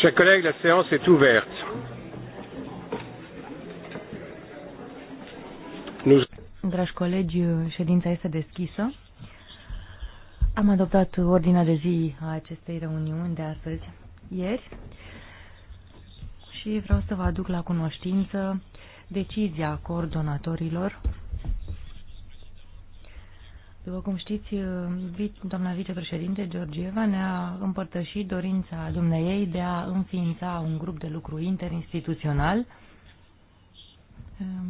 Chers collègues, la séance est ouverte. Nous... Dragi colegi, ședința este deschisă. Am adoptat ordinea de zi a acestei reuniuni de astăzi, ieri, și vreau să vă aduc la cunoștință decizia coordonatorilor după cum știți, uh, doamna vicepreședinte Georgieva ne-a împărtășit dorința dumneiei de a înființa un grup de lucru interinstituțional um,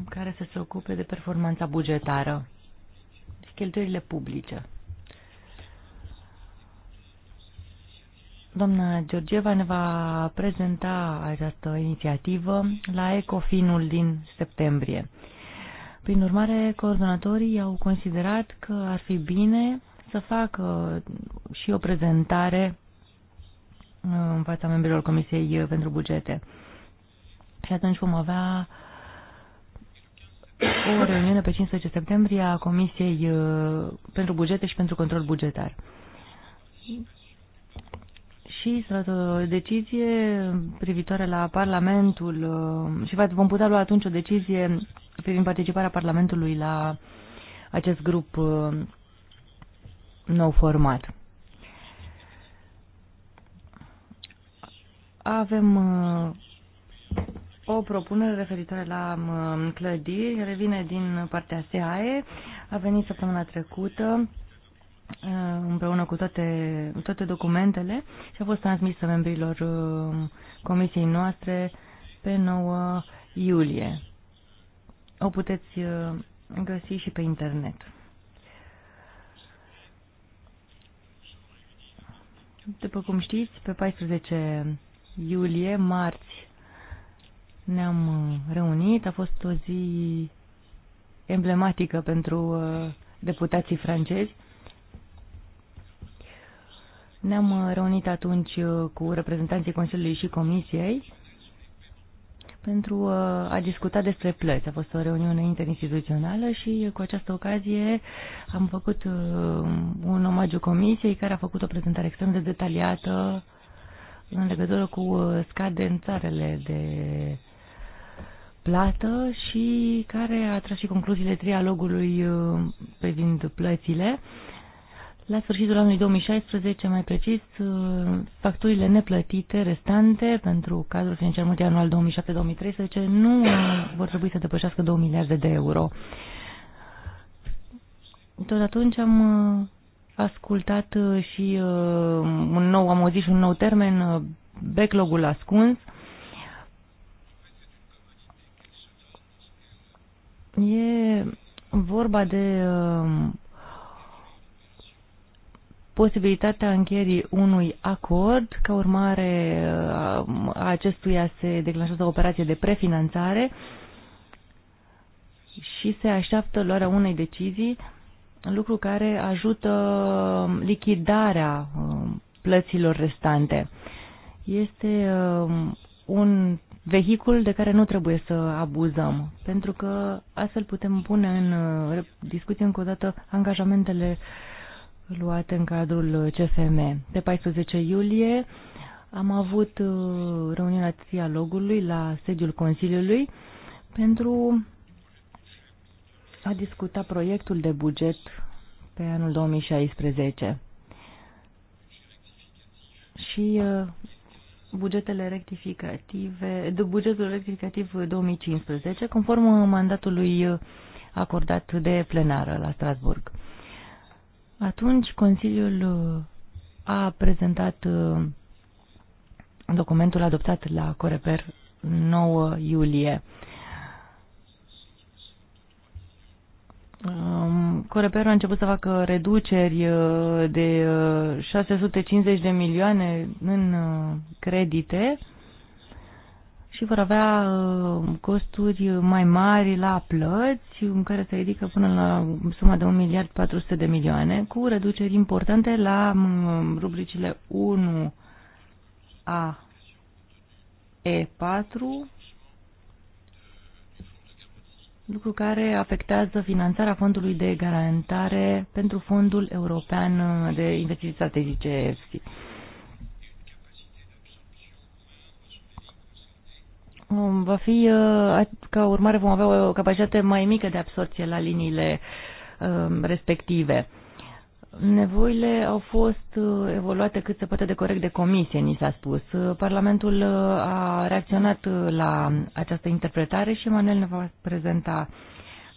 care să se ocupe de performanța bugetară și deci cheltuielile publice. Doamna Georgieva ne va prezenta această inițiativă la Ecofinul din septembrie. Prin urmare, coordonatorii au considerat că ar fi bine să facă uh, și o prezentare uh, în fața membrilor Comisiei uh, pentru Bugete. Și atunci vom avea o reuniune pe 15 septembrie a Comisiei pentru Bugete și pentru Control Bugetar și să luați o decizie privitoare la Parlamentul uh, și vom putea lua atunci o decizie privind participarea Parlamentului la acest grup uh, nou format. Avem uh, o propunere referitoare la clădiri, revine din partea SEAE, a venit săptămâna trecută Uh, împreună cu toate, toate documentele și a fost transmisă membrilor uh, comisiei noastre pe 9 iulie. O puteți uh, găsi și pe internet. După cum știți, pe 14 iulie, marți, ne-am reunit. A fost o zi emblematică pentru deputații francezi ne-am uh, reunit atunci uh, cu reprezentanții Consiliului și Comisiei pentru uh, a discuta despre plăți. A fost o reuniune interinstituțională și cu această ocazie am făcut un omagiu comisiei care a făcut o prezentare extrem de detaliată în legătură cu scadențarele de plată și care a tras și concluziile trialogului privind plățile. La sfârșitul anului 2016, mai precis, uh, facturile neplătite restante pentru cadrul financiar multianual 2007-2013 nu vor trebui să depășească 2 miliarde de euro. Tot atunci am uh, ascultat uh, și un nou, am auzit și un nou termen, backlogul ascuns. E vorba de posibilitatea încheierii unui acord, ca urmare uh, a acestuia se declanșează o operație de prefinanțare și se așteaptă luarea unei decizii, lucru care ajută lichidarea uh, plăților restante. Este uh, un vehicul de care nu trebuie să abuzăm, pentru că astfel putem pune în discuție încă o dată angajamentele uh, luat în cadrul CFM. Pe 14 iulie am avut uh, reuniunea dialogului la sediul Consiliului pentru a discuta proiectul de buget pe anul 2016 și uh, bugetele rectificative, bugetul rectificativ 2015, conform mandatului uh, acordat de plenară la Strasburg. Atunci Consiliul uh, a prezentat uh, documentul adoptat la Coreper 9 iulie. Um, Coreper a început să facă reduceri uh, de 650 de milioane în credite și vor avea uh, costuri mai mari la plăți, în care se ridică până la suma de 1 miliard 400 de milioane, cu reduceri importante la mm, rubricile 1 a E4, lucru care afectează finanțarea fondului de garantare pentru Fondul European de Investiții Strategice EFSI. va fi, uh, ca urmare vom avea o capacitate mai mică de absorție la liniile um, respective. Nevoile au fost uh, evoluate cât se poate de corect de comisie, ni s-a spus. Uh, Parlamentul a reacționat la această interpretare și Manuel ne va prezenta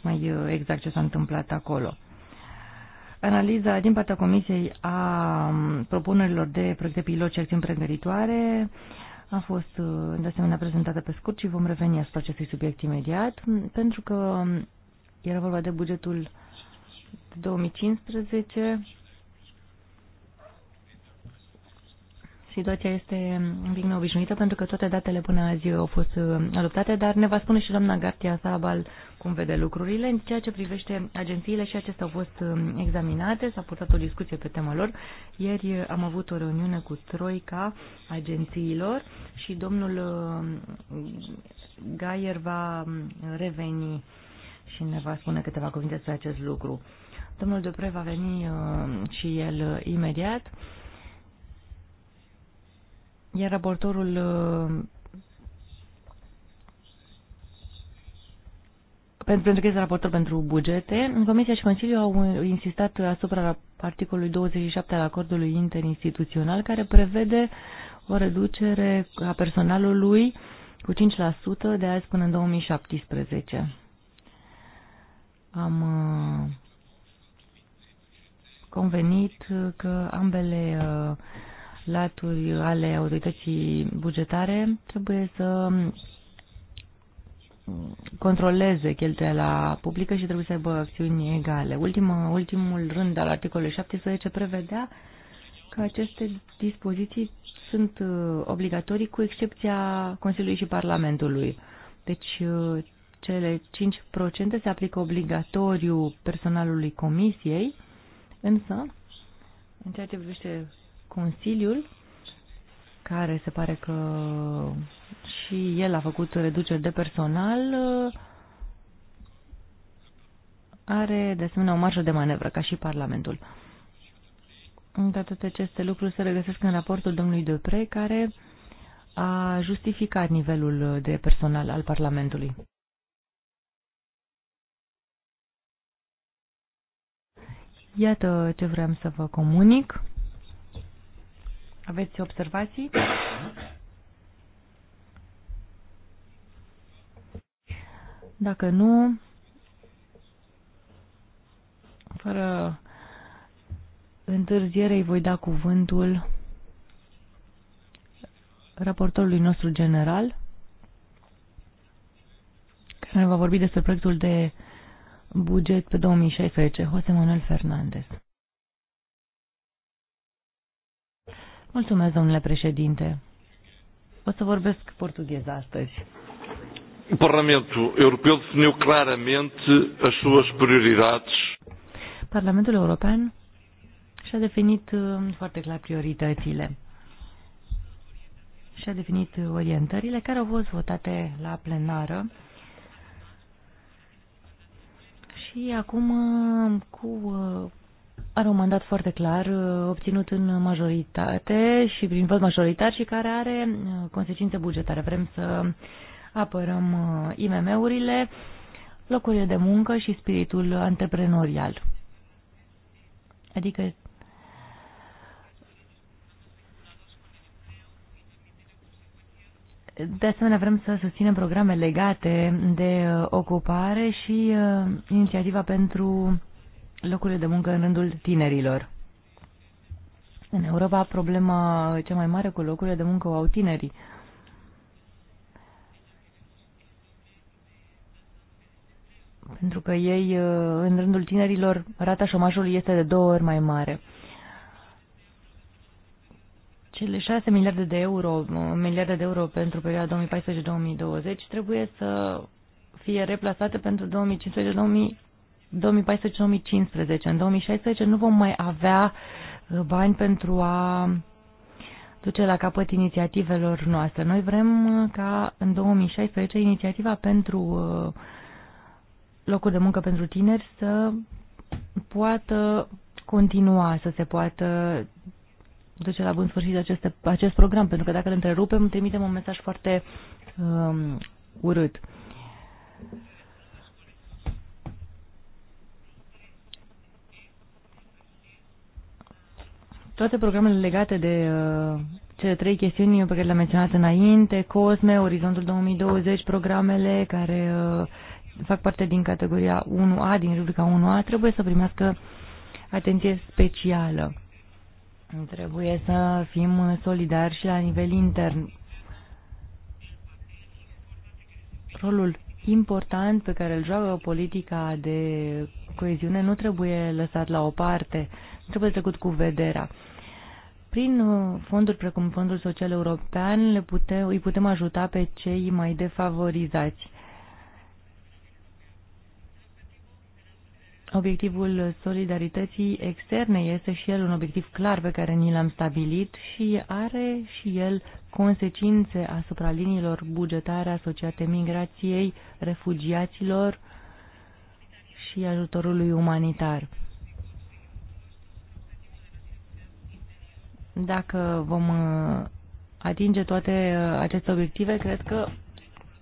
mai exact ce s-a întâmplat acolo. Analiza din partea Comisiei a um, propunerilor de proiecte pilot și acțiuni pregătitoare a fost uh, de asemenea prezentată pe scurt și vom reveni asupra acestui subiect imediat, pentru că era vorba de bugetul 2015 Situația este un pic neobișnuită pentru că toate datele până azi au fost uh, adoptate, dar ne va spune și doamna Gartia Sabal cum vede lucrurile. În ceea ce privește agențiile și acestea au fost uh, examinate, s-a purtat o discuție pe tema lor. Ieri uh, am avut o reuniune cu Troica agențiilor și domnul Gaier va um, reveni și ne va spune câteva cuvinte despre acest lucru. Domnul Dupre va veni și el imediat. Iar raportorul uh, pentru, pentru că este raportor pentru bugete, Comisia și Consiliul au insistat asupra articolului 27 al acordului interinstituțional, care prevede o reducere a personalului cu 5% de azi până în 2017. Am uh, convenit că ambele uh, laturi ale autorității bugetare trebuie să controleze cheltuiala publică și trebuie să aibă acțiuni egale. Ultima, ultimul rând al articolului 17 prevedea că aceste dispoziții sunt uh, obligatorii cu excepția Consiliului și Parlamentului. Deci uh, cele 5% se aplică obligatoriu personalului comisiei, însă în ceea ce privește Consiliul, care se pare că și el a făcut reduceri de personal, are de asemenea o marjă de manevră, ca și Parlamentul. Toate aceste lucruri se regăsesc în raportul domnului Dupre, care a justificat nivelul de personal al Parlamentului. Iată ce vreau să vă comunic. Aveți observații? Dacă nu, fără întârziere îi voi da cuvântul raportorului nostru general, care ne va vorbi despre proiectul de buget pe 2016, José Manuel Fernández. Mulțumesc, domnule președinte. O să vorbesc portughez astăzi. Parlamentul European definiu claramente as suas prioridades. Parlamentul European și-a definit uh, foarte clar prioritățile și-a definit orientările care au fost votate la plenară și acum uh, cu uh, are un mandat foarte clar, uh, obținut în majoritate și prin vot majoritar și care are uh, consecințe bugetare. Vrem să apărăm uh, IMM-urile, locurile de muncă și spiritul antreprenorial. Adică De asemenea, vrem să susținem programe legate de ocupare și inițiativa pentru locurile de muncă în rândul tinerilor. În Europa, problema cea mai mare cu locurile de muncă o au tinerii. Pentru că ei, uh, în rândul tinerilor, rata șomajului este de două ori mai mare. Cele 6 miliarde de euro, uh, miliarde de euro pentru perioada 2014-2020 trebuie să fie replasate pentru 2015-2020 2014-2015. În 2016 nu vom mai avea uh, bani pentru a duce la capăt inițiativelor noastre. Noi vrem uh, ca în 2016 inițiativa pentru uh, locul de muncă pentru tineri să poată continua, să se poată duce la bun sfârșit aceste, acest program, pentru că dacă îl întrerupem, trimitem un mesaj foarte um, urât. toate programele legate de uh, cele trei chestiuni pe care le-am menționat înainte, COSME, Orizontul 2020, programele care uh, fac parte din categoria 1A, din rubrica 1A, trebuie să primească atenție specială. Trebuie să fim solidari și la nivel intern. Rolul important pe care îl joacă politica de coeziune nu trebuie lăsat la o parte trebuie trecut cu vederea. Prin uh, fonduri precum Fondul Social European le pute, îi putem ajuta pe cei mai defavorizați. Obiectivul solidarității externe este și el un obiectiv clar pe care ni l-am stabilit și are și el consecințe asupra liniilor bugetare asociate migrației, refugiaților și ajutorului umanitar. Dacă vom uh, atinge toate uh, aceste obiective, cred că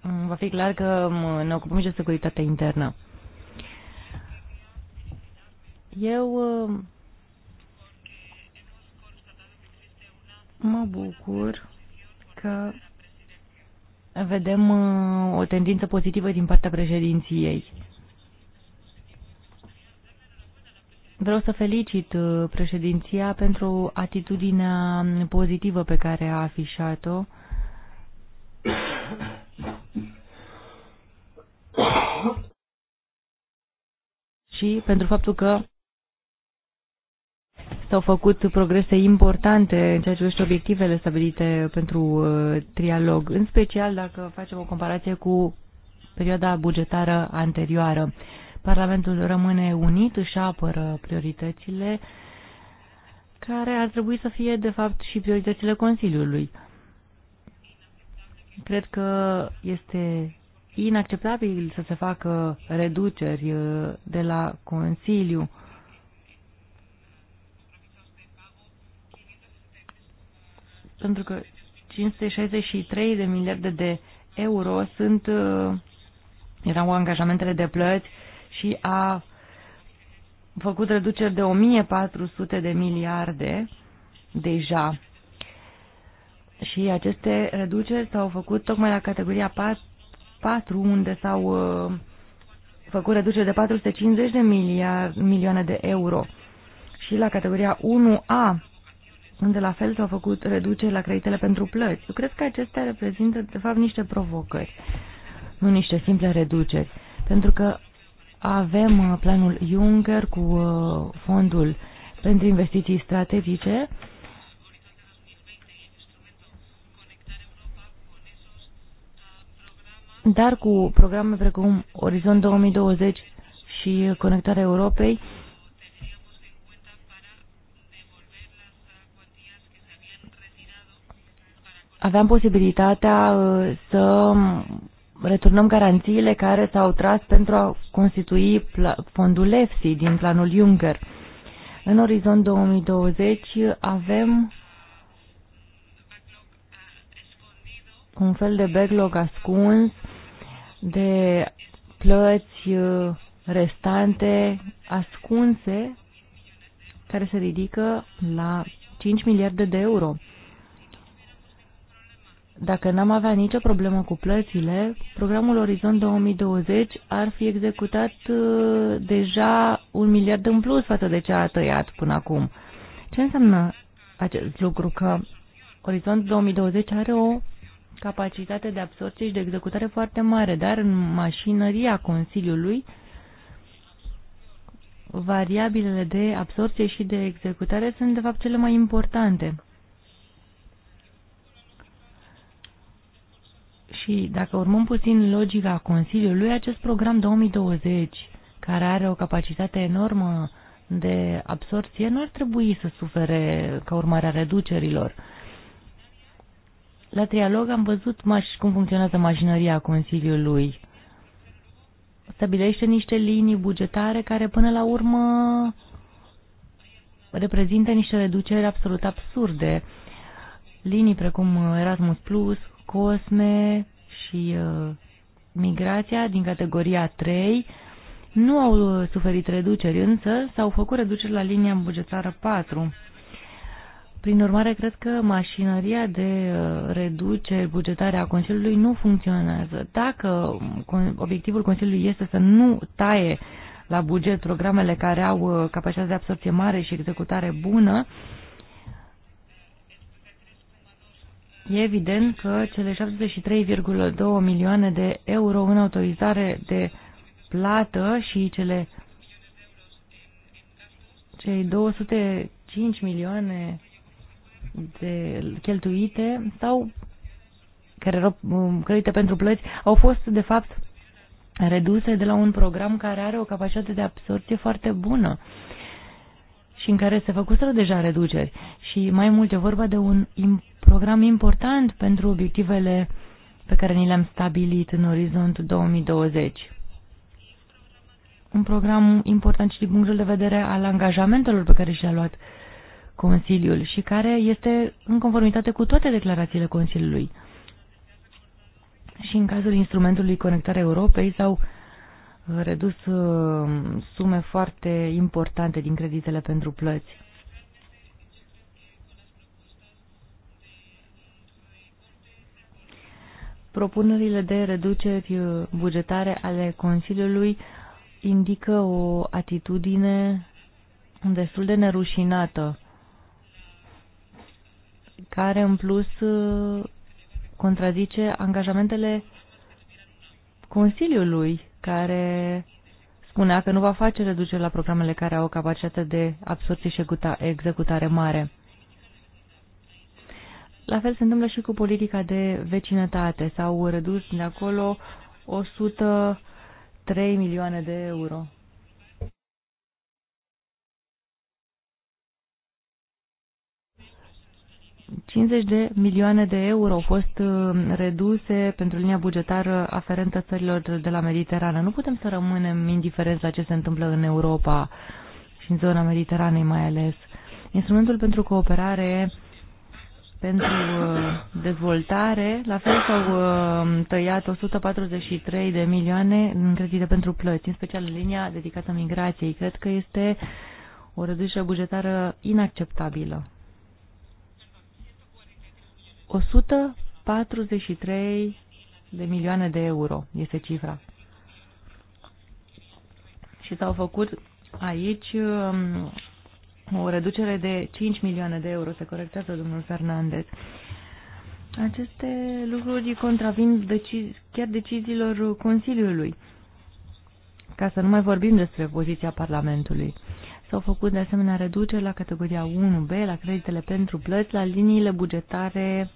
mm, va fi clar că mm, ne ocupăm și de securitatea internă. Eu uh, mă bucur că vedem o tendință pozitivă din partea președinției Vreau să felicit uh, președinția pentru atitudinea pozitivă pe care a afișat-o. și pentru faptul că s-au făcut progrese importante în ceea ce privește obiectivele stabilite pentru uh, trialog, în special dacă facem o comparație cu perioada bugetară anterioară. Parlamentul rămâne unit, își apără prioritățile, care ar trebui să fie, de fapt, și prioritățile Consiliului. Cred că este inacceptabil să se facă reduceri uh, de la Consiliu. Pentru că 563 de miliarde de euro sunt uh, erau angajamentele de plăți și a făcut reduceri de 1400 de miliarde deja. Și aceste reduceri s-au făcut tocmai la categoria 4, unde s-au uh, făcut reduceri de 450 de miliard, milioane de euro. Și la categoria 1A, unde la fel s-au făcut reduceri la creditele pentru plăți. Eu cred că acestea reprezintă, de fapt, niște provocări, nu niște simple reduceri. Pentru că avem uh, planul Juncker cu uh, fondul pentru investiții strategice. Dar cu programe precum Orizont 2020 și Conectarea Europei, aveam posibilitatea uh, să returnăm garanțiile care s-au tras pentru a constitui fondul EFSI din planul Juncker. În orizont 2020 avem un fel de backlog ascuns de plăți uh, restante ascunse care se ridică la 5 miliarde de euro. Dacă n-am avea nicio problemă cu plățile, programul Orizont 2020 ar fi executat uh, deja un miliard în plus față de ce a tăiat până acum. Ce înseamnă acest lucru? Că Orizont 2020 are o capacitate de absorție și de executare foarte mare, dar în mașinăria Consiliului variabilele de absorție și de executare sunt de fapt cele mai importante. Și dacă urmăm puțin logica Consiliului, acest program 2020, care are o capacitate enormă de absorție, nu ar trebui să sufere ca urmare a reducerilor. La trialog am văzut cum funcționează mașinăria Consiliului. Stabilește niște linii bugetare care până la urmă reprezintă niște reduceri absolut absurde. Linii precum Erasmus Plus, Cosme și uh, migrația din categoria 3 nu au uh, suferit reduceri, însă s-au făcut reduceri la linia bugetară 4. Prin urmare, cred că mașinăria de uh, reduceri bugetare a Consiliului nu funcționează. Dacă um, obiectivul Consiliului este să nu taie la buget programele care au uh, capacitate de absorție mare și executare bună, uh, E evident că cele 73,2 milioane de euro în autorizare de plată și cele cei 205 milioane de cheltuite sau care erau um, credite pentru plăți au fost de fapt reduse de la un program care are o capacitate de absorție foarte bună și în care se făcuseră deja reduceri. Și mai mult e vorba de un program important pentru obiectivele pe care ni le-am stabilit în orizont 2020. Un program important și din punctul de vedere al angajamentelor pe care și a luat Consiliul și care este în conformitate cu toate declarațiile Consiliului. Și în cazul instrumentului Conectarea Europei sau redus uh, sume foarte importante din creditele pentru plăți. Propunerile de reduceri bugetare ale Consiliului indică o atitudine destul de nerușinată, care în plus contrazice angajamentele Consiliului care spunea că nu va face reduceri la programele care au o capacitate de absorție și executare mare. La fel se întâmplă și cu politica de vecinătate. S-au redus de acolo 103 milioane de euro. 50 de milioane de euro au fost uh, reduse pentru linia bugetară aferentă țărilor de la Mediterană. Nu putem să rămânem indiferenți la ce se întâmplă în Europa și în zona Mediteranei mai ales. Instrumentul pentru cooperare pentru uh, dezvoltare, la fel s-au uh, tăiat 143 de milioane în credite pentru plăți, în special în linia dedicată migrației. Cred că este o reducere bugetară inacceptabilă. 143 de milioane de euro este cifra. Și s-au făcut aici um, o reducere de 5 milioane de euro, se corectează domnul Fernandez. Aceste lucruri contravin decizi, chiar deciziilor Consiliului, ca să nu mai vorbim despre poziția Parlamentului. S-au făcut de asemenea reduceri la categoria 1B, la creditele pentru plăți, la liniile bugetare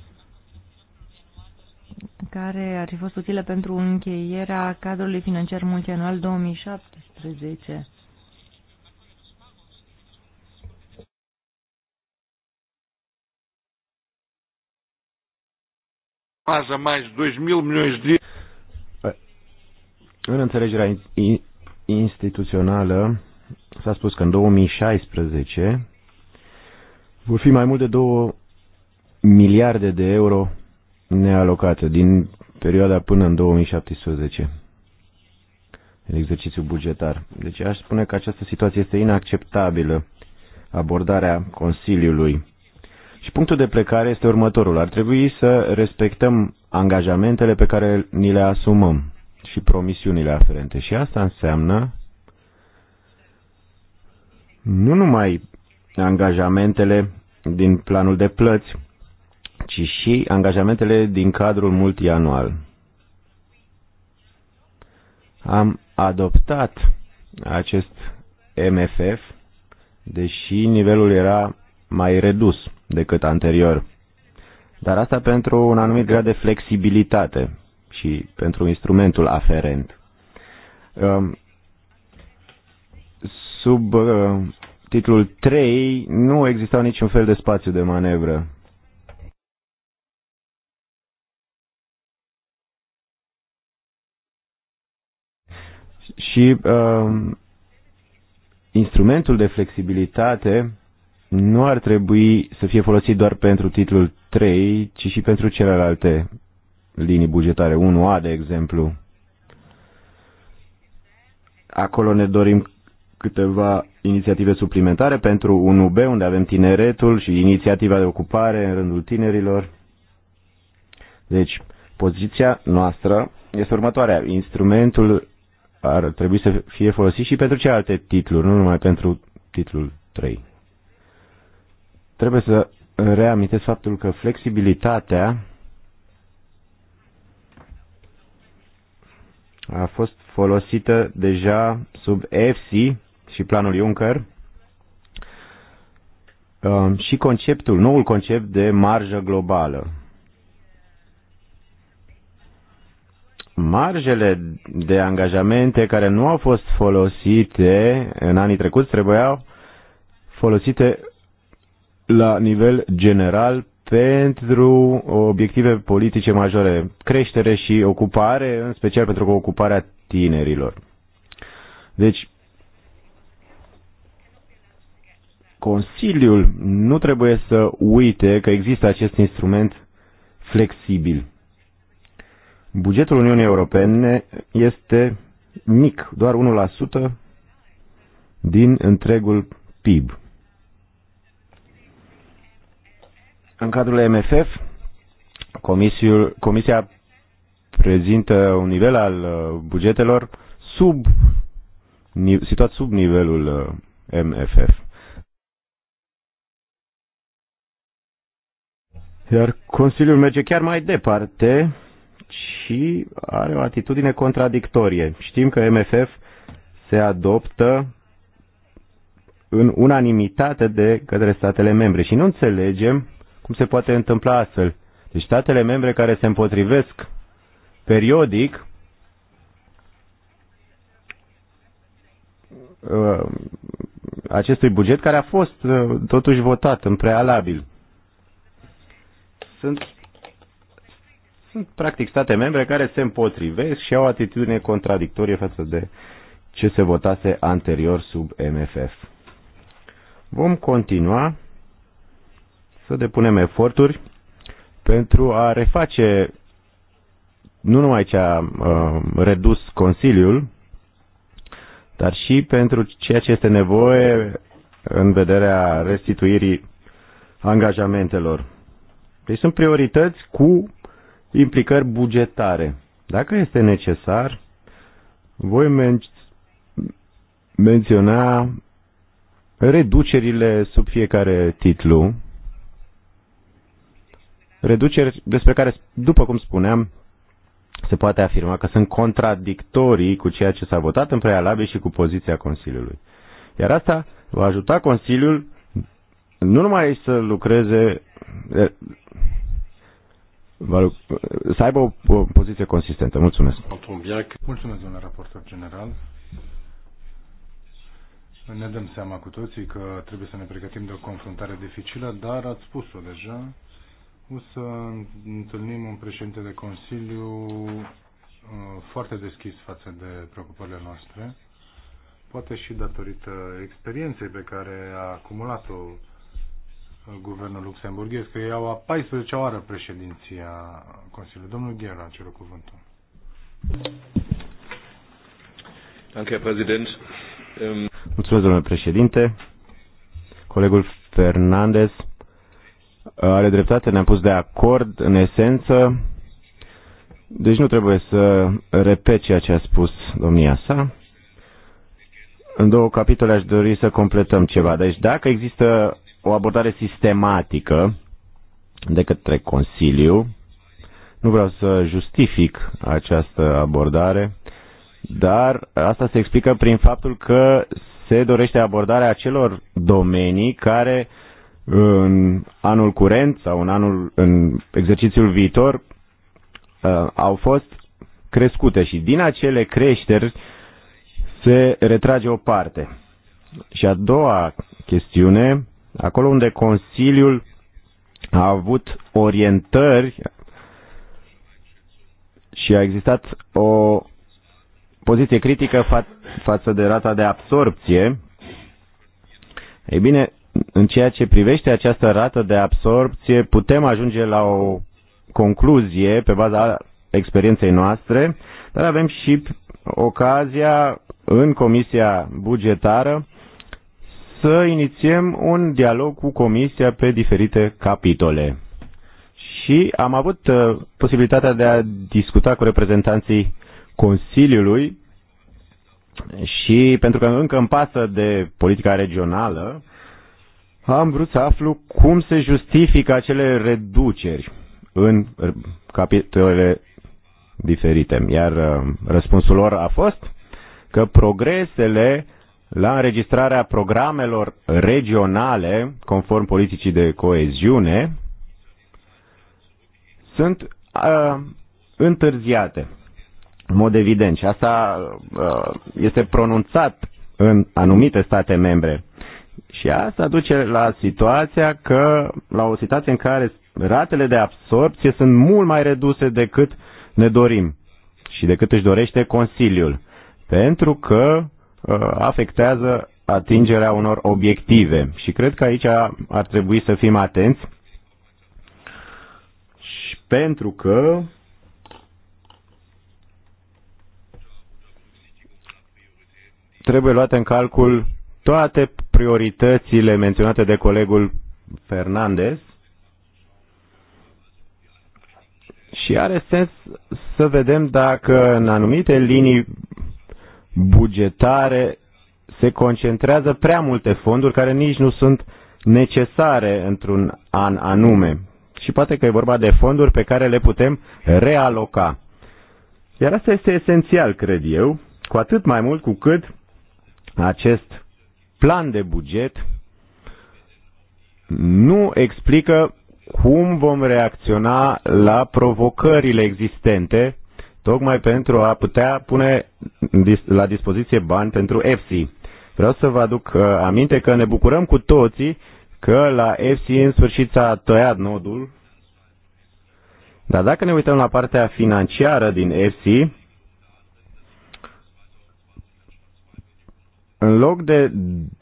care ar fi fost utile pentru încheierea cadrului financiar multianual 2017. Haja mai 2.000 milioane de... În înțelegerea instituțională s-a spus că în 2016 vor fi mai mult de 2 miliarde de euro nealocată din perioada până în 2017 în exercițiu bugetar. Deci aș spune că această situație este inacceptabilă, abordarea Consiliului. Și punctul de plecare este următorul. Ar trebui să respectăm angajamentele pe care ni le asumăm și promisiunile aferente. Și asta înseamnă nu numai angajamentele din planul de plăți, ci și angajamentele din cadrul multianual. Am adoptat acest MFF, deși nivelul era mai redus decât anterior. Dar asta pentru un anumit grad de flexibilitate și pentru instrumentul aferent. Um, sub uh, titlul 3 nu existau niciun fel de spațiu de manevră Și uh, instrumentul de flexibilitate nu ar trebui să fie folosit doar pentru titlul 3, ci și pentru celelalte linii bugetare, 1A de exemplu. Acolo ne dorim câteva inițiative suplimentare pentru 1B, unde avem tineretul și inițiativa de ocupare în rândul tinerilor. Deci, poziția noastră este următoarea. Instrumentul ar trebui să fie folosit și pentru celelalte titluri, nu numai pentru titlul 3. Trebuie să reamintesc faptul că flexibilitatea a fost folosită deja sub EFSI și planul Juncker um, și conceptul, noul concept de marjă globală. marjele de angajamente care nu au fost folosite în anii trecuți trebuiau folosite la nivel general pentru obiective politice majore, creștere și ocupare, în special pentru ocuparea tinerilor. Deci, Consiliul nu trebuie să uite că există acest instrument flexibil. Bugetul Uniunii Europene este mic, doar 1% din întregul PIB. În cadrul MFF, Comisia prezintă un nivel al uh, bugetelor sub, situat sub nivelul uh, MFF. Iar Consiliul merge chiar mai departe și are o atitudine contradictorie. Știm că MFF se adoptă în unanimitate de către statele membre și nu înțelegem cum se poate întâmpla astfel. Deci statele membre care se împotrivesc periodic uh, acestui buget care a fost uh, totuși votat în prealabil. Sunt sunt practic state membre care se împotrivesc și au o atitudine contradictorie față de ce se votase anterior sub MFF. Vom continua să depunem eforturi pentru a reface nu numai ce a uh, redus Consiliul, dar și pentru ceea ce este nevoie în vederea restituirii angajamentelor. Deci sunt priorități cu implicări bugetare. Dacă este necesar, voi men- menționa reducerile sub fiecare titlu, reduceri despre care, după cum spuneam, se poate afirma că sunt contradictorii cu ceea ce s-a votat în prealabil și cu poziția Consiliului. Iar asta va ajuta Consiliul nu numai să lucreze să aibă o poziție consistentă. Mulțumesc. Mulțumesc, domnule raportor general. Ne dăm seama cu toții că trebuie să ne pregătim de o confruntare dificilă, dar ați spus-o deja. O să întâlnim un președinte de Consiliu uh, foarte deschis față de preocupările noastre, poate și datorită experienței pe care a acumulat-o guvernul luxemburghez, că iau a 14-a oară președinția Consiliului. Domnul Ghera, cer cuvântul. Ähm, Mulțumesc, domnule președinte. Colegul Fernandez uh, are dreptate, ne-am pus de acord în esență. Deci nu trebuie să repet ceea ce a spus domnia sa. În două capitole aș dori să completăm ceva. Deci dacă există o abordare sistematică de către Consiliu. Nu vreau să justific această abordare, dar asta se explică prin faptul că se dorește abordarea acelor domenii care în anul curent sau în anul în exercițiul viitor uh, au fost crescute și din acele creșteri se retrage o parte. Și a doua chestiune Acolo unde Consiliul a avut orientări și a existat o poziție critică fa- față de rata de absorpție, ei bine, în ceea ce privește această rată de absorpție, putem ajunge la o concluzie pe baza experienței noastre, dar avem și ocazia în Comisia Bugetară să inițiem un dialog cu Comisia pe diferite capitole. Și am avut uh, posibilitatea de a discuta cu reprezentanții Consiliului și pentru că încă îmi pasă de politica regională, am vrut să aflu cum se justifică acele reduceri în uh, capitolele diferite. Iar uh, răspunsul lor a fost că progresele la înregistrarea programelor regionale, conform politicii de coeziune, sunt uh, întârziate, în mod evident. Și asta uh, este pronunțat în anumite state membre. Și asta duce la situația că, la o situație în care ratele de absorpție sunt mult mai reduse decât ne dorim și decât își dorește Consiliul. Pentru că Uh, afectează atingerea unor obiective. Și cred că aici ar trebui să fim atenți și pentru că trebuie luate în calcul toate prioritățile menționate de colegul Fernandez și are sens să vedem dacă în anumite linii bugetare se concentrează prea multe fonduri care nici nu sunt necesare într-un an anume. Și poate că e vorba de fonduri pe care le putem realoca. Iar asta este esențial, cred eu, cu atât mai mult cu cât acest plan de buget nu explică cum vom reacționa la provocările existente tocmai pentru a putea pune la dispoziție bani pentru FC. Vreau să vă aduc uh, aminte că ne bucurăm cu toții că la FC în sfârșit s-a tăiat nodul, dar dacă ne uităm la partea financiară din FC, în loc de...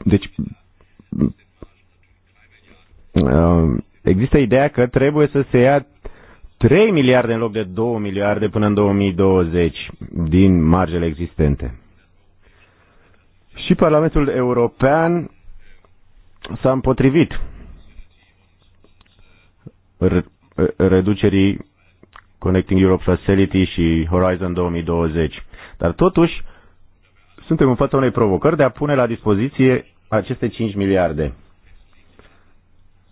Deci, uh, există ideea că trebuie să se ia 3 miliarde în loc de 2 miliarde până în 2020 din marjele existente. Și Parlamentul European s-a împotrivit reducerii Connecting Europe Facility și Horizon 2020. Dar totuși, suntem în fața unei provocări de a pune la dispoziție aceste 5 miliarde.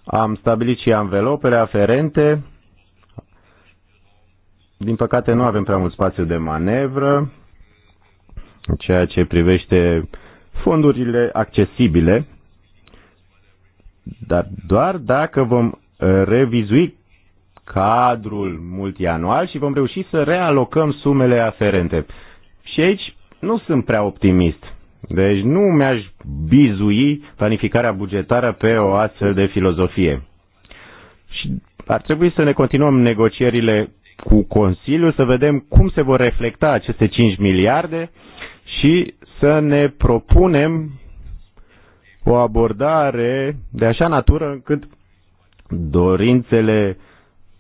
Am stabilit și anvelopele aferente din păcate nu avem prea mult spațiu de manevră în ceea ce privește fondurile accesibile, dar doar dacă vom revizui cadrul multianual și vom reuși să realocăm sumele aferente. Și aici nu sunt prea optimist. Deci nu mi-aș bizui planificarea bugetară pe o astfel de filozofie. Și ar trebui să ne continuăm negocierile cu Consiliul, să vedem cum se vor reflecta aceste 5 miliarde și să ne propunem o abordare de așa natură încât dorințele,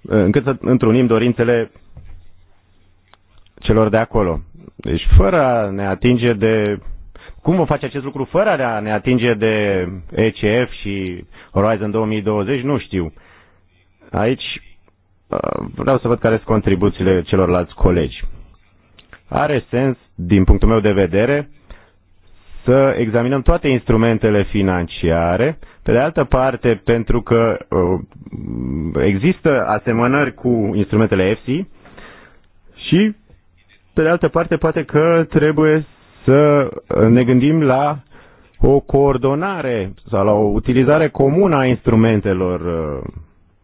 încât să întrunim dorințele celor de acolo. Deci fără a ne atinge de cum vom face acest lucru fără a ne atinge de ECF și Horizon 2020, nu știu. Aici Uh, vreau să văd care sunt contribuțiile celorlalți colegi. Are sens, din punctul meu de vedere, să examinăm toate instrumentele financiare, pe de altă parte, pentru că uh, există asemănări cu instrumentele EFSI și, pe de altă parte, poate că trebuie să ne gândim la o coordonare sau la o utilizare comună a instrumentelor uh,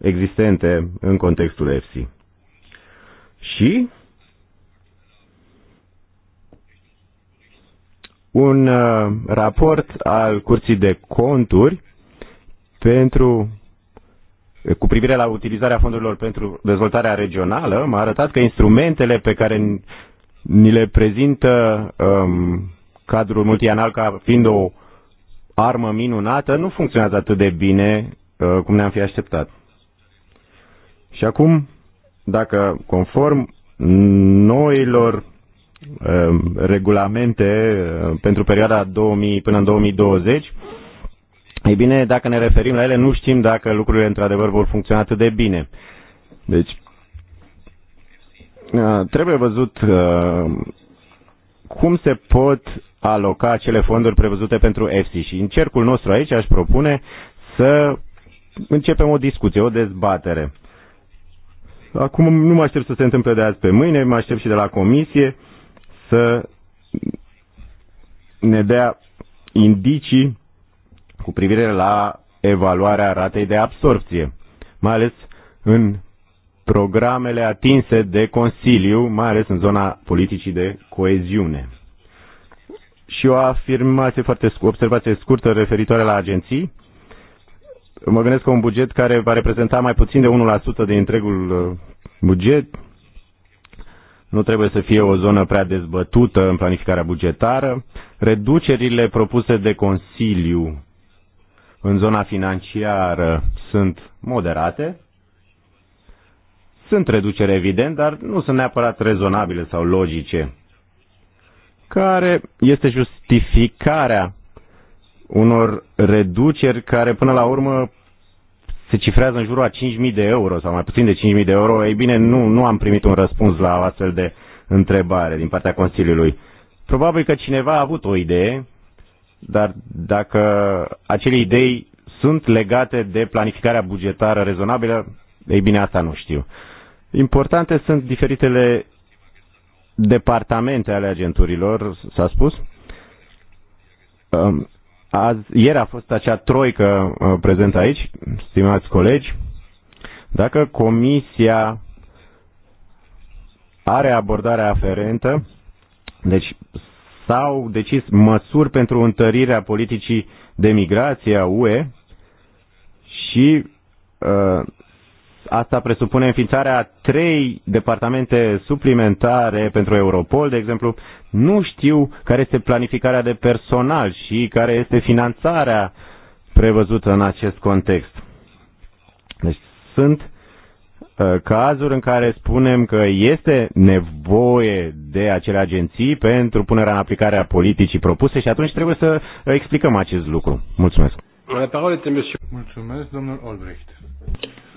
existente în contextul EFSI. Și un uh, raport al Curții de Conturi pentru cu privire la utilizarea fondurilor pentru dezvoltarea regională, m-a arătat că instrumentele pe care ni le prezintă um, cadrul multianual ca fiind o armă minunată nu funcționează atât de bine uh, cum ne-am fi așteptat. Și acum, dacă conform noilor uh, regulamente uh, pentru perioada 2000 până în 2020, ei bine, dacă ne referim la ele, nu știm dacă lucrurile într-adevăr vor funcționa atât de bine. Deci, uh, trebuie văzut cum se pot aloca acele fonduri prevăzute pentru EFSI și în cercul nostru aici aș propune să începem o discuție, o dezbatere Acum nu mă aștept să se întâmple de azi pe mâine, mă aștept și de la comisie să ne dea indicii cu privire la evaluarea ratei de absorpție, mai ales în programele atinse de Consiliu, mai ales în zona politicii de coeziune. Și o afirmație foarte, scurtă, observație scurtă referitoare la agenții mă gândesc că un buget care va reprezenta mai puțin de 1% din întregul uh, buget nu trebuie să fie o zonă prea dezbătută în planificarea bugetară. Reducerile propuse de Consiliu în zona financiară sunt moderate. Sunt reduceri, evident, dar nu sunt neapărat rezonabile sau logice. Care este justificarea unor reduceri care până la urmă se cifrează în jurul a 5.000 de euro sau mai puțin de 5.000 de euro, ei bine, nu, nu am primit un răspuns la astfel de întrebare din partea Consiliului. Probabil că cineva a avut o idee, dar dacă acele idei sunt legate de planificarea bugetară rezonabilă, ei bine, asta nu știu. Importante sunt diferitele departamente ale agenturilor, s-a spus. Azi, ieri a fost acea troică uh, prezentă aici, stimați colegi. Dacă comisia are abordarea aferentă, deci s-au decis măsuri pentru întărirea politicii de migrație a UE și uh, Asta presupune înființarea a trei departamente suplimentare pentru Europol, de exemplu. Nu știu care este planificarea de personal și care este finanțarea prevăzută în acest context. Deci sunt uh, cazuri în care spunem că este nevoie de acele agenții pentru punerea în aplicare a politicii propuse și atunci trebuie să explicăm acest lucru. Mulțumesc. Mulțumesc, domnul Olbrecht.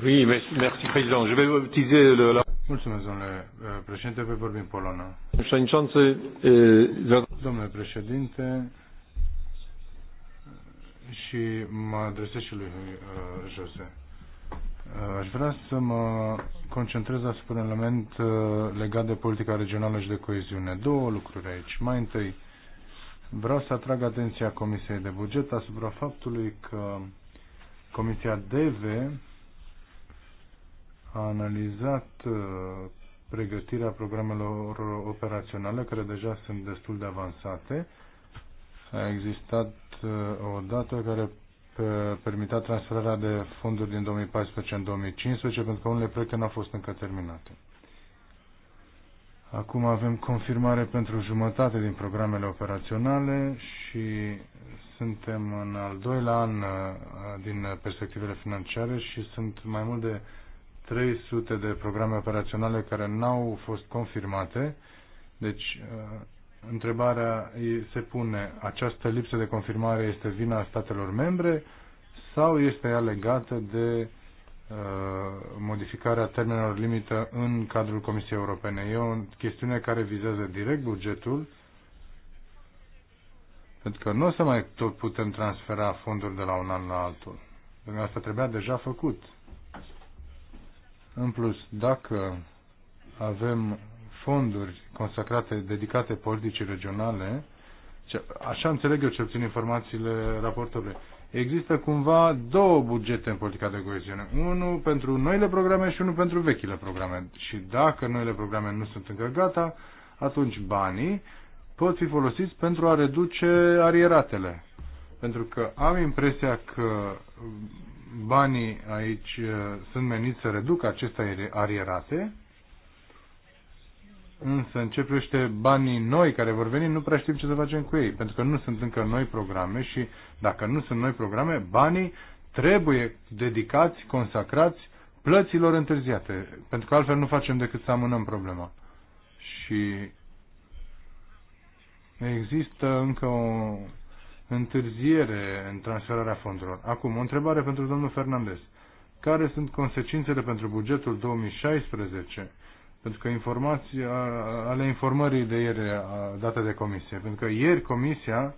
Oui, merci, président. Je vais utiliser le, la... Mulțumesc, domnule eh, președinte, pe vorbim polonă. Eh, domnule președinte, eh, și mă adresez și lui uh, Jose. Aș vrea să mă concentrez asupra un element legat de politica regională și de coeziune. Două lucruri aici. Mai întâi, vreau să atrag atenția Comisiei de Buget asupra faptului că Comisia DEVE a analizat uh, pregătirea programelor operaționale, care deja sunt destul de avansate. A existat uh, o dată care permitea transferarea de fonduri din 2014 în 2015, pentru că unele proiecte nu au fost încă terminate. Acum avem confirmare pentru jumătate din programele operaționale și suntem în al doilea an uh, din perspectivele financiare și sunt mai mult de 300 de programe operaționale care n-au fost confirmate. Deci, uh, întrebarea se pune, această lipsă de confirmare este vina statelor membre sau este ea legată de uh, modificarea termenelor limită în cadrul Comisiei Europene. E o chestiune care vizează direct bugetul, pentru că nu o să mai tot putem transfera fonduri de la un an la altul. Pentru că asta trebuia deja făcut. În plus, dacă avem fonduri consacrate, dedicate politicii regionale, așa înțeleg eu ce obțin informațiile raportului, există cumva două bugete în politica de coeziune. Unul pentru noile programe și unul pentru vechile programe. Și dacă noile programe nu sunt încă gata, atunci banii pot fi folosiți pentru a reduce arieratele. Pentru că am impresia că Banii aici uh, sunt meniți să reducă aceste arierate, însă începește banii noi care vor veni, nu prea știm ce să facem cu ei, pentru că nu sunt încă noi programe și dacă nu sunt noi programe, banii trebuie dedicați, consacrați plăților întârziate, pentru că altfel nu facem decât să amânăm problema. Și există încă o întârziere în transferarea fondurilor. Acum, o întrebare pentru domnul Fernandez. Care sunt consecințele pentru bugetul 2016? Pentru că informații ale informării de ieri date de comisie. Pentru că ieri comisia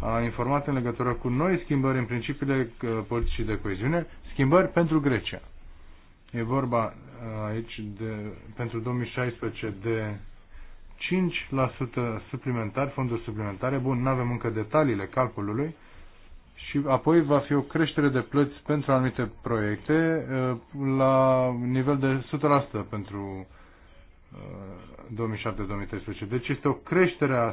a informat în legătură cu noi schimbări în principiile politicii de coeziune, schimbări pentru Grecia. E vorba aici de, pentru 2016 de 5% suplimentar, fonduri suplimentare. Bun, nu avem încă detaliile calculului. Și apoi va fi o creștere de plăți pentru anumite proiecte uh, la nivel de 100% pentru 2007-2013. Uh, deci este o creștere a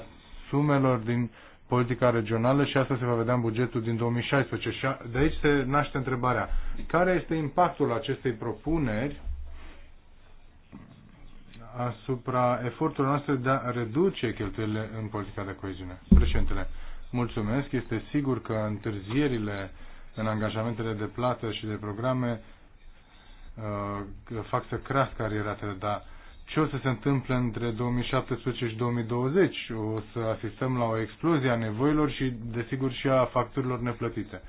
sumelor din politica regională și asta se va vedea în bugetul din 2016. de aici se naște întrebarea, care este impactul acestei propuneri asupra eforturilor noastre de a reduce cheltuielile în politica de coeziune. Președintele, mulțumesc. Este sigur că întârzierile în angajamentele de plată și de programe uh, fac să crească arieratele, dar ce o să se întâmple între 2017 și 2020? O să asistăm la o explozie a nevoilor și, desigur, și a facturilor neplătite.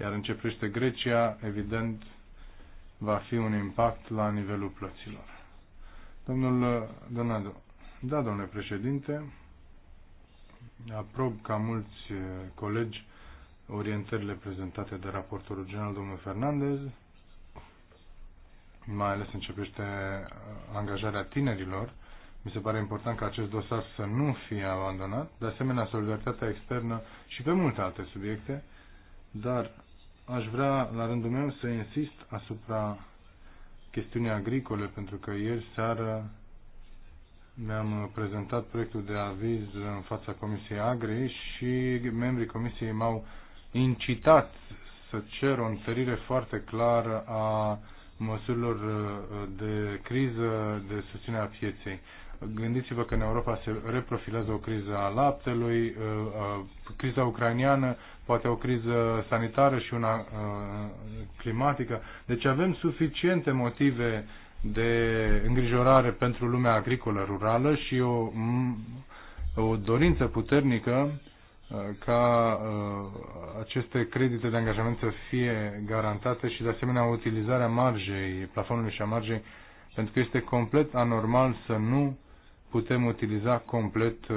Iar începește Grecia, evident, va fi un impact la nivelul plăților. Domnul Donado. Da, domnule președinte, aprob ca mulți eh, colegi orientările prezentate de raportorul general, domnul Fernandez, mai ales începește eh, angajarea tinerilor. Mi se pare important ca acest dosar să nu fie abandonat, de asemenea solidaritatea externă și pe multe alte subiecte, dar aș vrea, la rândul meu, să insist asupra chestiuni agricole, pentru că ieri seară mi-am prezentat proiectul de aviz în fața Comisiei Agri și membrii Comisiei m-au incitat să cer o întărire foarte clară a măsurilor de criză de susținere a pieței. Gândiți-vă că în Europa se reprofilează o criză a laptelui, uh, uh, criza ucraniană, poate o criză sanitară și una uh, climatică. Deci avem suficiente motive de îngrijorare pentru lumea agricolă rurală și o, o dorință puternică ca aceste credite de angajament să fie garantate și de asemenea utilizarea marjei, plafonului și a marjei, pentru că este complet anormal să nu putem utiliza complet uh,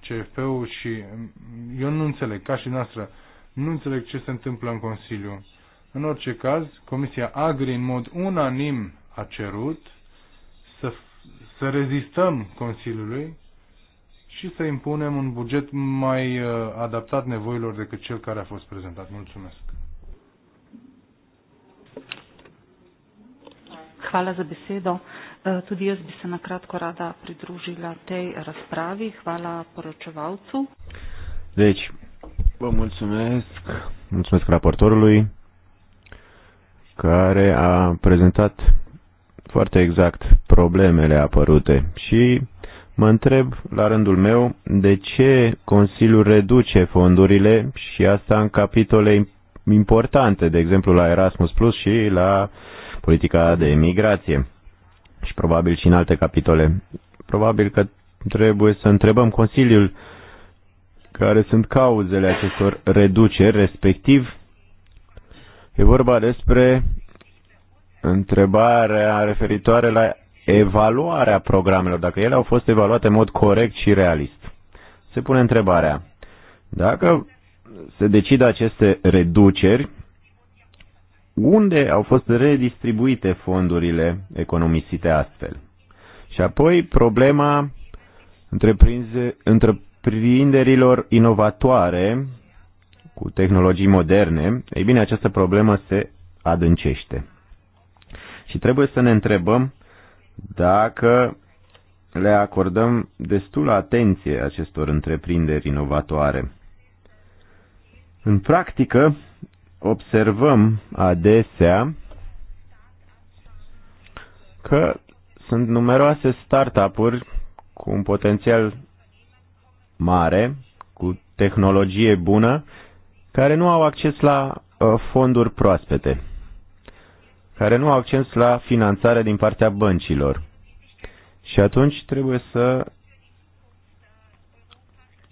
cf ul și mm, eu nu înțeleg, ca și noastră, nu înțeleg ce se întâmplă în Consiliu. În orice caz, Comisia Agri în mod unanim a cerut să, să rezistăm Consiliului și să impunem un buget mai uh, adaptat nevoilor decât cel care a fost prezentat. Mulțumesc! Hvala za besedo. Eh, tudi jaz bi se na kratko rada pridružila tej razpravi. Hvala poročevalcu. Deci, vă mulțumesc, mulțumesc raportorului care a prezentat foarte exact problemele apărute și mă întreb la rândul meu de ce Consiliul reduce fondurile și asta în capitole importante, de exemplu la Erasmus Plus și la politica de imigrație și probabil și în alte capitole. Probabil că trebuie să întrebăm Consiliul care sunt cauzele acestor reduceri, respectiv e vorba despre întrebarea referitoare la evaluarea programelor, dacă ele au fost evaluate în mod corect și realist. Se pune întrebarea, dacă se decid aceste reduceri, unde au fost redistribuite fondurile economisite astfel. Și apoi problema întreprinderilor inovatoare cu tehnologii moderne, ei bine, această problemă se adâncește. Și trebuie să ne întrebăm dacă le acordăm destulă atenție acestor întreprinderi inovatoare. În practică, observăm adesea că sunt numeroase startup-uri cu un potențial mare, cu tehnologie bună, care nu au acces la uh, fonduri proaspete, care nu au acces la finanțare din partea băncilor. Și atunci trebuie să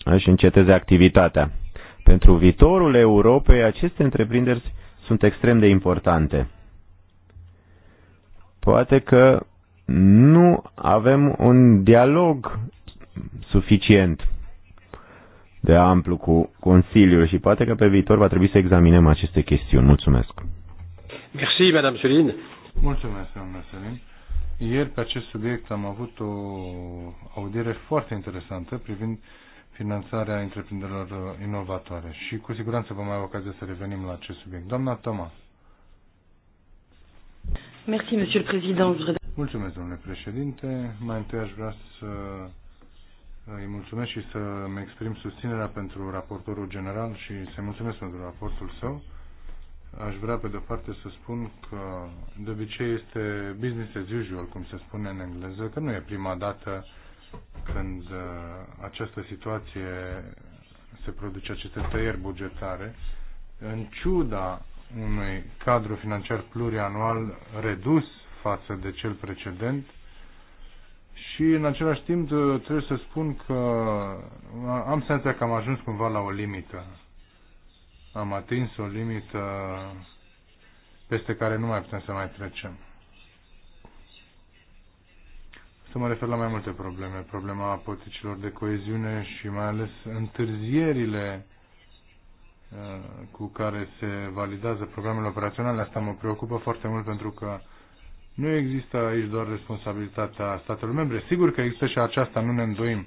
își înceteze activitatea. Pentru viitorul Europei, aceste întreprinderi sunt extrem de importante. Poate că nu avem un dialog suficient de amplu cu Consiliul și poate că pe viitor va trebui să examinăm aceste chestiuni. Mulțumesc. Merci, Madame Suline. Mulțumesc, doamna Suline. Ieri pe acest subiect am avut o audiere foarte interesantă privind uh, finanțarea întreprinderilor uh, inovatoare. Și cu siguranță vom avea ocazia să revenim la acest subiect. Doamna Toma. Merci, Monsieur le Président. Mulțumesc, domnule președinte. Mai întâi aș vrea să uh, îi mulțumesc și să-mi exprim susținerea pentru raportorul general și să-i mulțumesc pentru raportul său. Aș vrea, pe de-o parte, să spun că de obicei este business as usual, cum se spune în engleză, că nu e prima dată când uh, această situație se produce aceste tăieri bugetare, în ciuda unui cadru financiar plurianual redus față de cel precedent și în același timp uh, trebuie să spun că uh, am senzația că am ajuns cumva la o limită. Am atins o limită peste care nu mai putem să mai trecem să mă refer la mai multe probleme. Problema politicilor de coeziune și mai ales întârzierile uh, cu care se validează programele operaționale. Asta mă preocupă foarte mult pentru că nu există aici doar responsabilitatea statelor membre. Sigur că există și aceasta, nu ne îndoim,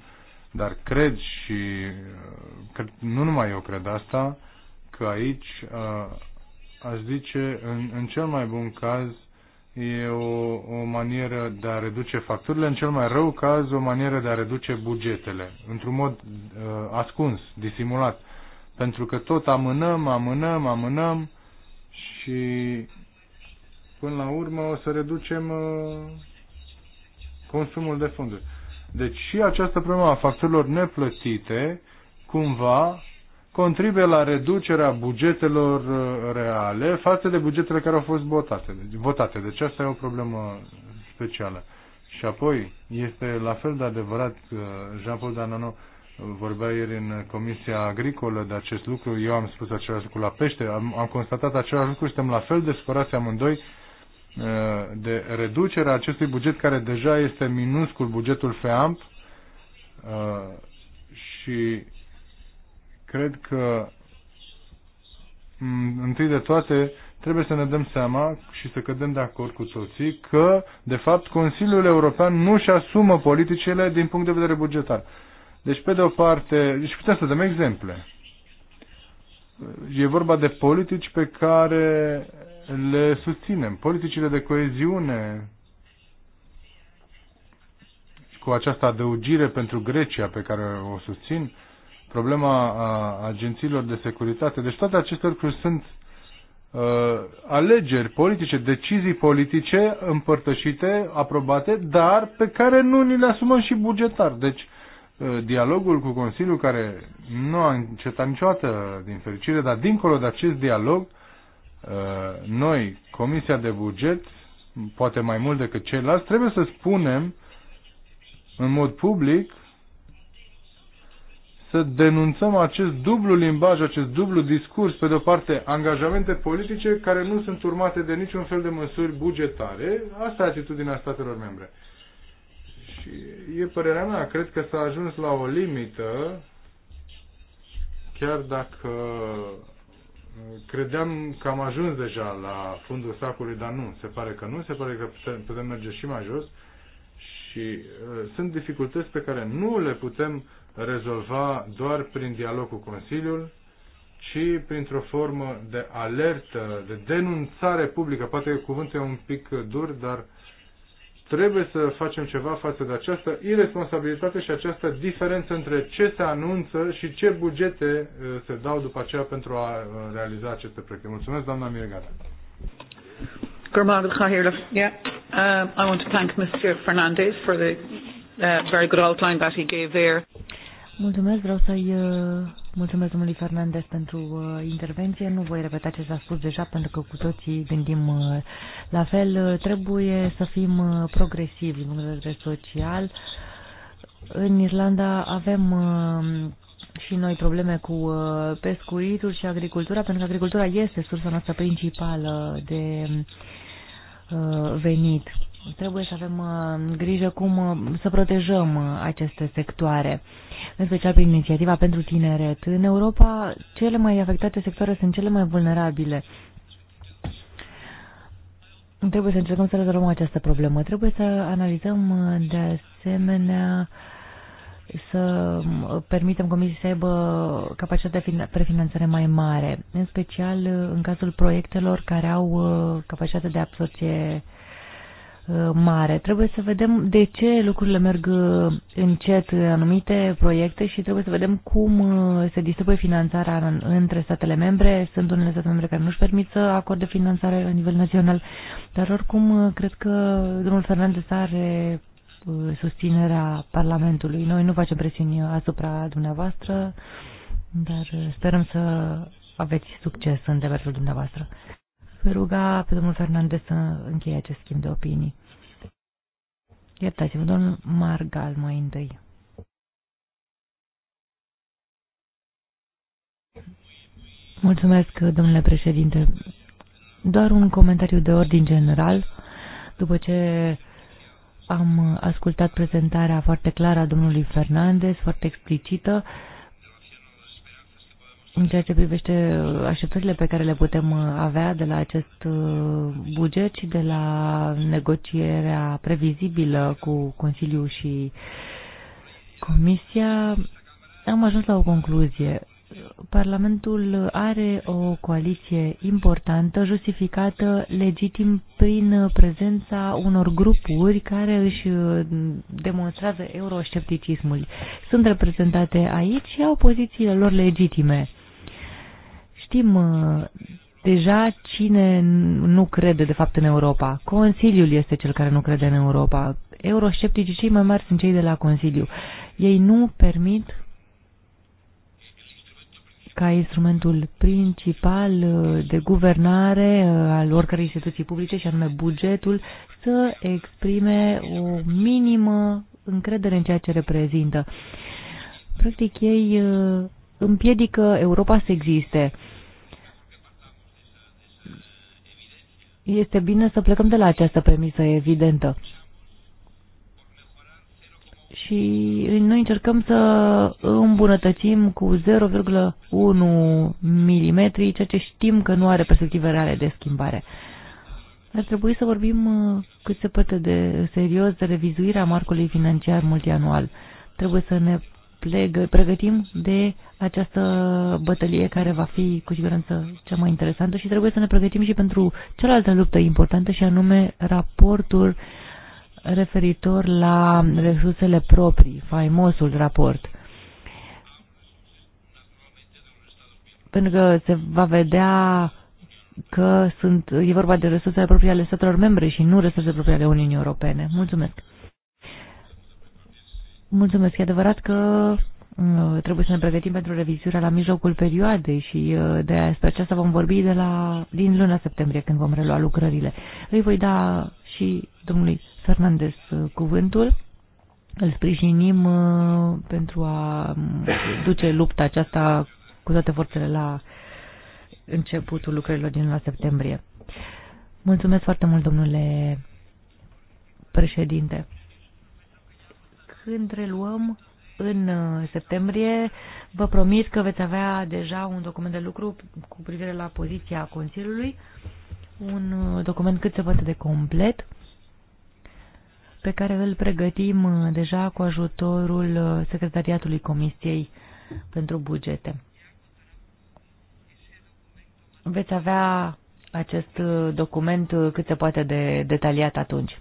dar cred și uh, cred, nu numai eu cred asta, că aici uh, aș zice, în, în cel mai bun caz, e o, o manieră de a reduce facturile, în cel mai rău caz o manieră de a reduce bugetele, într-un mod uh, ascuns, disimulat, pentru că tot amânăm, amânăm, amânăm și până la urmă o să reducem uh, consumul de fonduri. Deci și această problemă a facturilor neplătite cumva contribuie la reducerea bugetelor uh, reale față de bugetele care au fost votate. Deci, votate. deci asta e o problemă specială. Și apoi este la fel de adevărat, că, uh, Jean-Paul Danano uh, vorbea ieri în Comisia Agricolă de acest lucru, eu am spus același lucru la pește, am, am constatat același lucru, suntem la fel de supărați amândoi de reducerea acestui buget care deja este minuscul bugetul FEAMP și Cred că întâi de toate trebuie să ne dăm seama și să cădem de acord cu toții că, de fapt, Consiliul European nu își asumă politicile din punct de vedere bugetar. Deci, pe de o parte, deci putem să dăm exemple. E vorba de politici pe care le susținem, politicile de coeziune, cu această adăugire pentru Grecia pe care o susțin, problema a agențiilor de securitate. Deci toate aceste lucruri sunt uh, alegeri politice, decizii politice împărtășite, aprobate, dar pe care nu ni le asumăm și bugetar. Deci uh, dialogul cu Consiliul, care nu a încetat niciodată, din fericire, dar dincolo de acest dialog, uh, noi, Comisia de Buget, poate mai mult decât ceilalți, trebuie să spunem în mod public să denunțăm acest dublu limbaj, acest dublu discurs, pe de-o parte angajamente politice care nu sunt urmate de niciun fel de măsuri bugetare, asta e atitudinea statelor membre. Și e părerea mea, cred că s-a ajuns la o limită, chiar dacă uh, credeam că am ajuns deja la fundul sacului, dar nu, se pare că nu, se pare că putem, merge și mai jos și uh, sunt dificultăți pe care nu le putem rezolva doar prin dialog cu Consiliul, ci printr-o formă de alertă, de denunțare publică. Poate cuvântul e un pic dur, dar trebuie să facem ceva față de această irresponsabilitate și această diferență între ce se anunță și ce bugete uh, se dau după aceea pentru a uh, realiza aceste proiecte. Mulțumesc, doamna Mirgada. Yeah. Uh, I want to thank Mr. Fernandez for the uh, very good outline that he gave there. Mulțumesc, vreau să-i uh, mulțumesc domnului Fernandez pentru uh, intervenție. Nu voi repeta ce s-a spus deja, pentru că cu toții gândim uh, la fel. Trebuie să fim progresivi din punct de vedere social. În Irlanda avem și noi probleme cu pescuitul și agricultura, pentru că agricultura este sursa noastră principală de venit. Trebuie să avem uh, grijă cum uh, să protejăm uh, aceste sectoare, în special prin inițiativa pentru tineret. În Europa, cele mai afectate sectoare sunt cele mai vulnerabile. Trebuie să încercăm să rezolvăm această problemă. Trebuie să analizăm, de asemenea, să permitem comisiei să aibă capacitatea de prefinanțare mai mare, în special în cazul proiectelor care au capacitatea de absorție mare. Trebuie să vedem de ce lucrurile merg încet în anumite proiecte și trebuie să vedem cum uh, se distribuie finanțarea în, între statele membre. Sunt unele state membre care nu-și permit să acorde finanțare la nivel național, dar oricum uh, cred că domnul Fernandez are uh, susținerea Parlamentului. Noi nu facem presiuni asupra dumneavoastră, dar sperăm să aveți succes în demersul dumneavoastră ruga pe domnul Fernandez să încheie acest schimb de opinii. Iertați-vă, domnul Margal mai întâi. Mulțumesc, domnule președinte. Doar un comentariu de ordin general. După ce am ascultat prezentarea foarte clară a domnului Fernandez, foarte explicită, uh, în ceea ce privește uh, așteptările pe care le putem uh, avea de la acest uh, buget și de la negocierea previzibilă cu Consiliul și Comisia, am ajuns la o concluzie. Parlamentul are o coaliție importantă, justificată legitim prin prezența unor grupuri care își demonstrează euroscepticismul. Sunt reprezentate aici și au pozițiile lor legitime știm uh, deja cine nu crede de fapt în Europa. Consiliul este cel care nu crede în Europa. Euroscepticii cei mai mari sunt cei de la Consiliu. Ei nu permit ca instrumentul principal uh, de guvernare uh, al oricărei instituții publice, și anume bugetul, să exprime o minimă încredere în ceea ce reprezintă. Practic, ei împiedică Europa să existe. este bine să plecăm de la această premisă evidentă. Și noi încercăm să îmbunătățim cu 0,1 mm, ceea ce știm că nu are perspective reale de schimbare. Ar trebui să vorbim uh, cât se poate de serios de revizuirea marcului financiar multianual. Trebuie să ne pregătim de această bătălie care va fi cu siguranță cea mai interesantă și trebuie să ne pregătim și pentru cealaltă luptă importantă și anume raportul referitor la resursele proprii, faimosul raport. Pentru că se va vedea că sunt, e vorba de resursele proprii ale statelor membre și nu resursele proprii ale Uniunii Europene. Mulțumesc! Mulțumesc. E adevărat că mm, trebuie să ne pregătim pentru revizuirea la mijlocul perioadei și uh, de despre aceasta vom vorbi de la, din luna septembrie când vom relua lucrările. Îi voi da și domnului Fernandez uh, cuvântul. Îl sprijinim uh, pentru a mm, duce lupta aceasta cu toate forțele la începutul lucrărilor din luna septembrie. Mulțumesc foarte mult, domnule președinte când reluăm în uh, septembrie, vă promit că veți avea deja un document de lucru cu privire la poziția Consiliului, un uh, document cât se poate de complet, pe care îl pregătim uh, deja cu ajutorul Secretariatului Comisiei pentru Bugete. Veți avea acest document cât se poate de detaliat atunci.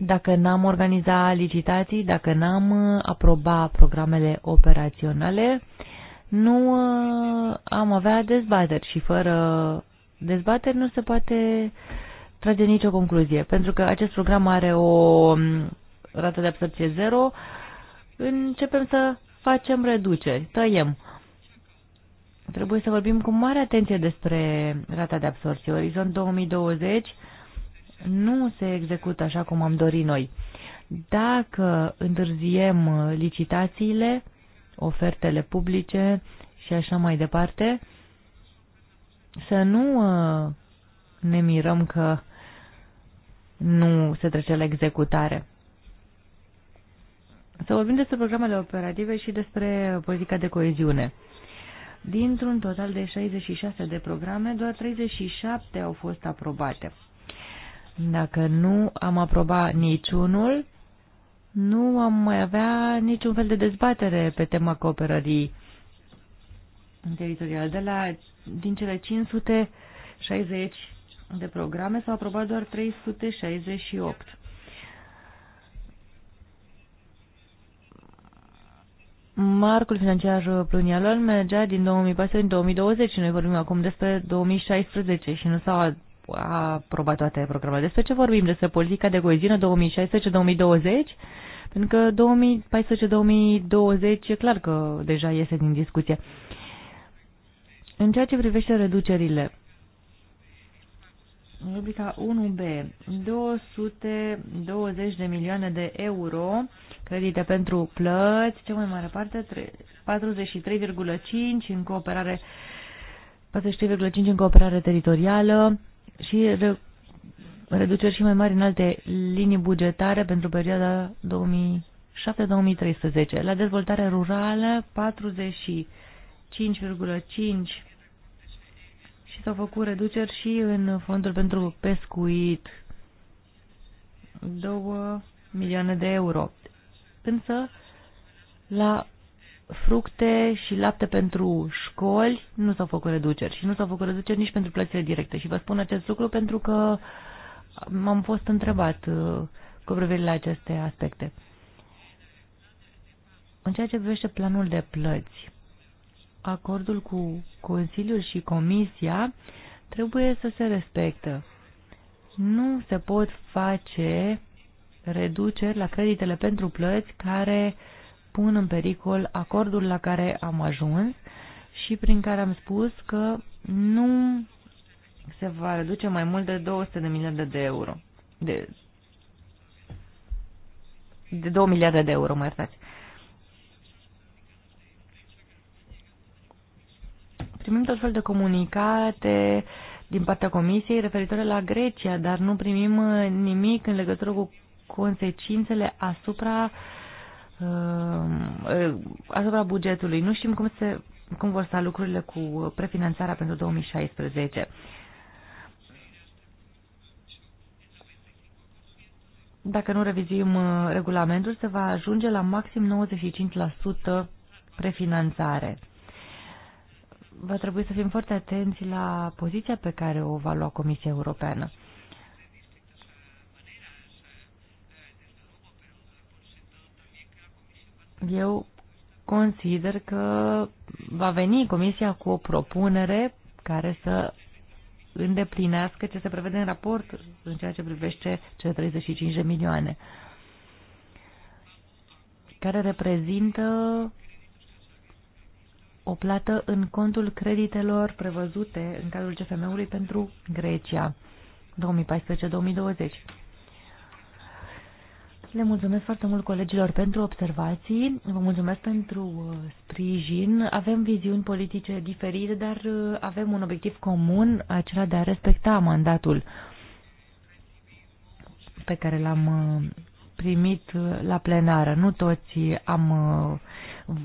Dacă n-am organiza licitații, dacă n-am uh, aproba programele operaționale, nu uh, am avea dezbateri și fără dezbateri nu se poate trage nicio concluzie, pentru că acest program are o um, rată de absorție zero, începem să facem reduceri, tăiem. Trebuie să vorbim cu mare atenție despre rata de absorție. Orizont 2020 nu se execută așa cum am dorit noi. Dacă întârziem uh, licitațiile, ofertele publice și așa mai departe, să nu uh, ne mirăm că nu se trece la executare. Să vorbim despre programele operative și despre politica de coeziune. Dintr-un total de 66 de programe, doar 37 au fost aprobate. Dacă nu am aprobat niciunul, nu am mai avea niciun fel de dezbatere pe tema cooperării teritorial. De la, din cele 560 de programe s-au aprobat doar 368. Marcul financiar plunialor mergea din 2014 în 2020 și noi vorbim acum despre 2016 și nu s-au a aprobat toate programele. Despre ce vorbim? Despre politica de coeziune 2016-2020? Pentru că 2014-2020 e clar că deja iese din discuție. În ceea ce privește reducerile, rubrica 1B, 220 de milioane de euro, credite pentru plăți, cea mai mare parte, 43,5 în cooperare 43,5 în cooperare teritorială, și reduceri și mai mari în alte linii bugetare pentru perioada 2007-2013. La dezvoltare rurală 45,5 și s-au făcut reduceri și în fondul pentru pescuit 2 milioane de euro. Însă, la fructe și lapte pentru școli nu s-au făcut reduceri și nu s-au făcut reduceri nici pentru plățile directe. Și vă spun acest lucru pentru că m-am fost întrebat uh, cu privire la aceste aspecte. În ceea ce privește planul de plăți, acordul cu Consiliul și Comisia trebuie să se respectă. Nu se pot face reduceri la creditele pentru plăți care uh, pun în pericol acordul la care am ajuns și prin care am spus că nu se va reduce mai mult de 200 de miliarde de euro. De, de 2 miliarde de euro, mă iertați. Primim tot fel de comunicate din partea Comisiei referitoare la Grecia, dar nu primim nimic în legătură cu consecințele asupra uh, Uh, asupra bugetului. Nu știm cum, se, cum vor sta lucrurile cu prefinanțarea pentru 2016. Dacă nu revizim uh, regulamentul, se va ajunge la maxim 95% prefinanțare. Va trebui să fim foarte atenți la poziția pe care o va lua Comisia Europeană. eu consider că va veni Comisia cu o propunere care să îndeplinească ce se prevede în raport în ceea ce privește cele 35 de milioane, care reprezintă o plată în contul creditelor prevăzute în cadrul CFM-ului pentru Grecia 2014-2020. Le mulțumesc foarte mult colegilor pentru observații, vă mulțumesc pentru uh, sprijin. Avem viziuni politice diferite, dar uh, avem un obiectiv comun, acela de a respecta mandatul pe care l-am uh, primit la plenară. Nu toți am,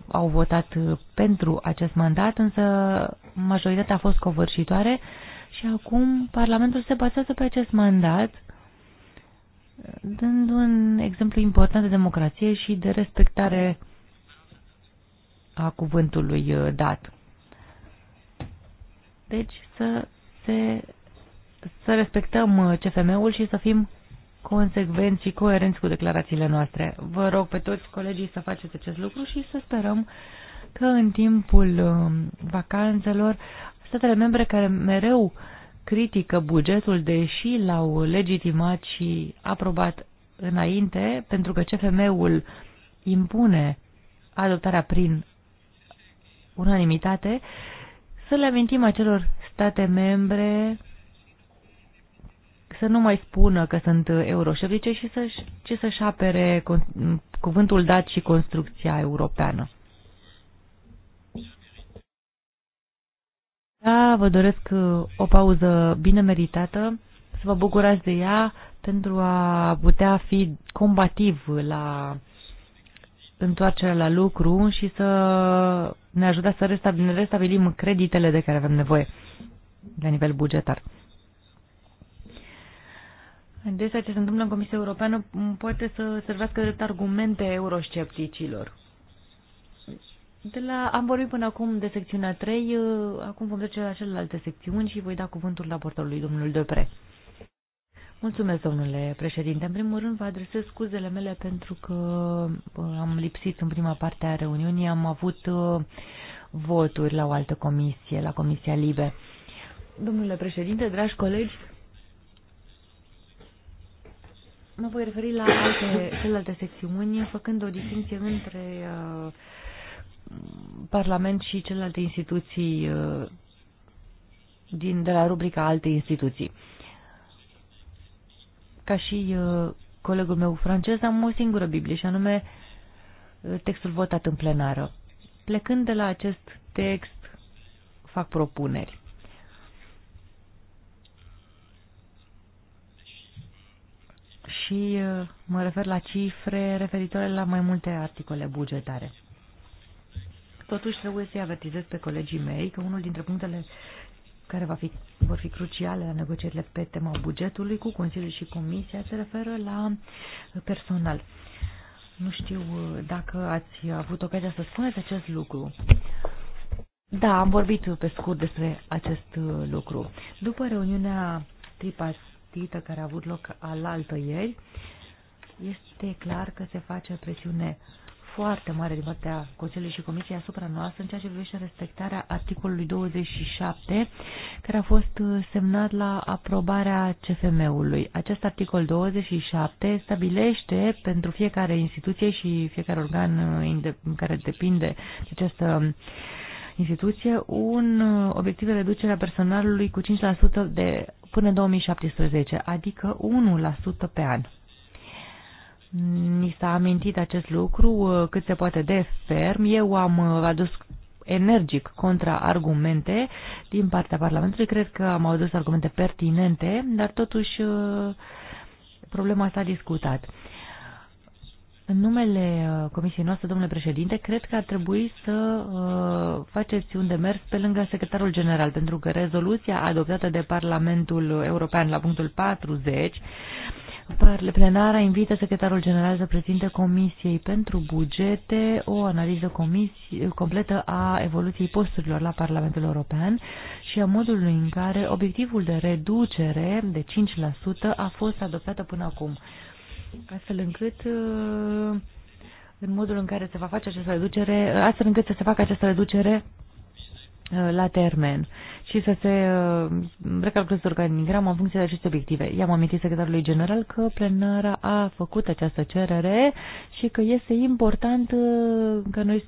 au votat pentru acest mandat, însă majoritatea a fost covârșitoare și acum Parlamentul se bazează pe acest mandat dând un exemplu important de democrație și de respectare a cuvântului uh, dat. Deci să, se, să respectăm uh, CFM-ul și să fim consecvenți și coerenți cu declarațiile noastre. Vă rog pe toți colegii să faceți acest lucru și să sperăm că în timpul uh, vacanțelor statele membre care mereu uh, critică bugetul, deși l-au legitimat și aprobat înainte, pentru că CFM-ul impune adoptarea prin unanimitate, să le amintim acelor state membre să nu mai spună că sunt euroșevice și să, ci să-și apere cuvântul dat și construcția europeană. Da, vă doresc uh, o pauză bine meritată, să vă bucurați de ea pentru a putea fi combativ la întoarcerea la lucru și să ne ajuta să restabilim creditele de care avem nevoie la nivel bugetar. Deci, ce se întâmplă în Comisia Europeană poate să servească drept argumente euroscepticilor. De la, am vorbit până acum de secțiunea 3, uh, acum vom trece la celelalte secțiuni și voi da cuvântul raportorului domnul Depre. Mulțumesc, domnule președinte. În primul rând, vă adresez scuzele mele pentru că uh, am lipsit în prima parte a reuniunii. Am avut uh, voturi la o altă comisie, la Comisia Libe. Domnule președinte, dragi colegi, mă voi referi la alte, celelalte secțiuni, făcând o distinție între uh, Parlament și celelalte instituții uh, din, de la rubrica alte instituții. Ca și uh, colegul meu francez, am o singură Biblie și anume uh, textul votat în plenară. Plecând de la acest text, fac propuneri. Și mă refer la cifre referitoare la mai multe articole bugetare. Totuși trebuie să-i avertizez pe colegii mei că unul dintre punctele care va fi, vor fi cruciale la negocierile pe tema bugetului cu Consiliul și Comisia se referă la personal. Nu știu uh, dacă ați avut ocazia să spuneți acest lucru. Da, am vorbit pe scurt despre acest uh, lucru. După reuniunea tripartită care a avut loc alaltă ieri, este clar că se face presiune foarte mare din partea Consiliului și Comisiei asupra noastră în ceea ce privește respectarea articolului 27, care a fost uh, semnat la aprobarea CFM-ului. Acest articol 27 stabilește pentru fiecare instituție și fiecare organ uh, care depinde de această instituție un uh, obiectiv de reducere a personalului cu 5% de până 2017, adică 1% pe an. Ni s-a amintit acest lucru uh, cât se poate de ferm. Eu am uh, adus energic contra-argumente din partea Parlamentului. Cred că am adus argumente pertinente, dar totuși uh, problema s-a discutat. În numele comisiei noastre, domnule președinte, cred că ar trebui să faceți un demers pe lângă secretarul general, pentru că rezoluția adoptată de Parlamentul European la punctul 40 Plenara invită secretarul general să prezinte Comisiei pentru bugete o analiză completă a evoluției posturilor la Parlamentul European și a modului în care obiectivul de reducere de 5% a fost adoptată până acum, astfel încât uh, în modul în care se va face această reducere, astfel încât să se facă această reducere Uh, la termen și să se uh, recalculeze organigrama în funcție de aceste obiective. I-am amintit secretarului general că plenara a făcut această cerere și că este important uh, că noi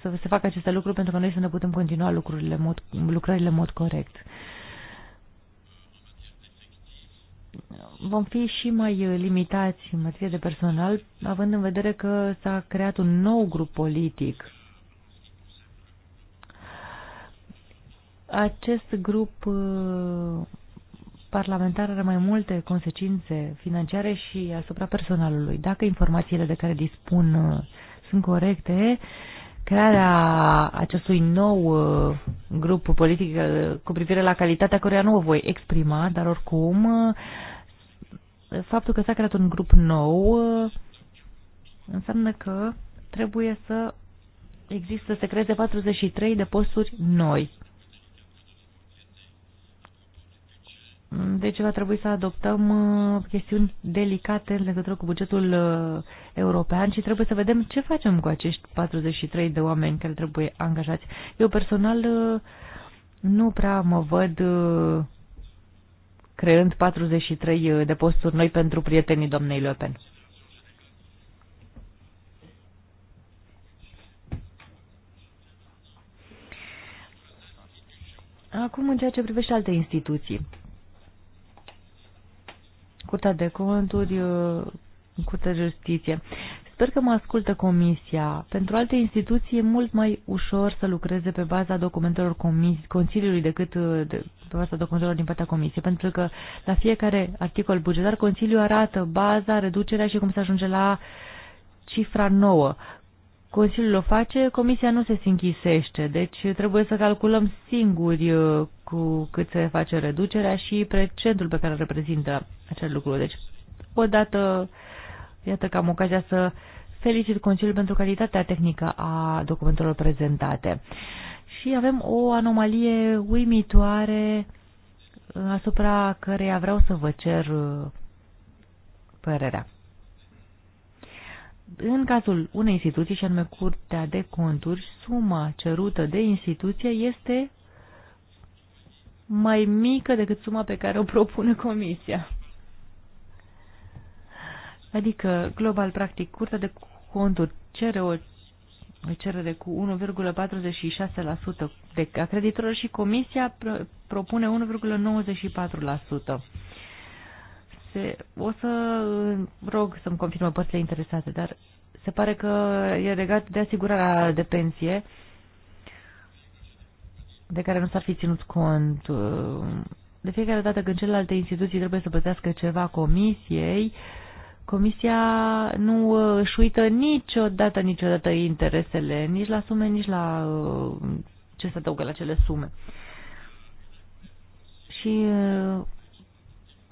să se facă aceste lucruri pentru că noi să ne putem continua lucrurile mod, lucrările în mod corect. Vom fi și mai limitați în materie de personal, având în vedere că s-a creat un nou grup politic Acest grup uh, parlamentar are mai multe consecințe financiare și asupra personalului. Dacă informațiile de care dispun uh, sunt corecte, crearea acestui nou uh, grup politic cu privire la calitatea căruia nu o voi exprima, dar oricum faptul că s-a creat un grup nou înseamnă că trebuie să există, să creeze 43 de posturi noi. Deci va trebui să adoptăm uh, chestiuni delicate în legătură cu bugetul uh, european și trebuie să vedem ce facem cu acești 43 de oameni care trebuie angajați. Eu personal uh, nu prea mă văd creând 43 de posturi noi pentru prietenii domnei Le Pen. Acum, în ceea ce privește alte instituții, Curtea de Conturi, uh, Curtea de Justiție. Sper că mă ascultă Comisia. Pentru alte instituții e mult mai ușor să lucreze pe baza documentelor comis- Consiliului decât uh, de, pe baza documentelor din partea Comisiei, pentru că la fiecare articol bugetar Consiliul arată baza, reducerea și cum se ajunge la cifra nouă. Consiliul o face, Comisia nu se sinchisește, deci trebuie să calculăm singuri uh, cu cât se face reducerea și precentul pe care reprezintă acel lucru. Deci, odată, iată că am ocazia să felicit Consiliul pentru calitatea tehnică a documentelor prezentate. Și avem o anomalie uimitoare uh, asupra căreia vreau să vă cer uh, părerea în cazul unei instituții, și anume Curtea de Conturi, suma cerută de instituție este mai mică decât suma pe care o propune Comisia. Adică, global, practic, Curtea de Conturi cere o cerere cu 1,46% de a creditorilor și Comisia propune 1,94% se, o să rog să-mi confirmă părțile interesate, dar se pare că e legat de asigurarea de pensie de care nu s-ar fi ținut cont. De fiecare dată când celelalte instituții trebuie să plătească ceva comisiei, comisia nu își uită niciodată, niciodată interesele, nici la sume, nici la uh, ce se adăugă la cele sume. Și uh,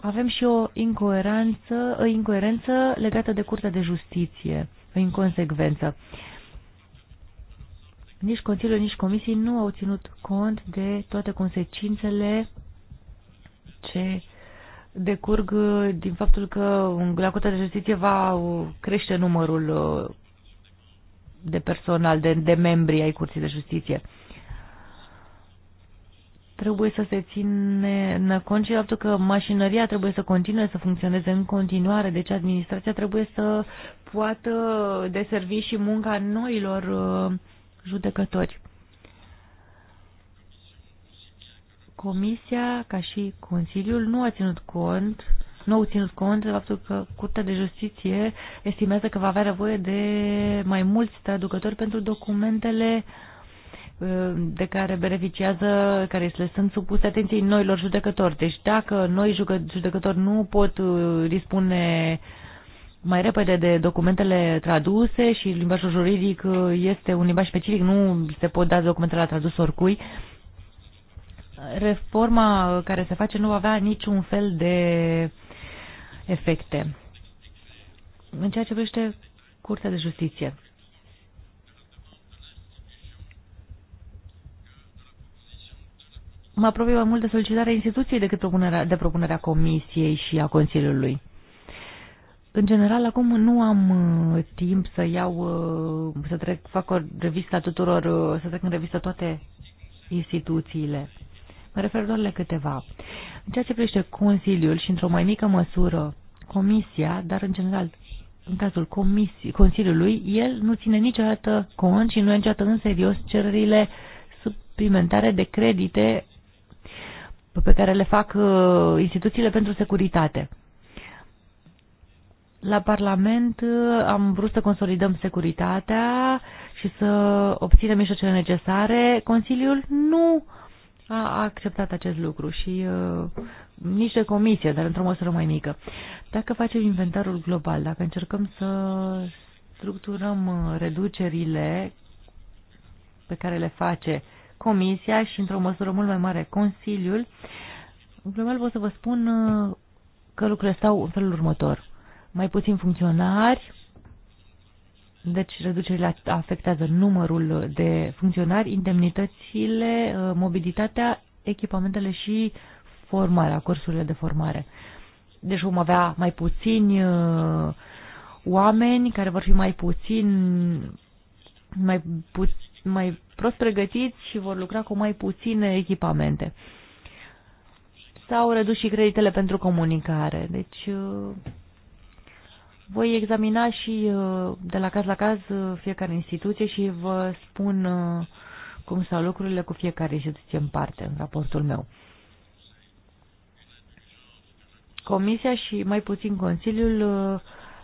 avem și o incoerență, o incoerență legată de Curtea de Justiție, o inconsecvență. Nici Consiliul, nici Comisii nu au ținut cont de toate consecințele ce decurg din faptul că la Curtea de Justiție va crește numărul uh, de personal, de, de membri ai Curții de Justiție. Trebuie să se țină cont și faptul că mașinăria trebuie să continue să funcționeze în continuare, deci administrația trebuie să poată deservi și munca noilor uh, judecători. Comisia, ca și Consiliul, nu a ținut cont nu au ținut cont de faptul că Curtea de Justiție estimează că va avea nevoie de mai mulți traducători pentru documentele uh, Eh, de care beneficiază, care le sunt supuse atenției noilor judecători. Deci dacă noi judecători nu pot eh, dispune mai repede de documentele traduse și limbajul juridic eh, este un limbaj specific, nu se pot da documentele la tradus oricui, reforma care se face nu va avea niciun fel de efecte. În ceea ce privește Curtea de Justiție, mă apropie mai mult de solicitarea instituției decât propunerea, de propunerea Comisiei și a Consiliului. În general, acum nu am uh, timp să iau, uh, să trec, fac o revistă tuturor, uh, să trec în revistă toate instituțiile. Mă refer doar la câteva. În ceea ce privește Consiliul și, într-o mai mică măsură, Comisia, dar, în general, în cazul comisii, Consiliului, el nu ține niciodată cont și nu e niciodată în serios cererile suplimentare de credite pe care le fac uh, instituțiile pentru securitate. La Parlament uh, am vrut să consolidăm securitatea și să obținem mijloacele necesare. Consiliul nu a acceptat acest lucru și uh, nici de comisie, dar într-o măsură mai mică. Dacă facem inventarul global, dacă încercăm să structurăm uh, reducerile pe care le face uh, Comisia și, într-o măsură mult mai mare, Consiliul, În primul rând pot să vă spun uh, că lucrurile stau în felul următor. Mai puțin funcționari, deci reducerile afectează numărul de funcționari, indemnitățile, uh, mobilitatea, echipamentele și formarea, cursurile de formare. Deci vom avea mai puțini uh, oameni care vor fi mai puțin mai puțin mai prost pregătiți și vor lucra cu mai puține echipamente. S-au redus și creditele pentru comunicare. Deci uh, voi examina și uh, de la caz la caz uh, fiecare instituție și vă spun cum stau lucrurile cu fiecare instituție în parte în raportul meu. Comisia și mai puțin Consiliul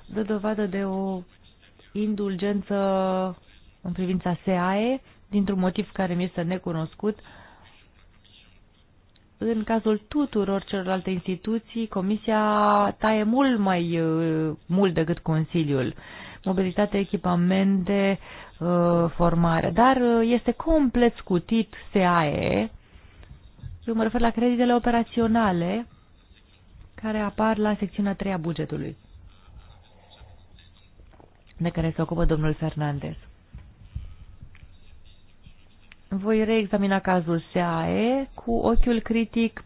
dă dovadă de o indulgență în privința SAE, dintr-un motiv care mi este necunoscut, în cazul tuturor celorlalte instituții, Comisia taie mult mai uh, mult decât Consiliul. Mobilitate, echipamente, uh, formare. Dar uh, este complet scutit SAE. Eu mă refer la creditele operaționale care apar la secțiunea 3 a bugetului de care se ocupă domnul Fernandez. Voi reexamina cazul SAE cu ochiul critic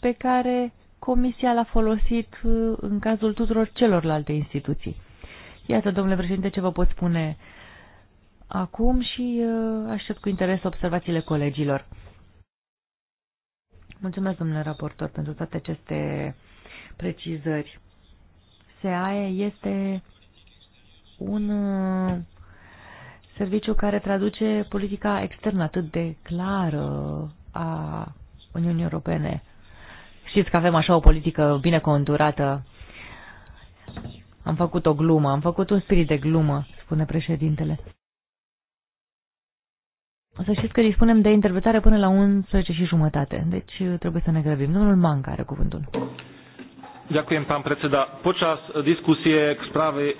pe care Comisia l-a folosit uh, în cazul tuturor celorlalte instituții. Iată, domnule președinte, ce vă pot spune acum și uh, aștept cu interes observațiile colegilor. Mulțumesc, domnule raportor, pentru toate aceste precizări. SEAE este un uh, serviciu care traduce politica externă atât de clară a Uniunii Europene. Știți că avem așa o politică bine conturată. Am făcut o glumă, am făcut un spirit de glumă, spune președintele. Să știți că dispunem de interpretare până la 11 și jumătate, deci trebuie să ne grăbim. Domnul Manca are cuvântul. Ďakujem, pán predseda. Počas diskusie k správe...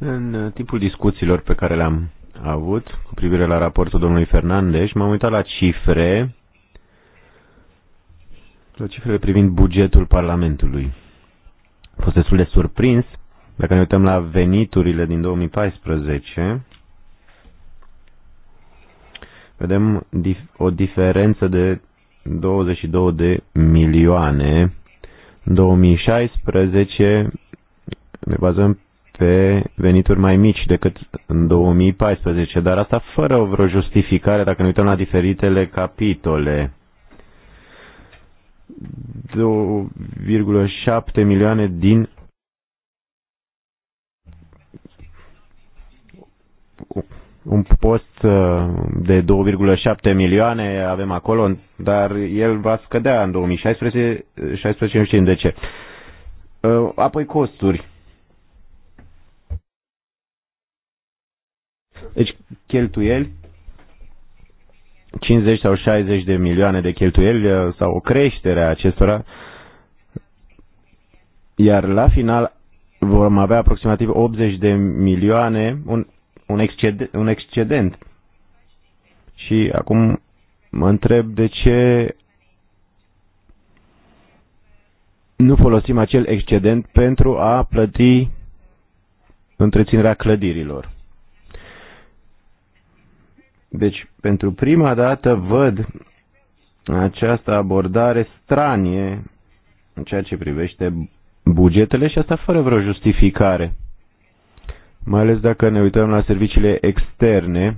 În timpul discuțiilor pe care le-am avut cu privire la raportul domnului Fernandez, m-am uitat la cifre, la cifrele privind bugetul Parlamentului. A fost destul de surprins dacă ne uităm la veniturile din 2014, vedem o diferență de 22 de milioane. În 2016 ne bazăm pe venituri mai mici decât în 2014, dar asta fără o vreo justificare dacă ne uităm la diferitele capitole. 2,7 milioane din un post uh, de 2,7 milioane avem acolo, dar el va scădea în 2016, 16 nu știm de ce. Uh, apoi costuri. Deci cheltuieli 50 sau 60 de milioane de cheltuieli uh, sau o creștere a acestora, iar la final vom avea aproximativ 80 de milioane, un, un, excedent, un excedent. Și acum mă întreb de ce nu folosim acel excedent pentru a plăti întreținerea clădirilor. Deci, pentru prima dată văd această abordare stranie în ceea ce privește bugetele și asta fără vreo justificare. Mai ales dacă ne uităm la serviciile externe,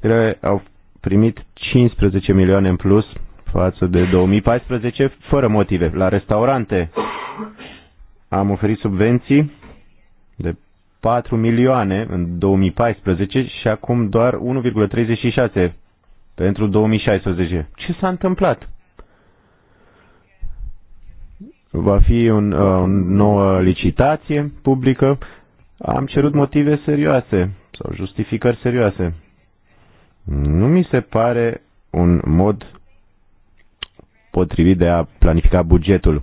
ele au primit 15 milioane în plus față de 2014 fără motive. La restaurante am oferit subvenții de 4 milioane în 2014 și acum doar 1,36 pentru 2016. Ce s-a întâmplat? Va fi un, o uh, nouă licitație publică. Am cerut motive serioase sau justificări serioase. Nu mi se pare un mod potrivit de a planifica bugetul.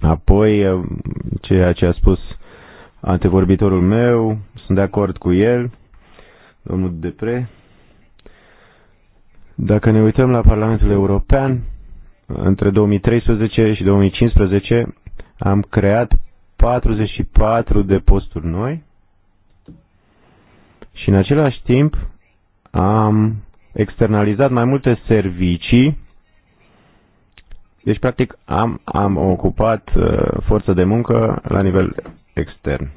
Apoi, uh, ceea ce a spus antevorbitorul meu, sunt de acord cu el, domnul Depre. Dacă ne uităm la Parlamentul European, între 2013 și 2015 am creat 44 de posturi noi și în același timp am externalizat mai multe servicii deci, practic, am, am ocupat uh, forță de muncă la nivel extern.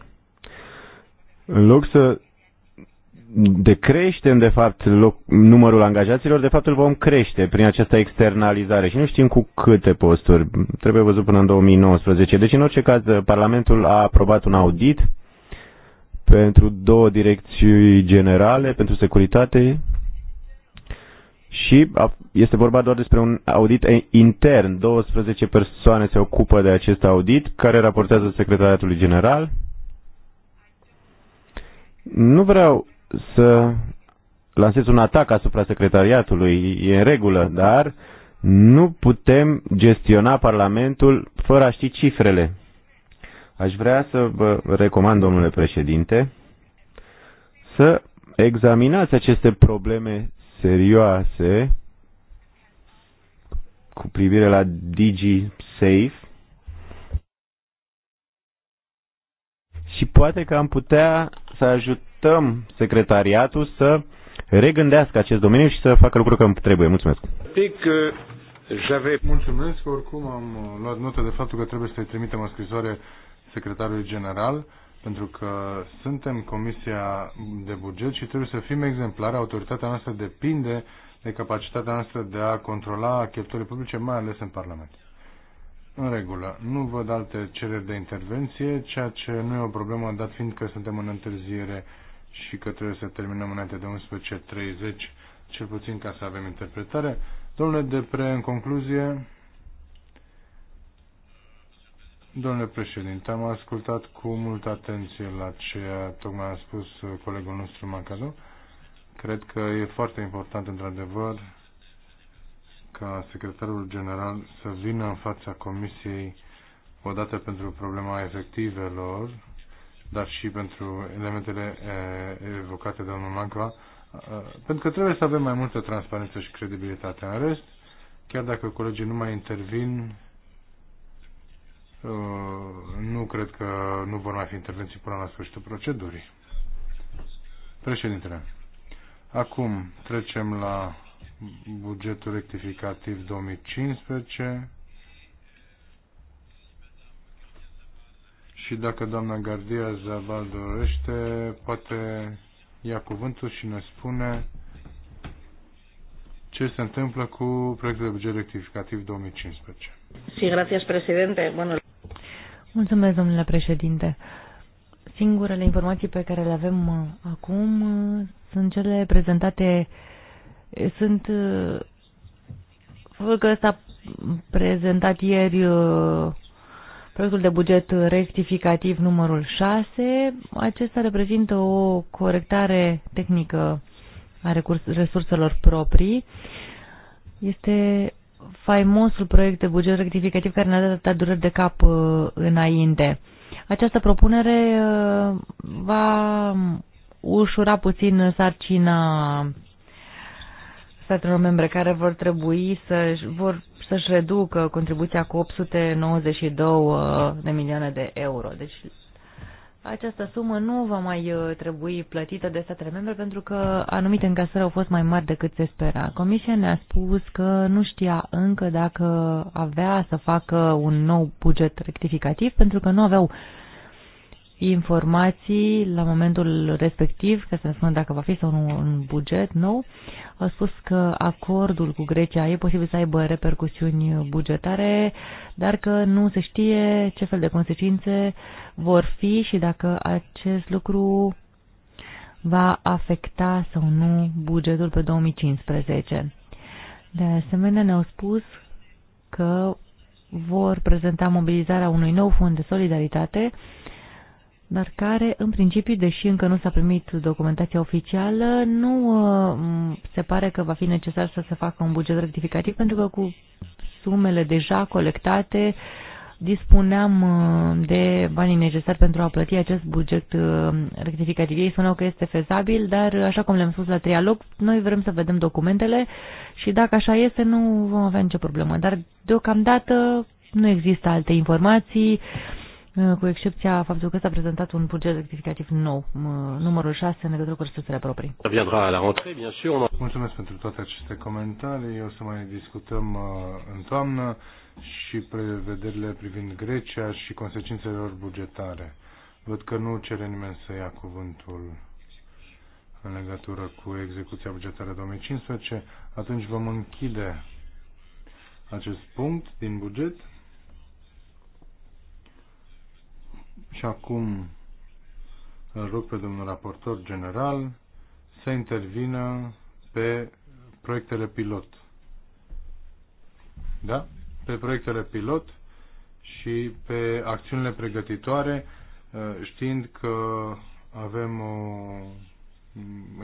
În loc să decreștem, de fapt, loc, numărul angajaților, de fapt îl vom crește prin această externalizare și nu știm cu câte posturi. Trebuie văzut până în 2019. Deci, în orice caz, Parlamentul a aprobat un audit pentru două direcții generale, pentru securitate și este vorba doar despre un audit intern. 12 persoane se ocupă de acest audit, care raportează Secretariatului General. Nu vreau să lansez un atac asupra Secretariatului, e în regulă, dar nu putem gestiona Parlamentul fără a ști cifrele. Aș vrea să vă recomand, domnule președinte, să examinați aceste probleme serioase cu privire la DigiSafe și poate că am putea să ajutăm secretariatul să regândească acest domeniu și să facă lucruri că trebuie. Mulțumesc! Pic, uh, Mulțumesc, oricum am luat notă de faptul că trebuie să-i trimitem o scrisoare secretarului general pentru că suntem Comisia de Buget și trebuie să fim exemplari. Autoritatea noastră depinde de capacitatea noastră de a controla cheltuielile publice, mai ales în Parlament. În regulă. Nu văd alte cereri de intervenție, ceea ce nu e o problemă, dat fiind că suntem în întârziere și că trebuie să terminăm înainte de 11.30, cel puțin ca să avem interpretare. Domnule Depre, în concluzie, Domnule președinte, am ascultat cu multă atenție la ce tocmai a spus colegul nostru Macado. Cred că e foarte important, într-adevăr, ca secretarul general să vină în fața comisiei odată pentru problema efectivelor, dar și pentru elementele evocate de domnul Magva, pentru că trebuie să avem mai multă transparență și credibilitate. În rest, chiar dacă colegii nu mai intervin, Uh, nu cred că nu vor mai fi intervenții până la sfârșitul procedurii. Președintele, acum trecem la bugetul rectificativ 2015 și dacă doamna Gardia Zabal dorește, poate ia cuvântul și ne spune ce se întâmplă cu proiectul de buget rectificativ 2015. Sí, gracias, presidente. Bueno... Mulțumesc, domnule președinte. Singurele informații pe care le avem uh, acum uh, sunt cele prezentate, eh, sunt văd uh, că s-a prezentat ieri proiectul de buget rectificativ numărul 6. Acesta reprezintă o corectare tehnică a resurselor proprii. Este faimosul proiect de buget rectificativ care ne-a dat atâta dureri de cap uh, înainte. Această propunere uh, va ușura puțin sarcina statelor membre care vor trebui să vor să-și reducă contribuția cu 892 de milioane de euro. Deci această sumă nu va mai uh, trebui plătită de statele membre pentru că anumite încasări au fost mai mari decât se spera. Comisia ne-a spus că nu știa încă dacă avea să facă un nou buget rectificativ pentru că nu aveau informații la momentul respectiv, ca să ne spună dacă va fi sau nu un buget nou. A spus că acordul cu Grecia e posibil să aibă repercusiuni bugetare, dar că nu se știe ce fel de consecințe vor fi și dacă acest lucru va afecta sau nu bugetul pe 2015. De asemenea, ne-au spus că vor prezenta mobilizarea unui nou fond de solidaritate uh, dar care, în principiu, deși încă nu s-a primit documentația oficială, nu uh, se pare că va fi necesar să se facă un buget rectificativ, pentru că cu sumele deja colectate dispuneam uh, de banii necesari pentru a plăti acest buget uh, rectificativ. Ei spuneau că este fezabil, dar așa cum le-am spus la trialog, noi vrem să vedem documentele și dacă așa este, nu vom avea nicio problemă. Dar deocamdată nu există alte informații. Uh, Uh, cu excepția faptului că s-a prezentat un buget rectificativ nou, uh, numărul 6, în legătură cu resursele proprii. Mulțumesc pentru toate aceste comentarii. O să mai discutăm uh, în toamnă și prevederile privind Grecia și consecințele lor bugetare. Văd că nu cere nimeni să ia cuvântul în legătură cu execuția bugetară 2015. Atunci vom închide acest punct din buget. Și acum îl rog pe domnul raportor general să intervină pe proiectele pilot. Da? Pe proiectele pilot și pe acțiunile pregătitoare, uh, știind că avem o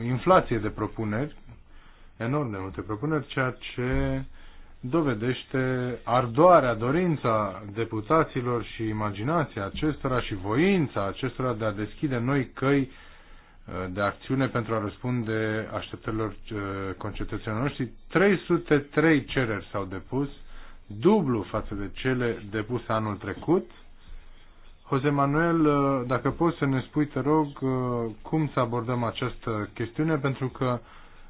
inflație de propuneri, enorm de multe propuneri, ceea ce dovedește ardoarea, dorința deputaților și imaginația acestora și voința acestora de a deschide noi căi uh, de acțiune pentru a răspunde așteptărilor uh, concetățenilor noștri. 303 cereri s-au depus, dublu față de cele depuse anul trecut. Jose Manuel, uh, dacă poți să ne spui, te rog, cum să abordăm această chestiune, pentru că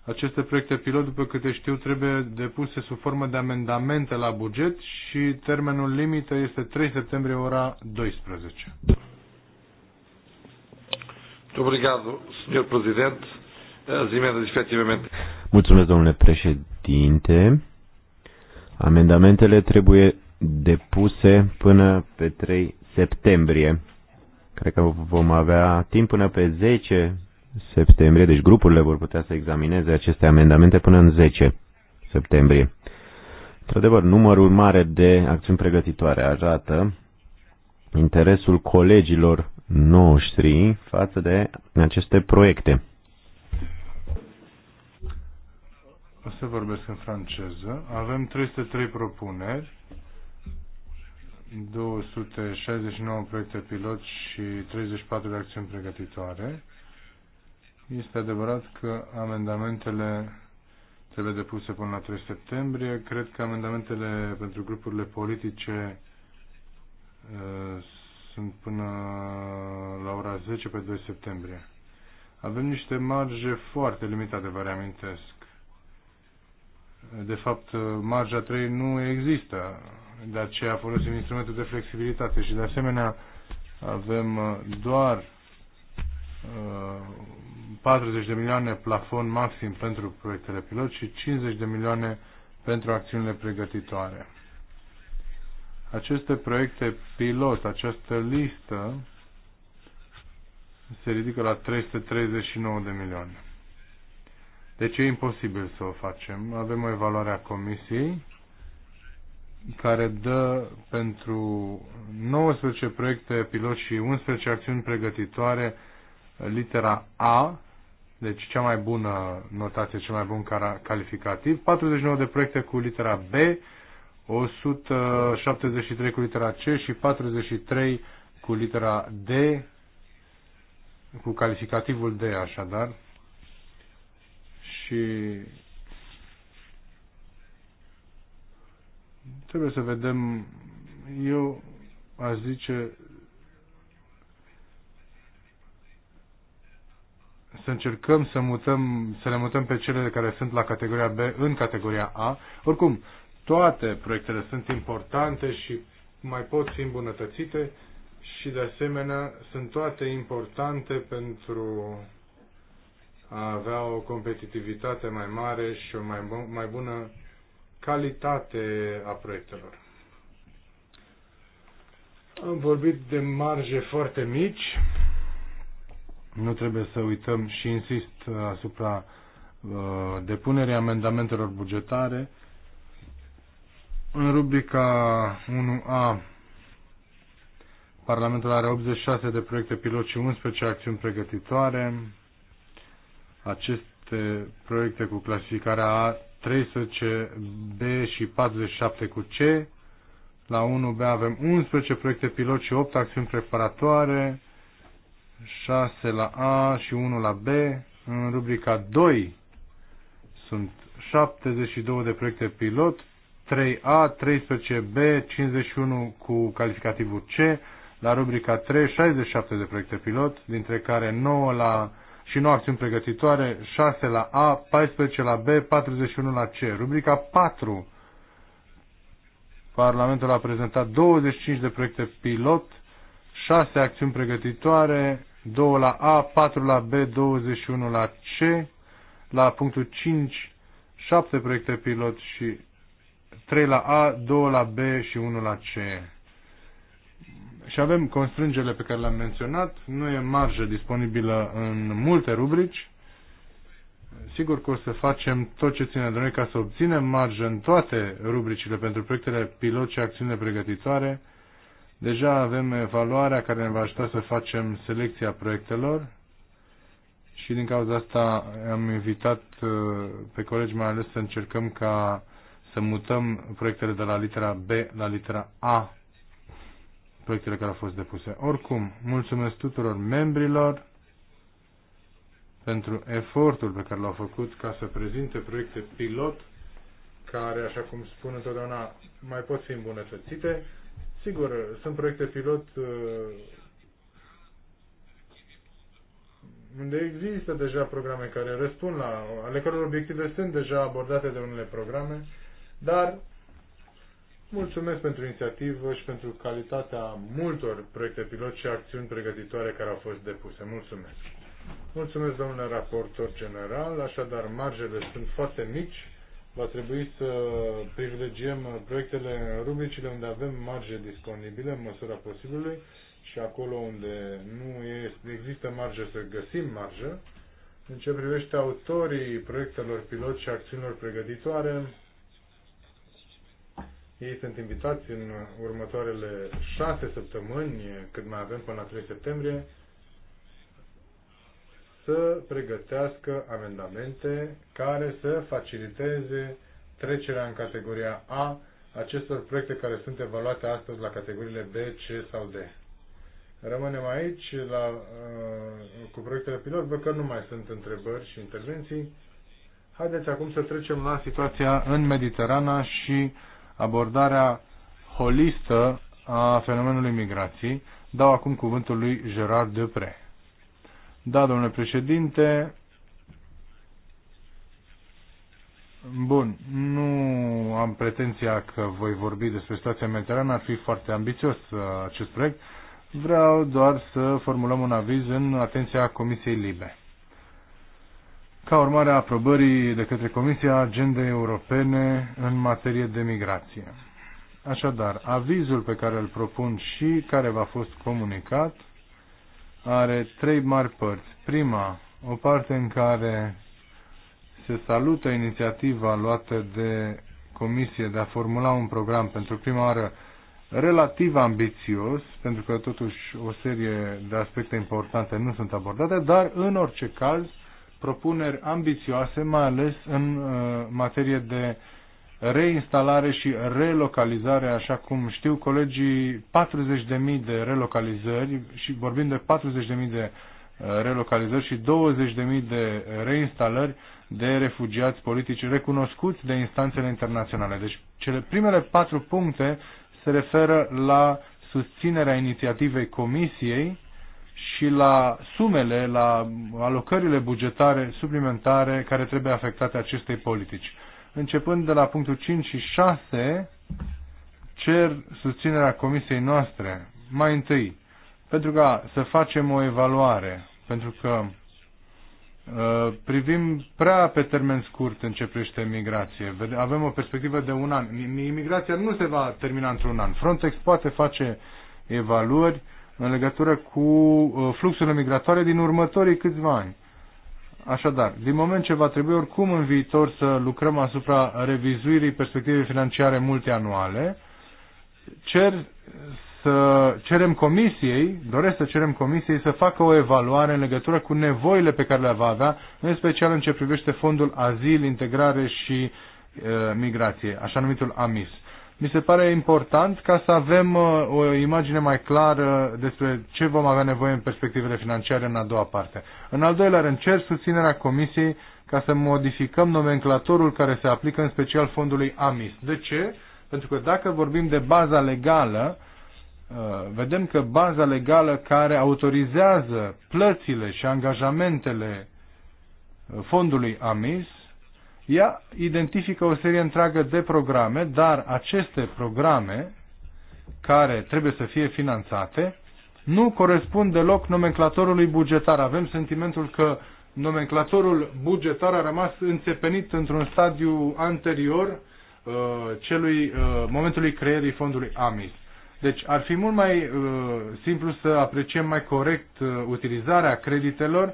aceste proiecte pilot, după câte știu, trebuie depuse sub formă de amendamente la buget și termenul limită este 3 septembrie ora 12. Obrigado, Presidente. As emendas, efetivamente. Mulțumesc, domnule președinte. Amendamentele trebuie depuse până pe 3 septembrie. Cred că vom avea timp până pe 10 septembrie, deci grupurile vor putea să examineze aceste amendamente până în 10 septembrie. Într-adevăr, numărul mare de acțiuni pregătitoare arată interesul colegilor noștri față de aceste proiecte. O să vorbesc în franceză. Avem 303 propuneri, 269 proiecte pilot și 34 de acțiuni pregătitoare. Este adevărat că amendamentele trebuie depuse până la 3 septembrie. Cred că amendamentele pentru grupurile politice uh, sunt până la ora 10 pe 2 septembrie. Avem niște marge foarte limitate, vă reamintesc. De fapt, marja 3 nu există, de aceea folosim instrumentul de flexibilitate și de asemenea avem doar uh, 40 de milioane plafon maxim pentru proiectele pilot și 50 de milioane pentru acțiunile pregătitoare. Aceste proiecte pilot, această listă, se ridică la 339 de milioane. Deci e imposibil să o facem. Avem o evaluare a comisiei care dă pentru 19 proiecte pilot și 11 acțiuni pregătitoare litera A deci cea mai bună notație, cel mai bun calificativ, 49 de proiecte cu litera B, 173 cu litera C și 43 cu litera D, cu calificativul D așadar. Și trebuie să vedem, eu aș zice să încercăm să, mutăm, să le mutăm pe cele care sunt la categoria B în categoria A. Oricum, toate proiectele sunt importante și mai pot fi îmbunătățite și de asemenea sunt toate importante pentru a avea o competitivitate mai mare și o mai, bu- mai bună calitate a proiectelor. Am vorbit de marje foarte mici nu trebuie să uităm și insist asupra uh, depunerii amendamentelor bugetare. În rubrica 1A, Parlamentul are 86 de proiecte pilot și 11 acțiuni pregătitoare. Aceste proiecte cu clasificarea A, 13 B și 47 cu C. La 1B avem 11 proiecte pilot și 8 acțiuni preparatoare. 6 la A și 1 la B. În rubrica 2 sunt 72 de proiecte pilot, 3A, 13B, 51 cu calificativul C, la rubrica 3, 67 de proiecte pilot, dintre care 9 la și 9 acțiuni pregătitoare, 6 la A, 14 la B, 41 la C. Rubrica 4, Parlamentul a prezentat 25 de proiecte pilot, 6 acțiuni pregătitoare, 2 la A, 4 la B, 21 la C, la punctul 5, 7 proiecte pilot și 3 la A, 2 la B și 1 la C. Și avem constrângerile pe care le-am menționat, nu e marjă disponibilă în multe rubrici. Sigur că o să facem tot ce ține de noi ca să obținem marjă în toate rubricile pentru proiectele pilot și acțiune pregătitoare, Deja avem evaluarea care ne va ajuta să facem selecția proiectelor și din cauza asta am invitat uh, pe colegi mai ales să încercăm ca să mutăm proiectele de la litera B la litera A, proiectele care au fost depuse. Oricum, mulțumesc tuturor membrilor pentru efortul pe care l-au făcut ca să prezinte proiecte pilot care, așa cum spun întotdeauna, mai pot fi îmbunătățite Sigur, sunt proiecte pilot uh, unde există deja programe care răspund la, ale căror obiective sunt deja abordate de unele programe, dar mulțumesc pentru inițiativă și pentru calitatea multor proiecte pilot și acțiuni pregătitoare care au fost depuse. Mulțumesc! Mulțumesc, domnule raportor general, așadar marjele sunt foarte mici va trebui să privilegiem proiectele în rubricile unde avem marge disponibile în măsura posibilului și acolo unde nu există marge să găsim marge. În ce privește autorii proiectelor pilot și acțiunilor pregătitoare, ei sunt invitați în următoarele șase săptămâni, cât mai avem până la 3 septembrie, să pregătească amendamente care să faciliteze trecerea în categoria A acestor proiecte care sunt evaluate astăzi la categoriile B, C sau D. Rămânem aici la, uh, cu proiectele pilot, văd că nu mai sunt întrebări și intervenții. Haideți acum să trecem la situația în Mediterana și abordarea holistă a fenomenului migrației. Dau acum cuvântul lui Gerard Depre. Da, domnule președinte. Bun, nu am pretenția că voi vorbi despre situația mediterană, ar fi foarte ambițios uh, acest proiect. Vreau doar să formulăm un aviz în atenția Comisiei Libe. Ca urmare a aprobării de către Comisia Agendei Europene în materie de migrație. Așadar, avizul pe care îl propun și care v-a fost comunicat are trei mari părți. Prima, o parte în care se salută inițiativa luată de Comisie de a formula un program pentru prima oară relativ ambițios, pentru că totuși o serie de aspecte importante nu sunt abordate, dar în orice caz propuneri ambițioase, mai ales în uh, materie de uh, reinstalare și relocalizare, așa cum știu colegii, 40.000 de relocalizări și vorbim de 40.000 de uh, relocalizări și 20.000 de reinstalări de refugiați politici recunoscuți de instanțele internaționale. Deci cele primele patru puncte se referă la susținerea inițiativei Comisiei și la sumele, la alocările bugetare suplimentare care trebuie afectate acestei politici. Începând de la punctul 5 și 6, cer susținerea comisiei noastre. Mai întâi, pentru ca să facem o evaluare, pentru că uh, privim prea pe termen scurt în ce privește migrație. Avem o perspectivă de un an. Imigrația nu se va termina într-un an. Frontex poate face evaluări în legătură cu uh, fluxurile migratoare din următorii câțiva ani. Așadar, din moment ce va trebui oricum în viitor să lucrăm asupra revizuirii perspectivei financiare multianuale, cer să cerem comisiei, doresc să cerem comisiei să facă o evaluare în legătură cu nevoile pe care le va avea, în special în ce privește fondul azil, integrare și e, eh, migrație, așa numitul AMIS. Mi se pare important ca să avem uh, o imagine mai clară despre ce vom avea nevoie în perspectivele financiare în a doua parte. În al doilea rând, cer susținerea Comisiei ca să modificăm nomenclatorul care se aplică în special fondului AMIS. De ce? Pentru că dacă vorbim de baza legală, uh, vedem că baza legală care autorizează plățile și angajamentele uh, fondului AMIS ea identifică o serie întreagă de programe, dar aceste programe care trebuie să fie finanțate nu corespund deloc nomenclatorului bugetar. Avem sentimentul că nomenclatorul bugetar a rămas înțepenit într-un stadiu anterior uh, celui uh, momentului creierii fondului AMIS. Deci ar fi mult mai uh, simplu să apreciem mai corect uh, utilizarea creditelor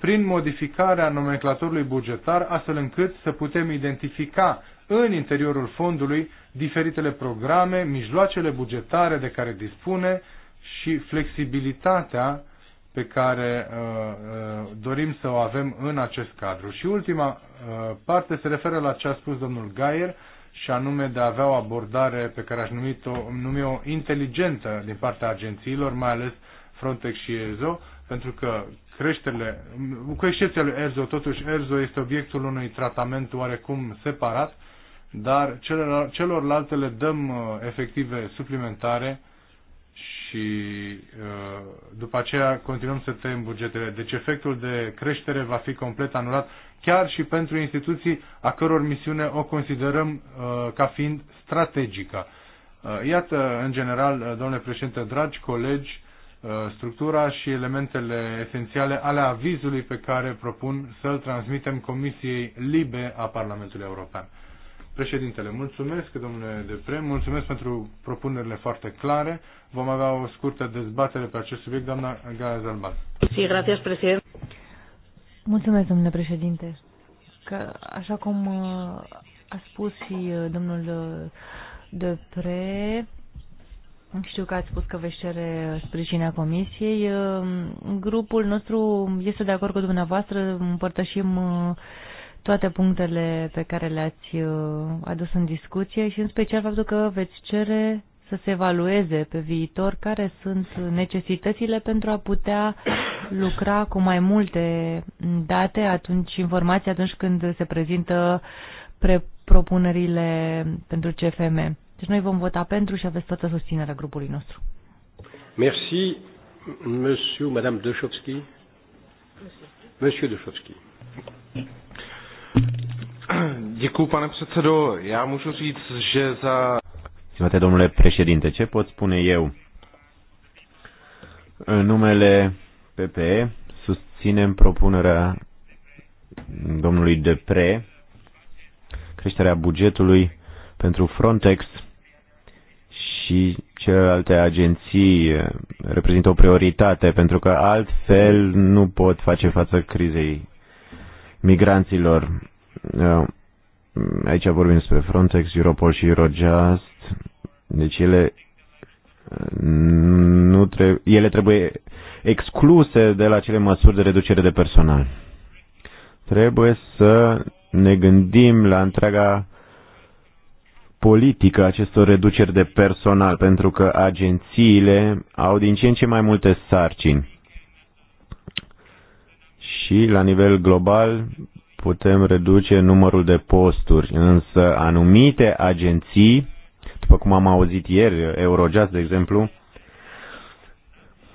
prin modificarea nomenclatorului bugetar, astfel încât să putem identifica în interiorul fondului diferitele programe, mijloacele bugetare de care dispune și flexibilitatea pe care uh, uh, dorim să o avem în acest cadru. Și ultima uh, parte se referă la ce a spus domnul Gaier și anume de a avea o abordare pe care aș numi o numi-o inteligentă din partea agențiilor, mai ales Frontex și EZO, pentru că creșterile, cu excepția lui Erzo, totuși Erzo este obiectul unui tratament oarecum separat, dar celorlalte le dăm uh, efective suplimentare și uh, după aceea continuăm să tăiem bugetele. Deci efectul de creștere va fi complet anulat, chiar și pentru instituții a căror misiune o considerăm uh, ca fiind strategică. Iată, în general, domnule președinte, dragi colegi, Uh, structura și elementele esențiale ale avizului pe care propun să-l transmitem Comisiei Libe a Parlamentului European. Președintele, mulțumesc, domnule Deprem, mulțumesc pentru propunerile foarte clare. Vom avea o scurtă dezbatere pe acest subiect, doamna Gala Zalbaz. Sí, gracias, Mulțumesc, domnule președinte. Că, așa cum uh, a spus și uh, domnul Depre, știu că ați spus că veți cere sprijinea comisiei. Ehm, grupul nostru este de acord cu dumneavoastră, împărtășim uh, toate punctele pe care le-ați uh, adus în discuție și în special faptul că veți cere să se evalueze pe viitor care sunt necesitățile pentru a putea lucra cu mai multe date, atunci informații atunci când se prezintă propunerile pentru CFM. Deci noi vom vota pentru și aveți toată susținerea grupului nostru. Merci, monsieur, madame Dushovski. Monsieur Dushovski. Děkuji, pane předsedo. Já můžu říct, že za... Stimate domnule președinte, ce pot spune eu? În numele PPE susținem propunerea domnului Depre, creșterea bugetului pentru Frontex și celelalte agenții eh, reprezintă o prioritate, pentru că altfel nu pot face față crizei migranților. Eh, aici vorbim despre Frontex, Europol și Eurojust. Deci ele eh, nu trebuie, ele trebuie excluse de la cele măsuri de reducere de personal. Trebuie să ne gândim la întreaga politică acestor reduceri de personal, pentru că agențiile au din ce în ce mai multe sarcini. Și la nivel global putem reduce numărul de posturi, însă anumite agenții, după cum am auzit ieri, Eurojust, de exemplu,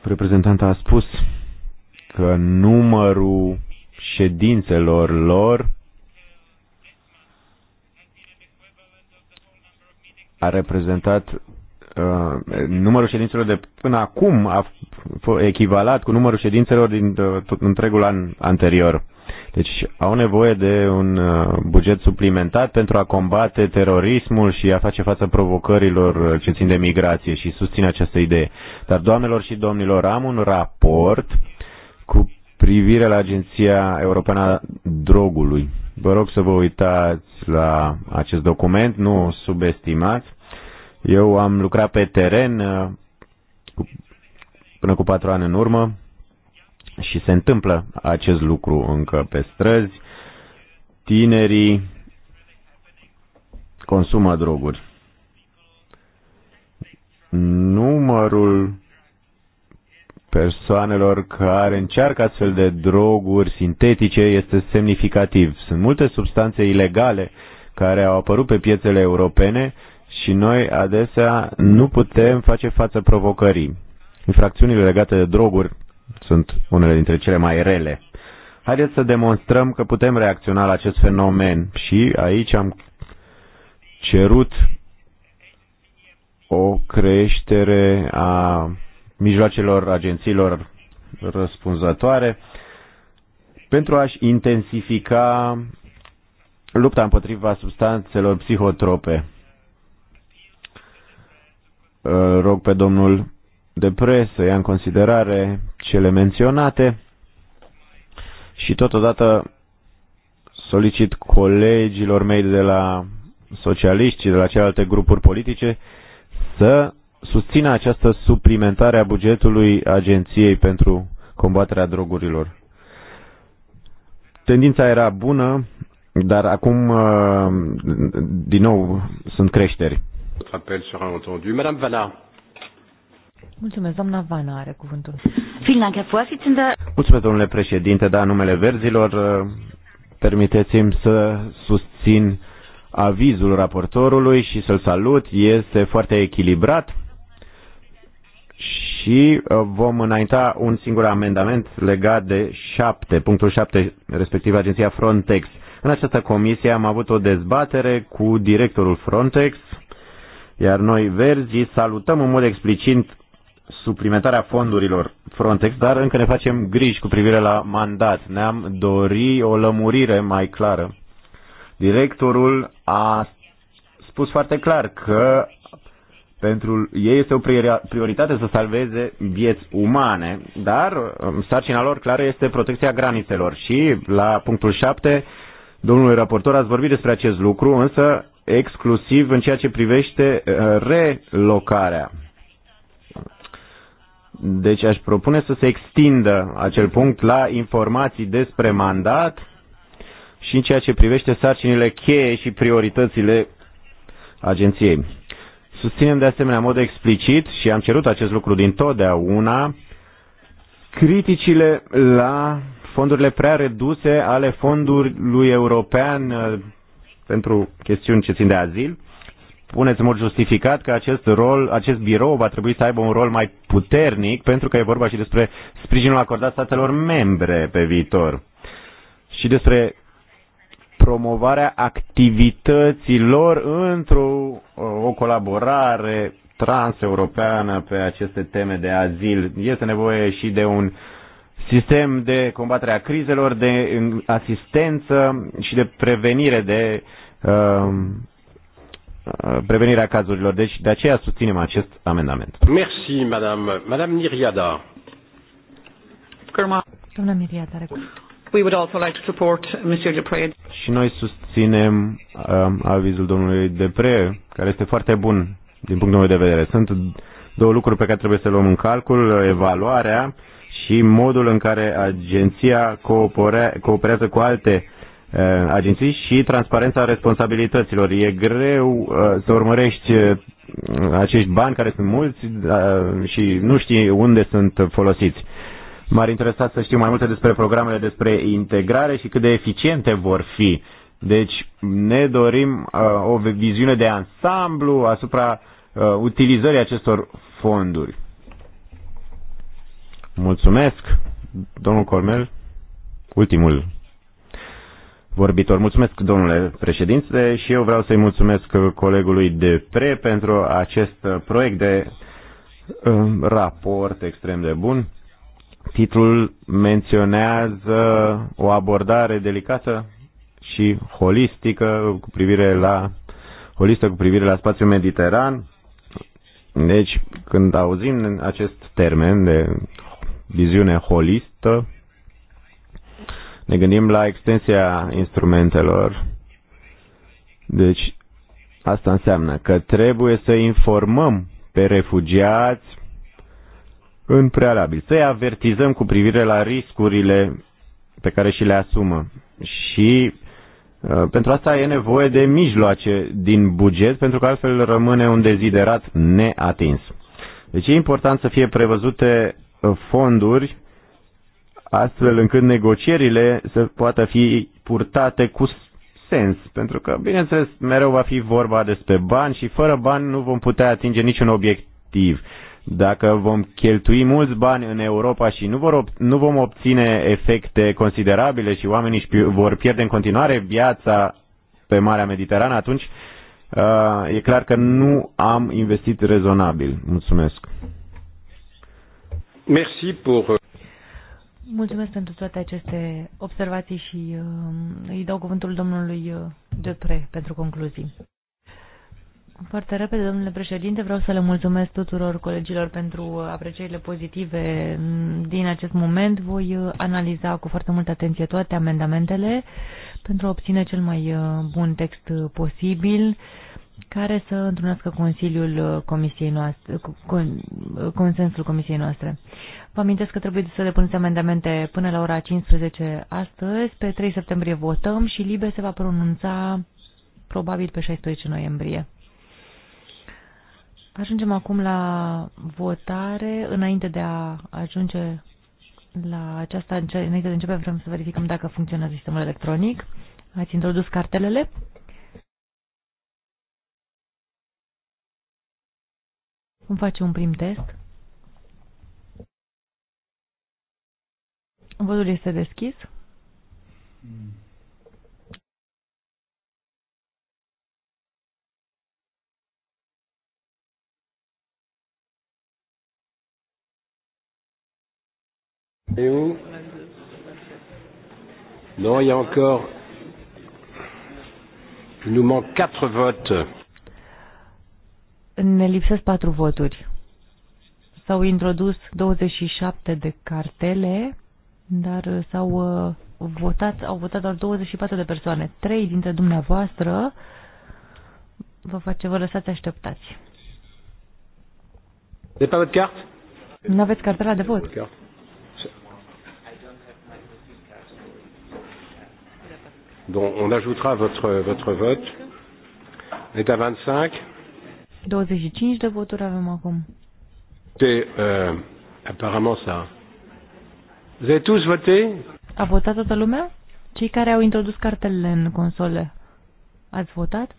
reprezentanta a spus că numărul ședințelor lor a reprezentat uh, numărul ședințelor de până acum a fost echivalat cu numărul ședințelor din uh, tot întregul an anterior. Deci au nevoie de un uh, buget suplimentat pentru a combate terorismul și a face față provocărilor uh, ce țin de migrație și susține această idee. Dar, doamnelor și domnilor, am un raport cu privire la Agenția Europeană a Drogului. Vă rog să vă uitați la acest document, nu subestimați. Eu am lucrat pe teren uh, până cu patru ani în urmă și se întâmplă acest lucru încă pe străzi. Tinerii consumă droguri. Numărul persoanelor care încearcă astfel de droguri sintetice este semnificativ. Sunt multe substanțe ilegale care au apărut pe piețele europene și noi adesea nu putem face față provocării. Infracțiunile legate de droguri sunt unele dintre cele mai rele. Haideți să demonstrăm că putem reacționa la acest fenomen și aici am cerut o creștere a mijloacelor agențiilor răspunzătoare pentru a-și intensifica lupta împotriva substanțelor psihotrope. Rog pe domnul Depre să ia în considerare cele menționate și totodată solicit colegilor mei de la socialiști și de la celelalte grupuri politice să Susține această suplimentare a bugetului Agenției pentru combaterea drogurilor. Tendința era bună, dar acum, uh, din nou, sunt creșteri. Apel sera entendu. Madame Vana. Mulțumesc, doamna Vana are cuvântul. Mulțumesc, domnule președinte, da, numele verzilor. Uh, permiteți-mi să susțin avizul raportorului și să-l salut. Este foarte echilibrat și uh, vom înainta un singur amendament legat de 7, punctul 7, respectiv agenția Frontex. În această comisie am avut o dezbatere cu directorul Frontex, iar noi verzi salutăm în mod explicit suplimentarea fondurilor Frontex, dar încă ne facem griji cu privire la mandat. Ne-am dori o lămurire mai clară. Directorul a spus foarte clar că pentru ei este o prioritate să salveze vieți umane, dar um, sarcina lor clară este protecția granițelor. Și la punctul 7, domnului raportor, ați vorbit despre acest lucru, însă exclusiv în ceea ce privește uh, relocarea. Deci aș propune să se extindă acel punct la informații despre mandat și în ceea ce privește sarcinile cheie și prioritățile agenției. Susținem de asemenea în mod explicit și am cerut acest lucru din totdeauna criticile la fondurile prea reduse ale fondului european uh, pentru chestiuni ce țin de azil. Puneți în mod justificat că acest rol, acest birou va trebui să aibă un rol mai puternic pentru că e vorba și despre sprijinul acordat statelor membre pe viitor și despre promovarea activităților într-o o colaborare transeuropeană pe aceste teme de azil. Este nevoie și de un sistem de combatere a crizelor, de asistență și de prevenire de um, uh, prevenirea cazurilor. Deci de aceea susținem acest amendament. Merci, madame. Madame Niriada. Doamna Miriada, recunosc. We would also like to support uh, Monsieur Dupre. Și noi susținem uh, avizul domnului Depre, care este foarte bun din punctul meu de vedere. Sunt două lucruri pe care trebuie să le luăm în calcul, evaluarea și modul în care agenția coopere, cooperează cu alte uh, agenții și transparența responsabilităților. E greu uh, să urmărești uh, acești bani care sunt mulți uh, și nu știi unde sunt folosiți. M-ar interesa să știu mai multe despre programele despre integrare și cât de eficiente vor fi. Deci ne dorim uh, o viziune de ansamblu asupra uh, utilizării acestor fonduri. Mulțumesc, domnul Cormel, ultimul vorbitor. Mulțumesc, domnule președinte, și eu vreau să-i mulțumesc colegului de pre pentru acest proiect de uh, raport extrem de bun. Titlul menționează o abordare delicată și holistică cu privire la holistă cu privire la spațiul mediteran. Deci, când auzim acest termen de viziune holistă, ne gândim la extensia instrumentelor. Deci, asta înseamnă că trebuie să informăm pe refugiați în prealabil, să-i avertizăm cu privire la riscurile pe care și le asumă. Și uh, pentru asta e nevoie de mijloace din buget, pentru că altfel rămâne un deziderat neatins. Deci e important să fie prevăzute uh, fonduri astfel încât negocierile să poată fi purtate cu sens, pentru că, bineînțeles, mereu va fi vorba despre bani și fără bani nu vom putea atinge niciun obiectiv. Dacă vom cheltui mulți bani în Europa și nu, vor, nu vom obține efecte considerabile și oamenii își vor pierde în continuare viața pe Marea Mediterană, atunci uh, e clar că nu am investit rezonabil. Mulțumesc. Merci pour... Mulțumesc pentru toate aceste observații și uh, îi dau cuvântul domnului uh, Depre pentru concluzii. Foarte repede, domnule președinte, vreau să le mulțumesc tuturor colegilor pentru aprecierile pozitive din acest moment. Voi analiza cu foarte multă atenție toate amendamentele pentru a obține cel mai uh, bun text posibil care să întrunească Consiliul Comisiei noastre, consensul Comisiei noastre. Vă amintesc că trebuie să depuneți amendamente până la ora 15 astăzi. Pe 3 septembrie votăm și Libe se va pronunța probabil pe 16 noiembrie. Ajungem acum la votare. Înainte de a ajunge la aceasta, înainte de începe, vrem să verificăm dacă funcționează sistemul electronic. Ați introdus cartelele? Vom face un prim test. Votul este deschis. Mm. Et où Non, il y a encore. Il nous manque quatre votes. Ne lipsesc patru voturi. S-au introdus 27 de cartele, dar uh, s-au uh, votat, au votat doar 24 de persoane. Trei dintre dumneavoastră vă face, vă lăsați așteptați. De carte? Nu aveți cartela de vot. Carte. dont on ajoutera votre, votre vote, est à 25. 25 de voturi avem acum. Et, euh, apparemment ça. Vous avez tous voté? A votat toată lumea? Cei care au introdus cartelele în console, ați votat?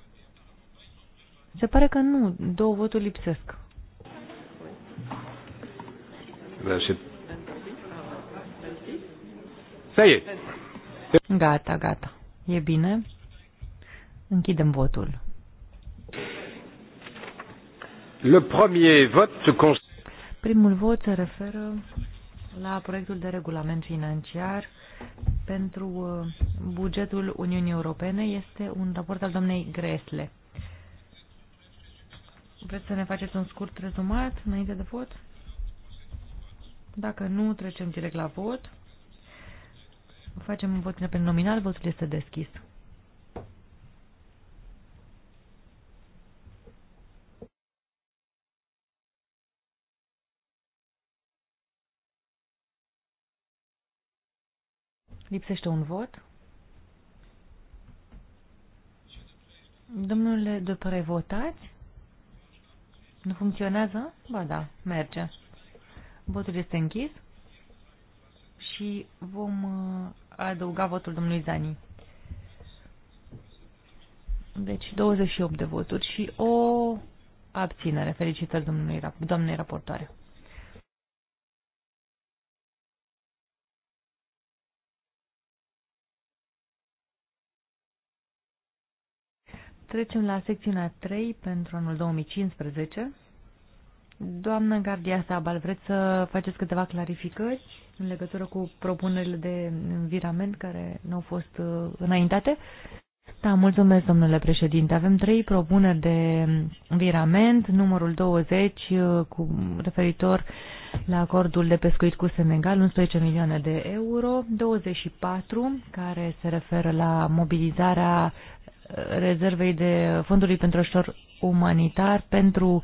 Se pare că nu, două voturi lipsesc. Să e. Gata, gata. E bine. Închidem votul. Le premier vote Primul vot se referă la proiectul de regulament financiar pentru uh, bugetul Uniunii Europene. Este un raport al doamnei Gresle. Vreți să ne faceți un scurt rezumat înainte de vot? Dacă nu, trecem direct la vot. Facem votul pe nominal, votul este deschis. Lipsește un vot. Domnule Dupre, revotați? Nu funcționează? Ba da, merge. Votul este închis și vom uh, a adăugat votul domnului Zani. Deci 28 de voturi și o abținere. Felicitări domnului, doamnei raportoare. Trecem la secțiunea 3 pentru anul 2015. Doamnă Gardia Sabal, vreți să faceți câteva clarificări în legătură cu propunerile de virament care nu au fost uh, înaintate? Da, mulțumesc, domnule președinte. Avem trei propuneri de virament, numărul 20 uh, cu referitor la acordul de pescuit cu Senegal, 11 milioane de euro, 24 care se referă la mobilizarea uh, rezervei de fondului pentru ajutor umanitar pentru uh,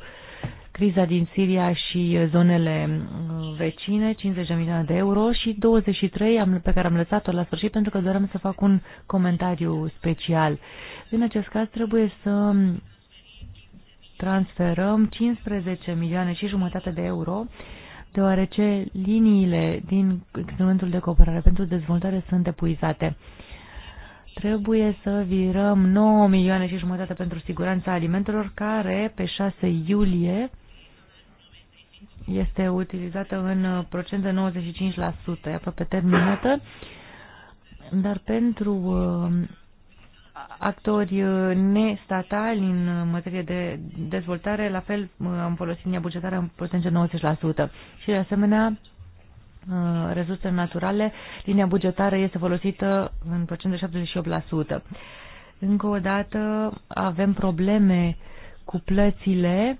criza din Siria și uh, zonele uh, vecine, 50 de milioane de euro și 23 pe care am lăsat-o la sfârșit pentru că doream să fac un comentariu special. În acest caz trebuie să transferăm 15 milioane și jumătate de euro deoarece liniile din instrumentul de cooperare pentru dezvoltare sunt epuizate. Trebuie să virăm 9 milioane și jumătate pentru siguranța alimentelor, care pe 6 iulie este utilizată în uh, procent de 95%, aproape terminată, dar pentru uh, actori uh, nestatali în materie de dezvoltare, la fel am folosit linia bugetară în procent de 90%. Și de asemenea, rezurse naturale, linia bugetară este folosită în procent de 78%. Încă o dată avem probleme cu plățile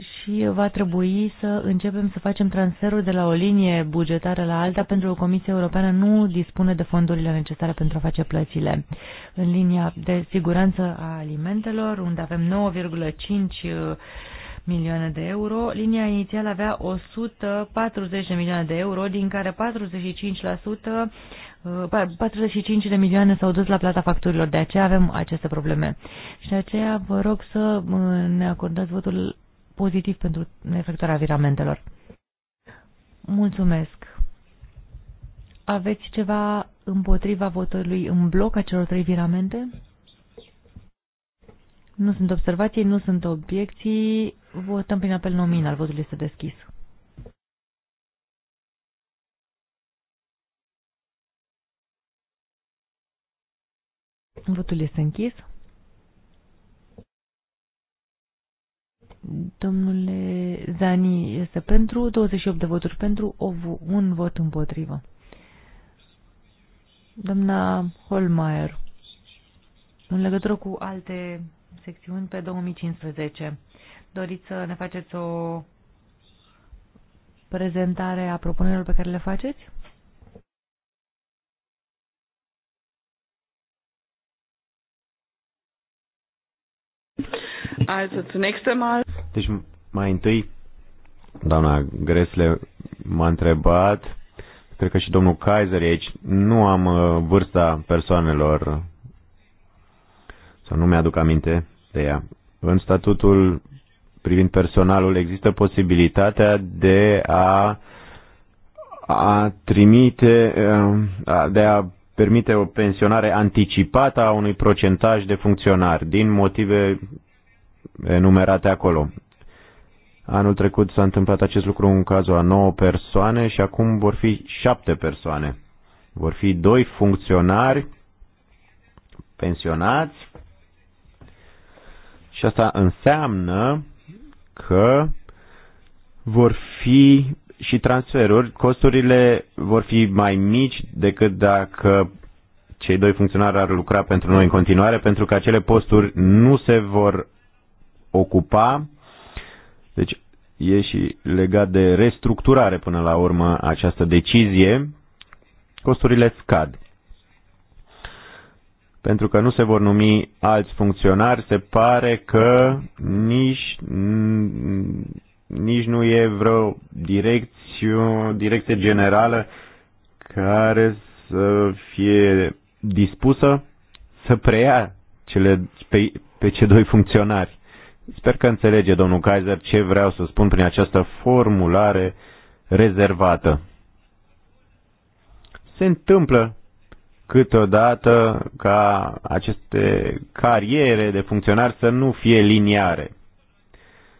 și va trebui să începem să facem transferuri de la o linie bugetară la alta pentru că Comisia Europeană nu dispune de fondurile necesare pentru a face plățile. În linia de siguranță a alimentelor, unde avem 9,5 uh, milioane de euro, linia inițială avea 140 de milioane de euro, din care 45% 45 uh, de milioane s-au dus la plata facturilor, de aceea avem aceste probleme. Și de aceea vă rog să uh, ne acordați votul pozitiv pentru efectuarea viramentelor. Mulțumesc! Aveți ceva împotriva votului în bloc a celor trei viramente? Nu sunt observații, nu sunt obiecții. Votăm prin apel nominal. Votul este deschis. Votul este închis. Domnule Zani este pentru, 28 de voturi pentru, un vot împotrivă. Doamna Holmeier, în legătură cu alte secțiuni pe 2015, doriți să ne faceți o prezentare a propunerilor pe care le faceți? Also zunächst einmal. Deci mai întâi, doamna Gresle m-a întrebat, cred că și domnul Kaiser e aici, nu am uh, vârsta persoanelor, sau nu mi-aduc aminte de ea. În statutul privind personalul există posibilitatea de a a trimite, uh, de a permite o pensionare anticipată a unui procentaj de funcționari din motive enumerate acolo. Anul trecut s-a întâmplat acest lucru în cazul a nouă persoane și acum vor fi șapte persoane. Vor fi doi funcționari pensionați și asta înseamnă că vor fi și transferuri, costurile vor fi mai mici decât dacă cei doi funcționari ar lucra pentru noi în continuare, pentru că acele posturi nu se vor ocupa. Deci e și legat de restructurare până la urmă această decizie. Costurile scad. Pentru că nu se vor numi alți funcționari, se pare că nici, nici nu e vreo direcție, direcție generală care să fie dispusă să preia cele, pe, pe cei doi funcționari. Sper că înțelege domnul Kaiser ce vreau să spun prin această formulare rezervată. Se întâmplă câteodată ca aceste cariere de funcționari să nu fie liniare.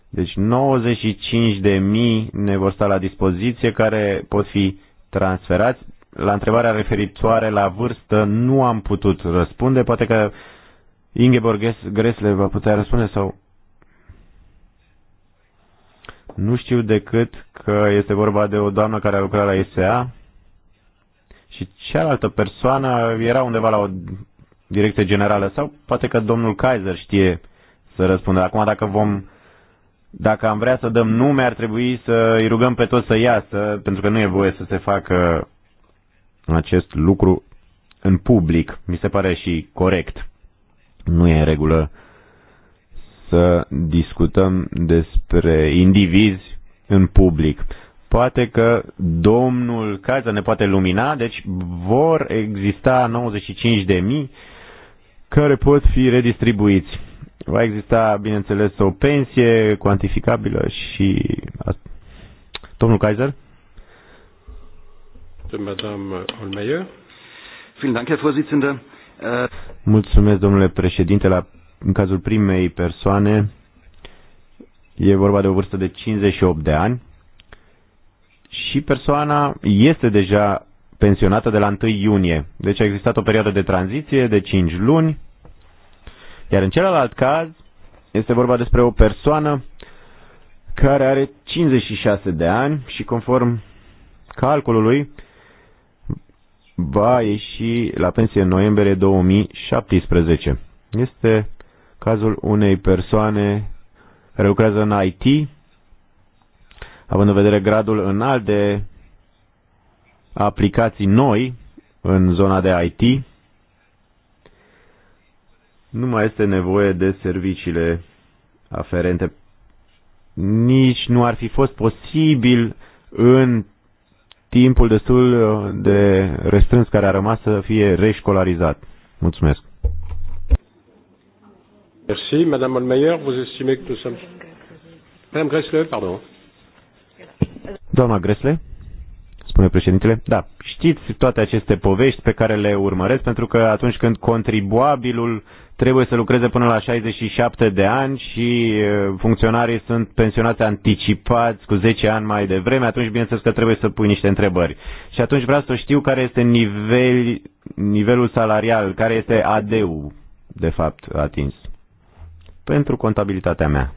Deci 95 de mii ne vor sta la dispoziție care pot fi transferați. La întrebarea referitoare la vârstă nu am putut răspunde. Poate că Ingeborg Gresle va putea răspunde sau nu știu decât că este vorba de o doamnă care a lucrat la ISA și cealaltă persoană era undeva la o direcție generală sau poate că domnul Kaiser știe să răspundă. Acum dacă vom dacă am vrea să dăm nume, ar trebui să îi rugăm pe toți să iasă, pentru că nu e voie să se facă acest lucru în public. Mi se pare și corect. Nu e în regulă să discutăm despre indivizi în public. Poate că domnul Caza ne poate lumina, deci vor exista 95.000 care pot fi redistribuiți. Va exista, bineînțeles, o pensie cuantificabilă și... Domnul Kaiser? Äh, Mulțumesc, domnule președinte. La în cazul primei persoane, e vorba de o vârstă de 58 de ani și persoana este deja pensionată de la 1 iunie. Deci a existat o perioadă de tranziție de 5 luni, iar în celălalt caz este vorba despre o persoană care are 56 de ani și conform calculului va ieși la pensie în noiembrie 2017. Este cazul unei persoane care lucrează în IT, având în vedere gradul înalt de aplicații noi în zona de IT, nu mai este nevoie de serviciile aferente. Nici nu ar fi fost posibil în timpul destul de restrâns care a rămas să fie reșcolarizat. Mulțumesc. Merci. Madame Olmeyer, vous estimez que nous sommes... Madame Gressle, pardon. Doamna Gresle, spune președintele, da, știți toate aceste povești pe care le urmăresc, pentru că atunci când contribuabilul trebuie să lucreze până la 67 de ani și funcționarii sunt pensionați anticipați cu 10 ani mai devreme, atunci bineînțeles că trebuie să pui niște întrebări. Și atunci vreau să știu care este nivel, nivelul salarial, care este AD-ul, de fapt, atins pentru contabilitatea mea.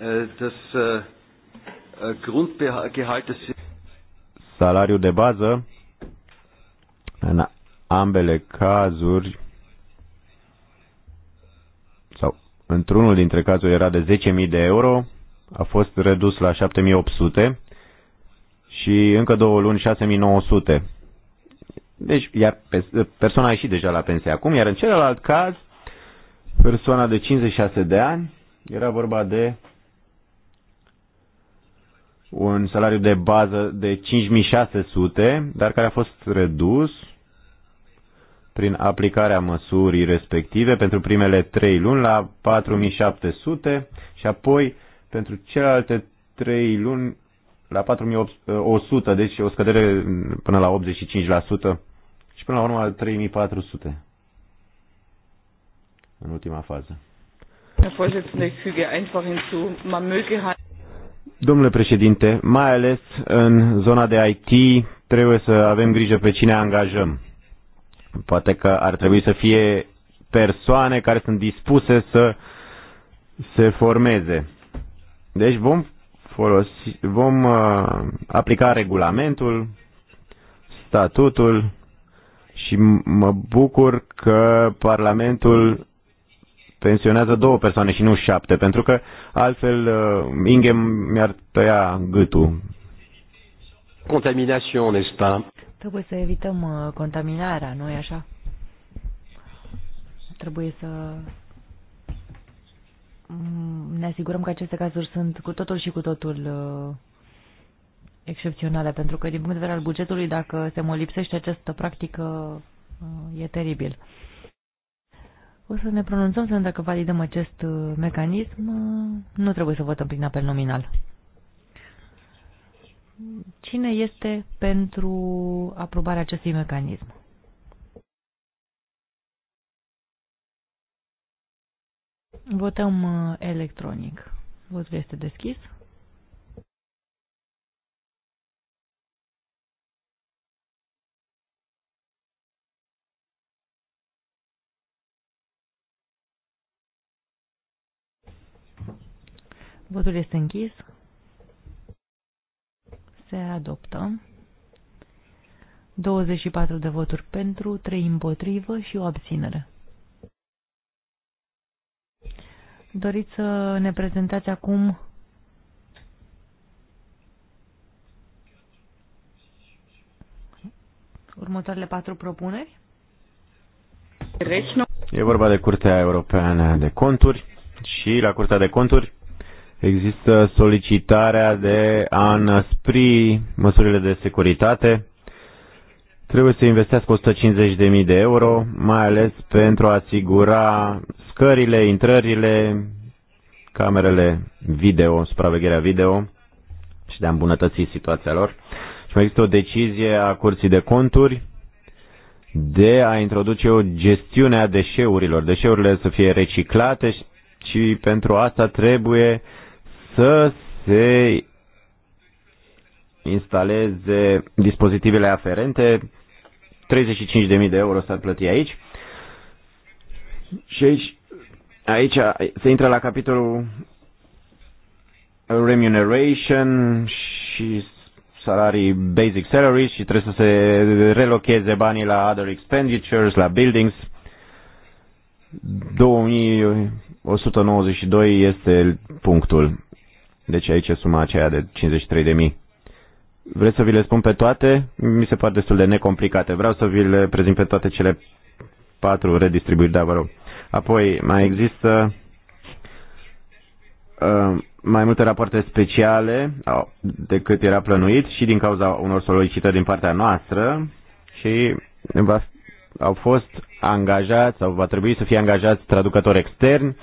Äh, äh, äh, Salariul de bază în ambele cazuri sau într-unul dintre cazuri era de 10.000 de euro, a fost redus la 7.800 și încă două luni 6.900. Deci, iar persoana a ieșit deja la pensie acum, iar în celălalt caz persoana de 56 de ani. Era vorba de un salariu de bază de 5600, dar care a fost redus prin aplicarea măsurii respective pentru primele 3 luni la 4700 și apoi pentru celelalte 3 luni la 4100, deci o scădere până la 85% și până la urmă la 3400 în ultima fază. Domnule președinte, mai ales în zona de IT trebuie să avem grijă pe cine angajăm. Poate că ar trebui să fie persoane care sunt dispuse să se formeze. Deci vom folosi, vom uh, aplica regulamentul, statutul și mă bucur că Parlamentul pensionează două persoane și nu șapte, pentru că altfel uh, Ingem mi-ar tăia gâtul. Contaminațion, nest Trebuie să evităm uh, contaminarea, nu așa? Trebuie să mm, ne asigurăm că aceste cazuri sunt cu totul și cu totul uh, excepționale, pentru că din punct de vedere al bugetului, dacă se molipsește această practică, e teribil. O să ne pronunțăm să dacă validăm acest uh, mecanism. Uh, nu trebuie să votăm prin apel nominal. Cine este pentru aprobarea acestui mecanism? Votăm uh, electronic. Votul este deschis. Votul este închis. Se adoptă. 24 de voturi pentru, 3 împotrivă și o abținere. Doriți să ne prezentați acum următoarele patru propuneri? Deci e vorba de Curtea Europeană de Conturi și la Curtea de Conturi Există solicitarea de a năspri măsurile de securitate. Trebuie să investească 150.000 de euro, mai ales pentru a asigura scările, intrările, camerele video, supravegherea video și de a îmbunătăți situația lor. Și mai există o decizie a Curții de Conturi de a introduce o gestiune a deșeurilor. Deșeurile să fie reciclate și, și pentru asta trebuie să se instaleze dispozitivele aferente. 35.000 de euro s-ar plăti aici. Și aici, aici se intră la capitolul remuneration și salarii basic salaries și trebuie să se relocheze banii la other expenditures, la buildings. 2192 este punctul. Deci aici e suma aceea de 53.000. Vreți să vi le spun pe toate? Mi se pare destul de necomplicate. Vreau să vi le prezint pe toate cele patru redistribuiri, da, vă rog. Apoi mai există uh, mai multe rapoarte speciale decât era plănuit și din cauza unor solicitări din partea noastră și va, au fost angajați sau va trebui să fie angajați traducători externi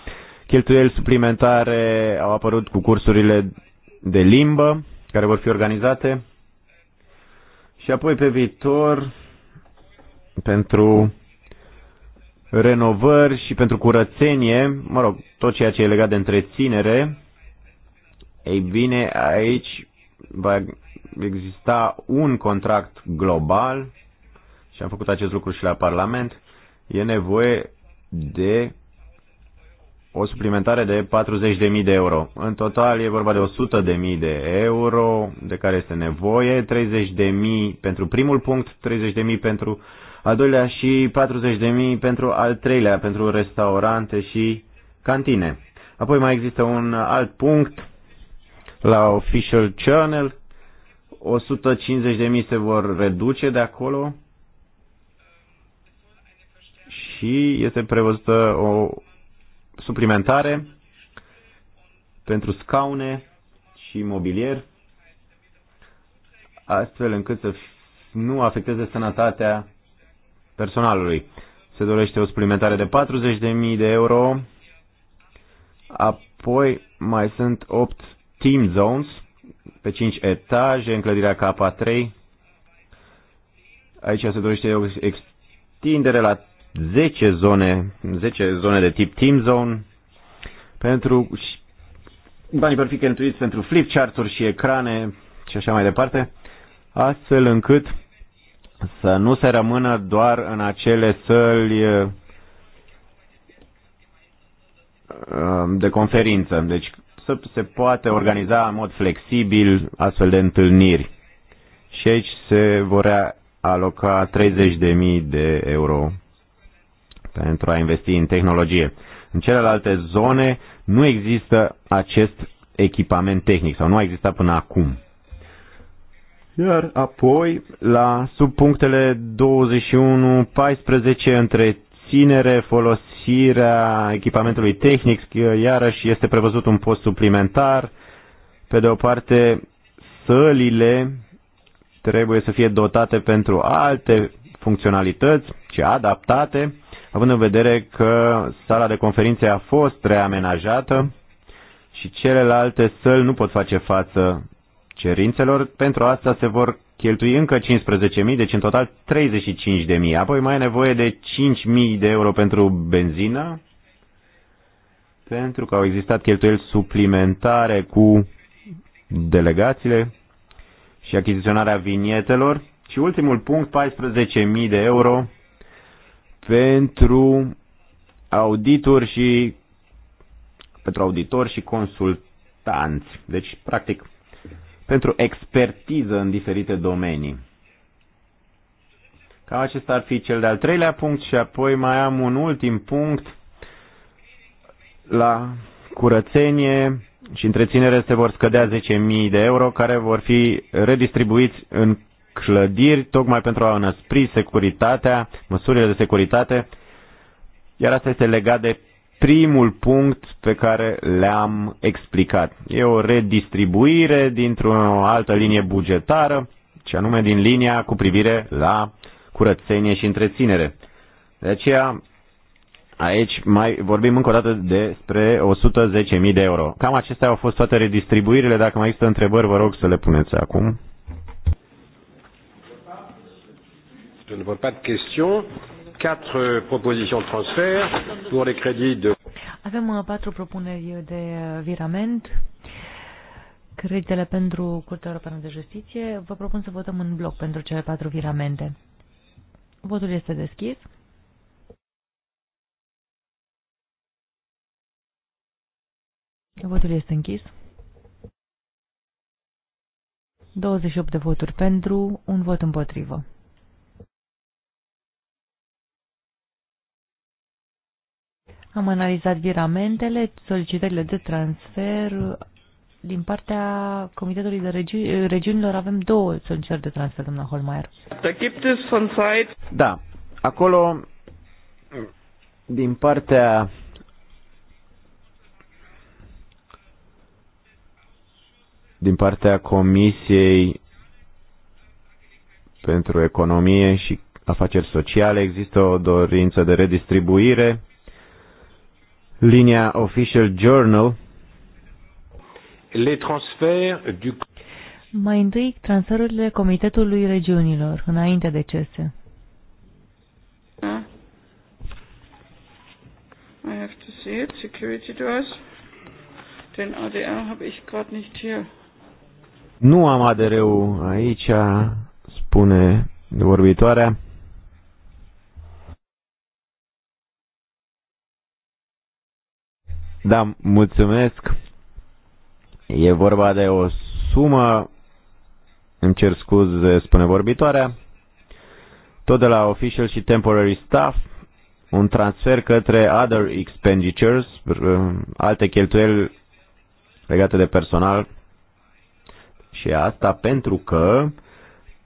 Cheltuieli suplimentare au apărut cu cursurile de limbă care vor fi organizate. Și apoi pe viitor, pentru renovări și pentru curățenie, mă rog, tot ceea ce e legat de întreținere, ei bine, aici va exista un contract global și am făcut acest lucru și la Parlament. E nevoie de o suplimentare de 40.000 de euro. În total e vorba de 100.000 de euro de care este nevoie, 30.000 pentru primul punct, 30.000 pentru al doilea și 40.000 pentru al treilea, pentru restaurante și cantine. Apoi mai există un alt punct la Official Channel, 150.000 se vor reduce de acolo și este prevăzută o suplimentare pentru scaune și mobilier, astfel încât să nu afecteze sănătatea personalului. Se dorește o suplimentare de 40.000 de euro, apoi mai sunt 8 team zones pe 5 etaje în clădirea K3. Aici se dorește o extindere la 10 zone, 10 zone de tip team zone pentru banii vor fi cheltuiți pentru flip charts-uri și ecrane și așa mai departe, astfel încât să nu se rămână doar în acele săli uh, de conferință. Deci să se poate organiza în mod flexibil astfel de întâlniri. Și aici se vor aloca 30.000 de euro pentru a investi în tehnologie. În celelalte zone nu există acest echipament tehnic sau nu a existat până acum. Iar apoi, la subpunctele 21-14, întreținere, folosirea echipamentului tehnic, iarăși este prevăzut un post suplimentar. Pe de o parte, sălile trebuie să fie dotate pentru alte funcționalități, și adaptate având în vedere că sala de conferințe a fost reamenajată și celelalte săli nu pot face față cerințelor, pentru asta se vor cheltui încă 15.000, deci în total 35.000. Apoi mai e nevoie de 5.000 de euro pentru benzină, pentru că au existat cheltuieli suplimentare cu delegațiile și achiziționarea vinietelor. Și ultimul punct, 14.000 de euro pentru auditori și pentru auditori și consultanți. Deci, practic, pentru expertiză în diferite domenii. Cam acesta ar fi cel de-al treilea punct și apoi mai am un ultim punct la curățenie și întreținere se vor scădea 10.000 de euro care vor fi redistribuiți în clădiri, tocmai pentru a înăspri securitatea, măsurile de securitate, iar asta este legat de primul punct pe care le-am explicat. E o redistribuire dintr-o altă linie bugetară, ce anume din linia cu privire la curățenie și întreținere. De aceea, aici mai vorbim încă o dată despre 110.000 de euro. Cam acestea au fost toate redistribuirile. Dacă mai există întrebări, vă rog să le puneți acum. Je ne vois pas de questions. Quatre euh, propositions de transfert pour les crédits de... Avem uh, patru propuneri de uh, virament. Creditele pentru Curtea Europeană de Justiție. Vă propun să votăm în bloc pentru cele patru viramente. Votul este deschis. Votul este închis. 28 de voturi pentru, un vot împotrivă. Am analizat viramentele, solicitările de transfer. Din partea Comitetului de Regi Regiunilor avem două solicitări de transfer, domnul Holmeier. Da, da, acolo din partea din partea Comisiei pentru Economie și Afaceri Sociale există o dorință de redistribuire linia Official Journal. Les transferts du... Mai întâi transferurile Comitetului Regiunilor, înainte de CESE. Da. I have to see it, security doors. Den ADR habe ich gerade nicht hier. Nu am ADR-ul aici, spune vorbitoarea. Da, mulțumesc. E vorba de o sumă, îmi cer scuze, spune vorbitoarea, tot de la official și temporary staff, un transfer către other expenditures, alte cheltuieli legate de personal. Și asta pentru că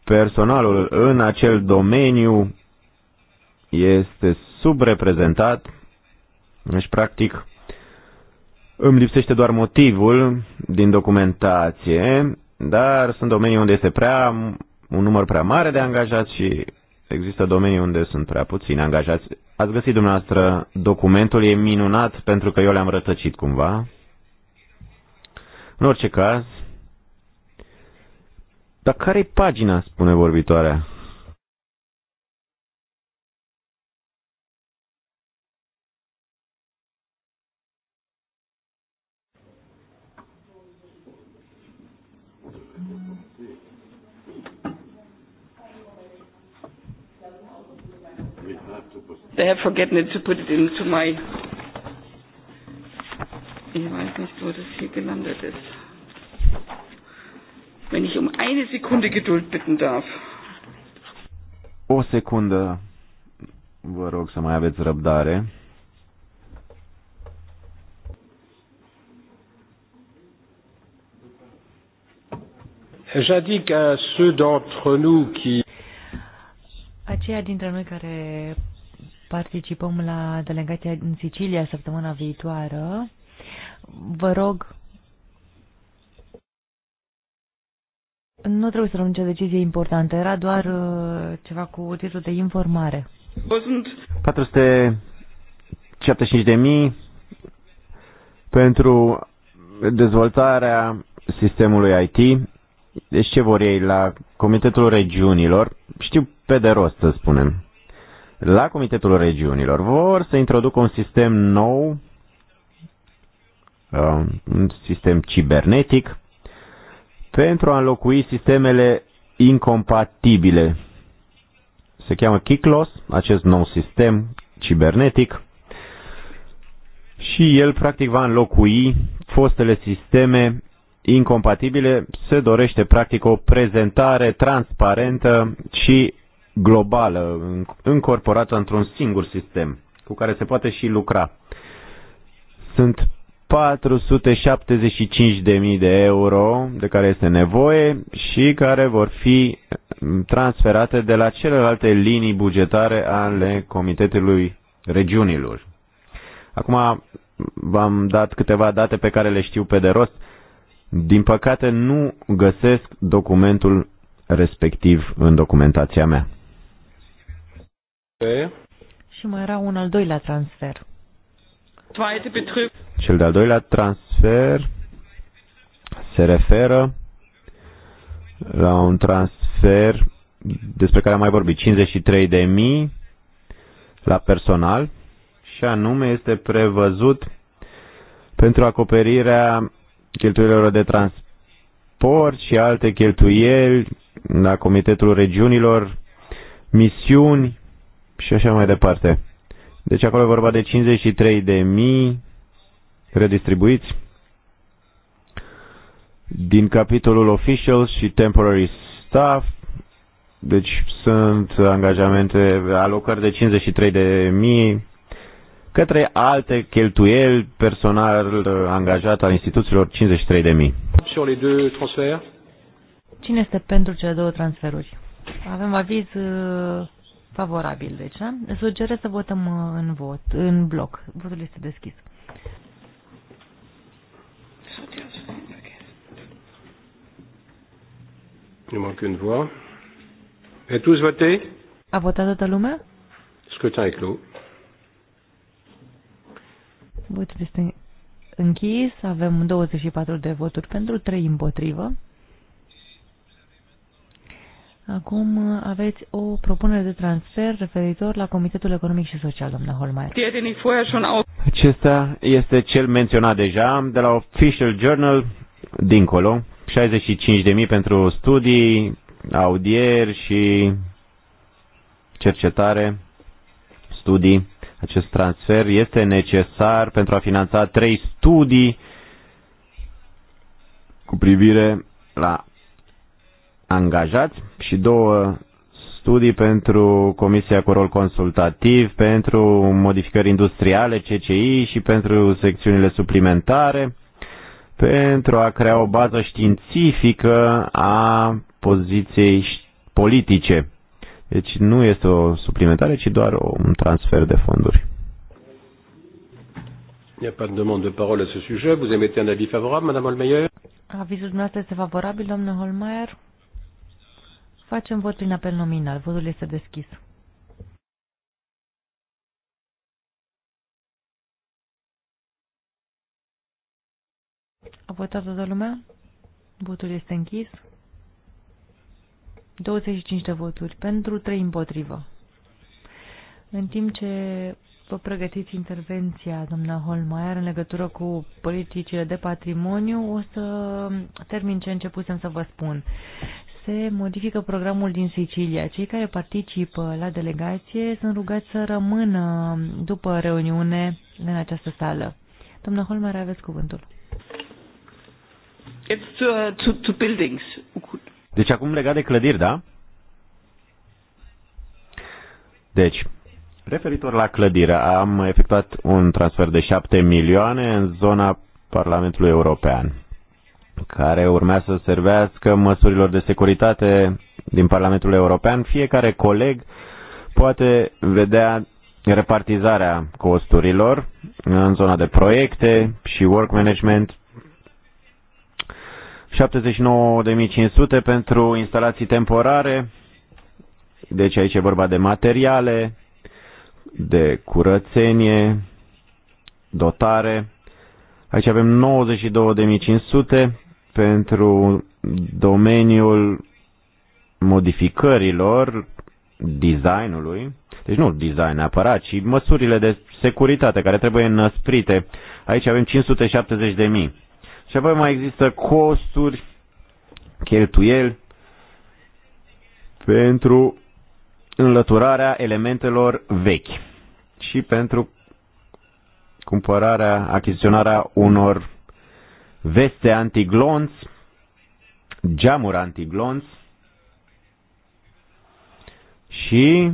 personalul în acel domeniu este subreprezentat, deci practic îmi lipsește doar motivul din documentație, dar sunt domenii unde este prea un număr prea mare de angajați și există domenii unde sunt prea puțini angajați. Ați găsit dumneavoastră documentul, e minunat pentru că eu le-am rătăcit cumva. În orice caz, dar care-i pagina, spune vorbitoarea? They have forgotten it to put it into my. Ich weiß nicht, wo das hier gelandet ist. Wenn ich um eine Sekunde Geduld bitten darf. O Sekunde. vă rog să mai aveți răbdare. J'indique à ceux d'entre nous qui Aceia dintre noi care Participăm la delegația în Sicilia săptămâna viitoare. Vă rog, nu trebuie să luăm nicio decizie importantă, era doar uh, ceva cu titlul de informare. 475.000 pentru dezvoltarea sistemului IT. Deci ce vor ei la Comitetul Regiunilor? Știu pe de rost, să spunem la Comitetul Regiunilor. Vor să introducă un sistem nou, uh, un sistem cibernetic, pentru a înlocui sistemele incompatibile. Se cheamă Kiklos, acest nou sistem cibernetic, și el practic va înlocui fostele sisteme incompatibile. Se dorește practic o prezentare transparentă și globală, încorporată într-un singur sistem cu care se poate și lucra. Sunt 475.000 de euro de care este nevoie și care vor fi transferate de la celelalte linii bugetare ale Comitetului Regiunilor. Acum v-am dat câteva date pe care le știu pe de rost. Din păcate nu găsesc documentul respectiv în documentația mea. Și mai era un al doilea transfer. Cel de-al doilea transfer se referă la un transfer despre care am mai vorbit, 53.000 la personal și anume este prevăzut pentru acoperirea cheltuielor de transport și alte cheltuieli la Comitetul Regiunilor, misiuni și așa mai departe. Deci acolo e vorba de 53 de mii redistribuiți din capitolul officials și temporary staff. Deci sunt angajamente, alocări de 53 de mii către alte cheltuieli, personal angajat al instituțiilor 53 de mii. Sur les deux transferts. Cine este pentru cele două transferuri? Avem aviz uh, Favorabil, deci, da? Sugerez să votăm uh, în vot, în bloc. Votul este deschis. Nu manque când voa. E tu voté A votat toată lumea? Scrutin e clos. Votul este închis. Avem 24 de voturi pentru, 3 împotrivă. Acum uh, aveți o propunere de transfer referitor la Comitetul Economic și Social, doamna Holmeier. Acesta este cel menționat deja de la Official Journal, dincolo, 65.000 pentru studii, audieri și cercetare, studii. Acest transfer este necesar pentru a finanța trei studii cu privire la angajați și două studii pentru Comisia cu rol consultativ, pentru modificări industriale, CCI și pentru secțiunile suplimentare, pentru a crea o bază științifică a poziției politice. Deci nu este o suplimentare, ci doar un transfer de fonduri. Il n'y a pas de demande de parole à ce sujet. Vous émettez un avis favorable, Madame Holmeyer Avizul dumneavoastră este favorabil, domnule Holmeyer Facem vot prin apel nominal. Votul este deschis. A votat toată lumea? Votul este închis. 25 de voturi pentru, 3 împotrivă. În timp ce vă pregătiți intervenția, doamna Holmeier, în legătură cu politicile de patrimoniu, o să termin ce începusem să vă spun se modifică programul din Sicilia. Cei care participă la delegație sunt rugați să rămână după reuniune în această sală. Domnul Holmer, aveți cuvântul. It's to, uh, to, to buildings. Deci acum legat de clădiri, da? Deci, referitor la clădire, am efectuat un transfer de 7 milioane în zona Parlamentului European care urmează să servească măsurilor de securitate din Parlamentul European, fiecare coleg poate vedea repartizarea costurilor în zona de proiecte și work management 79.500 pentru instalații temporare, deci aici e vorba de materiale, de curățenie, dotare. Aici avem 92.500 pentru domeniul modificărilor designului, deci nu design neapărat, ci măsurile de securitate care trebuie înăsprite. Aici avem 570 de mii. Și apoi mai există costuri, cheltuieli pentru înlăturarea elementelor vechi și pentru cumpărarea, achiziționarea unor veste antiglonț, geamuri antiglonț și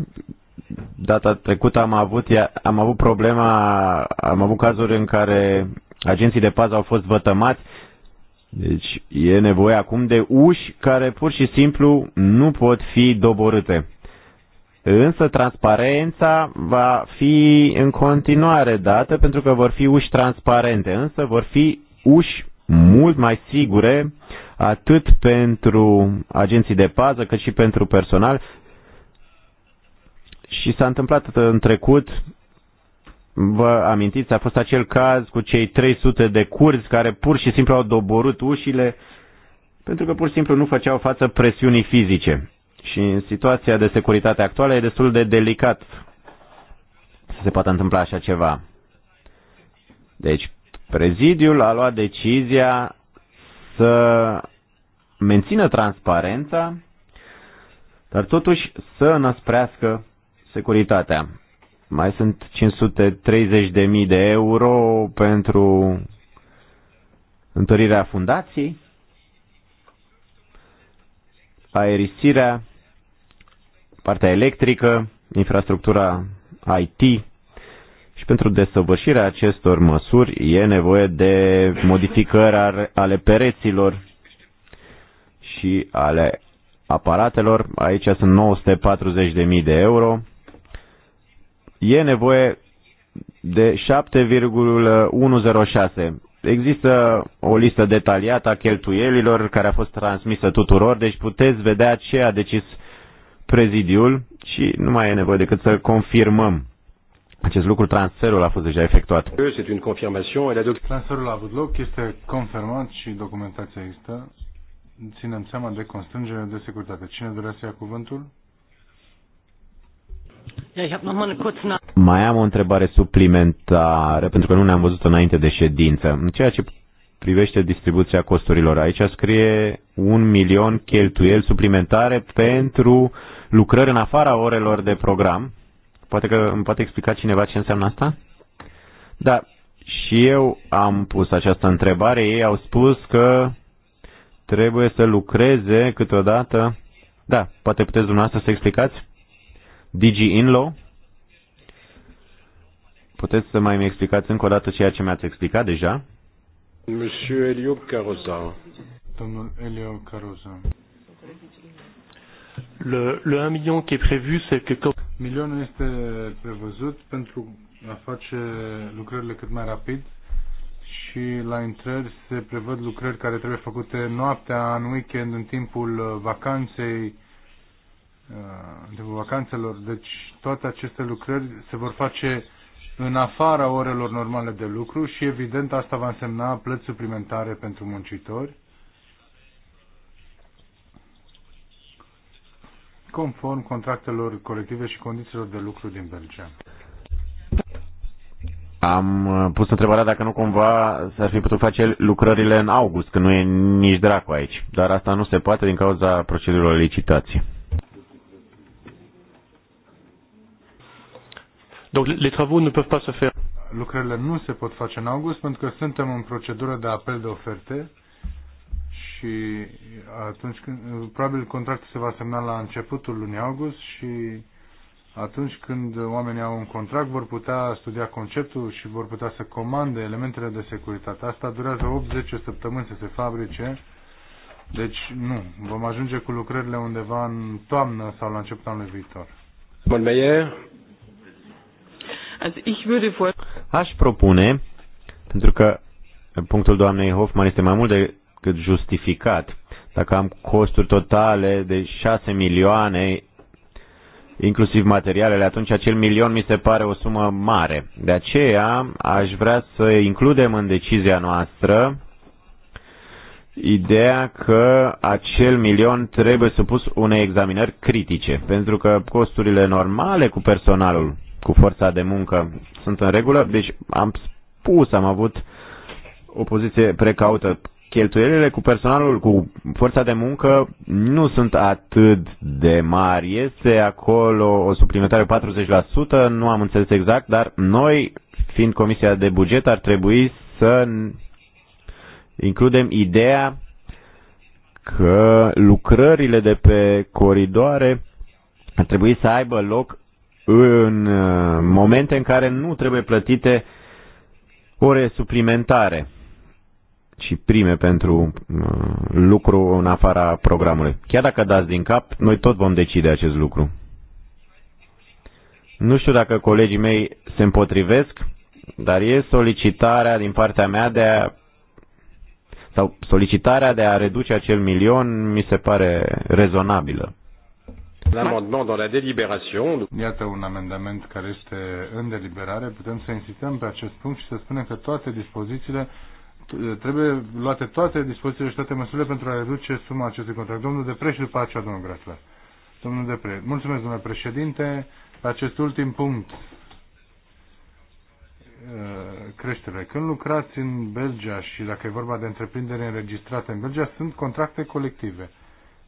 data trecută am avut, am avut problema, am avut cazuri în care agenții de pază au fost vătămați, deci e nevoie acum de uși care pur și simplu nu pot fi doborâte. Însă transparența va fi în continuare dată pentru că vor fi uși transparente, însă vor fi uși mult mai sigure atât pentru agenții de pază cât și pentru personal. Și s-a întâmplat în trecut, vă amintiți, a fost acel caz cu cei 300 de curzi care pur și simplu au doborât ușile pentru că pur și simplu nu făceau față presiunii fizice. Și în situația de securitate actuală e destul de delicat să se poată întâmpla așa ceva. Deci, Prezidiul a luat decizia să mențină transparența, dar totuși să năsprească securitatea. Mai sunt 530.000 de euro pentru întărirea fundației, aerisirea, partea electrică, infrastructura IT, și pentru desăvârșirea acestor măsuri e nevoie de modificări ale pereților și ale aparatelor. Aici sunt 940.000 de euro. E nevoie de 7,106. Există o listă detaliată a cheltuielilor care a fost transmisă tuturor, deci puteți vedea ce a decis prezidiul și nu mai e nevoie decât să confirmăm acest lucru, transferul a fost deja efectuat. Transferul a avut loc, este confirmat și documentația există. Ținem seama de constrângere de securitate. Cine vrea să ia cuvântul? Mai am o întrebare suplimentară, pentru că nu ne-am văzut înainte de ședință. În ceea ce privește distribuția costurilor, aici scrie un milion cheltuieli suplimentare pentru lucrări în afara orelor de program, Poate că îmi poate explica cineva ce înseamnă asta? Da, și eu am pus această întrebare. Ei au spus că trebuie să lucreze câteodată. Da, poate puteți dumneavoastră să explicați? Digi Inlaw? Puteți să mai mi explicați încă o dată ceea ce mi-ați explicat deja? Monsieur Elio Caroza. Domnul Elio Caroza. Le, le 1 million qui est prévu, c'est que... million este prévu pentru a face lucrările cât mai rapide și la intrări se prevăd lucrări care trebuie făcute noaptea, în weekend, în timpul uh, vacanței, uh, în timpul vacanțelor. Deci toate aceste lucrări se vor face în afara orelor normale de lucru și evident asta va însemna plăți suplimentare pentru muncitori conform contractelor colective și condițiilor de lucru din Belgia. Am uh, pus întrebarea dacă nu cumva s-ar fi putut face lucrările în august, că nu e nici dracu aici. Dar asta nu se poate din cauza procedurilor licitații. Donc les travaux ne peuvent pas se faire. Lucrările nu se pot face în august pentru că suntem în procedură de apel de oferte și atunci când, probabil contractul se va semna la începutul lunii august și atunci când oamenii au un contract vor putea studia conceptul și vor putea să comande elementele de securitate. Asta durează 80 săptămâni să se fabrice, deci nu, vom ajunge cu lucrările undeva în toamnă sau la începutul anului viitor. Aș propune, pentru că punctul doamnei Hoffman este mai mult de cât justificat. Dacă am costuri totale de 6 milioane, inclusiv materialele, atunci acel milion mi se pare o sumă mare. De aceea aș vrea să includem în decizia noastră ideea că acel milion trebuie supus unei examinări critice, pentru că costurile normale cu personalul, cu forța de muncă, sunt în regulă. Deci am spus, am avut o poziție precaută cheltuielile cu personalul, cu forța de muncă nu sunt atât de mari. Este acolo o suplimentare 40%, nu am înțeles exact, dar noi, fiind Comisia de Buget, ar trebui să includem ideea că lucrările de pe coridoare ar trebui să aibă loc în uh, momente în care nu trebuie plătite ore suplimentare și prime pentru uh, lucru în afara programului. Chiar dacă dați din cap, noi tot vom decide acest lucru. Nu știu dacă colegii mei se împotrivesc, dar e solicitarea din partea mea de a sau solicitarea de a reduce acel milion mi se pare rezonabilă. Iată un amendament care este în deliberare. Putem să insistăm pe acest punct și să spunem că toate dispozițiile trebuie luate toate dispozițiile și toate măsurile pentru a reduce suma acestui contract. Domnul Depre și după aceea domnul Grasler. Domnul Depre, mulțumesc domnule președinte. Acest ultim punct, uh, creștere. Când lucrați în Belgia și dacă e vorba de întreprindere înregistrate în Belgia, sunt contracte colective.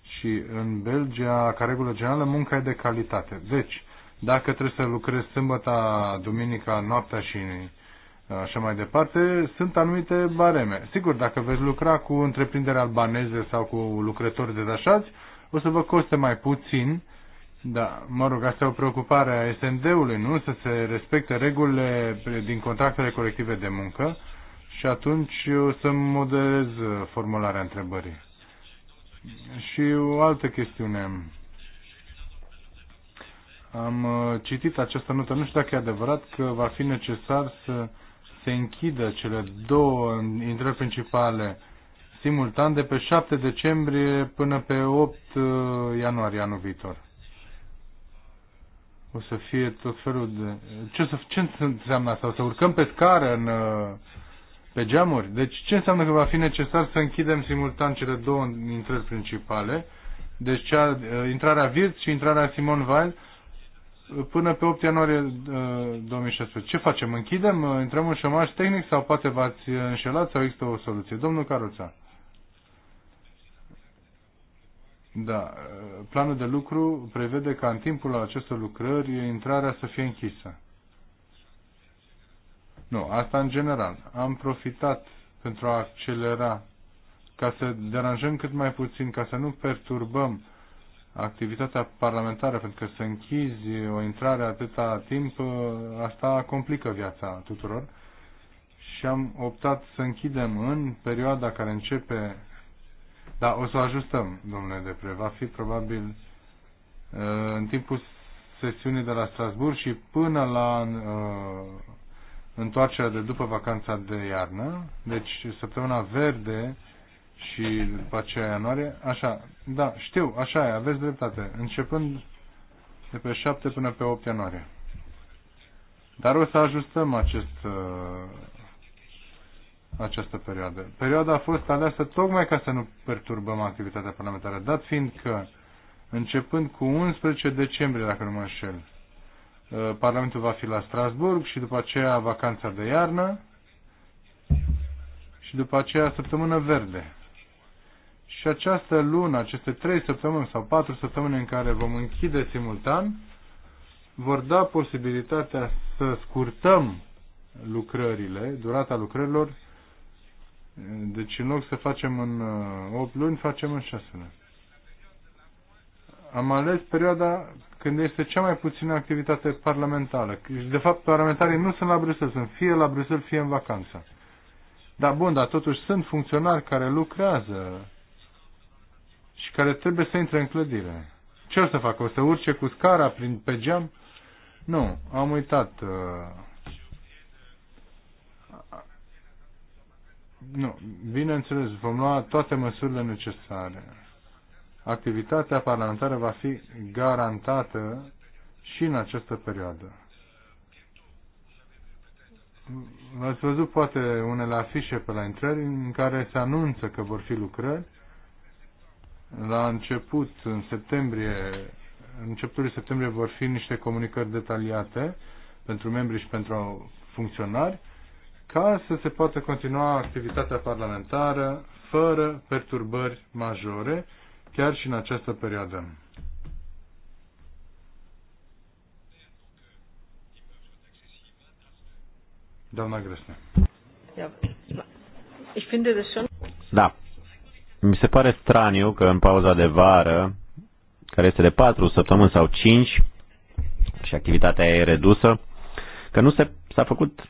Și în Belgia, ca regulă generală, munca e de calitate. Deci, dacă trebuie să lucrezi sâmbăta, duminica, noaptea și așa mai departe, sunt anumite bareme. Sigur, dacă veți lucra cu întreprinderi albaneze sau cu lucrători detașați, o să vă coste mai puțin, da, mă rog, asta e o preocupare a SND-ului, nu? Să se respecte regulile din contractele colective de muncă și atunci o să modelez formularea întrebării. Și o altă chestiune. Am uh, citit această notă, nu știu dacă e adevărat că va fi necesar să se închidă cele două intrări principale simultan de pe 7 decembrie până pe 8 uh, ianuarie anul viitor. O să fie tot felul de... Ce, să... ce înseamnă asta? O să urcăm pe scară în, uh, pe geamuri? Deci ce înseamnă că va fi necesar să închidem simultan cele două intrări principale? Deci cea, uh, intrarea Virț și intrarea Simon Weil până pe 8 ianuarie 2016. Uh, Ce facem? Închidem? Uh, intrăm în șomaș tehnic sau poate v-ați uh, înșelat sau există o soluție? Domnul Caruța. Da. Planul de lucru prevede ca în timpul acestor lucrări intrarea să fie închisă. Nu, asta în general. Am profitat pentru a accelera ca să deranjăm cât mai puțin, ca să nu perturbăm activitatea parlamentară, pentru că să închizi o intrare atâta timp, ă, asta complică viața tuturor. Și am optat să închidem în perioada care începe. Da, o să o ajustăm, domnule Depre. Va fi probabil ă, în timpul sesiunii de la Strasburg și până la ă, întoarcerea de după vacanța de iarnă. Deci, săptămâna verde și după aceea ianuarie. Așa, da, știu, așa e, aveți dreptate. Începând de pe 7 până pe 8 ianuarie. Dar o să ajustăm acest, uh, această perioadă. Perioada a fost aleasă tocmai ca să nu perturbăm activitatea parlamentară, dat fiind că începând cu 11 decembrie, dacă nu mă înșel, uh, Parlamentul va fi la Strasburg și după aceea vacanța de iarnă și după aceea săptămână verde și această lună, aceste trei săptămâni sau patru săptămâni în care vom închide simultan, vor da posibilitatea să scurtăm lucrările, durata lucrărilor, deci în loc să facem în 8 uh, luni, facem în 6 luni. Am ales perioada când este cea mai puțină activitate parlamentară. De fapt, parlamentarii nu sunt la Bruxelles, sunt fie la Bruxelles, fie în vacanță. Dar bun, dar totuși sunt funcționari care lucrează și care trebuie să intre în clădire. Ce o să fac? O să urce cu scara prin, pe geam? Nu, am uitat. Uh, nu, bineînțeles, vom lua toate măsurile necesare. Activitatea parlamentară va fi garantată și în această perioadă. Ați văzut poate unele afișe pe la intrări în care se anunță că vor fi lucrări la început, în septembrie, în începutul septembrie vor fi niște comunicări detaliate pentru membri și pentru funcționari ca să se poată continua activitatea parlamentară fără perturbări majore, chiar și în această perioadă. Doamna Grăsne. Da. da. Mi se pare straniu că în pauza de vară, care este de 4 săptămâni sau 5, și activitatea e redusă, că nu se, s-a făcut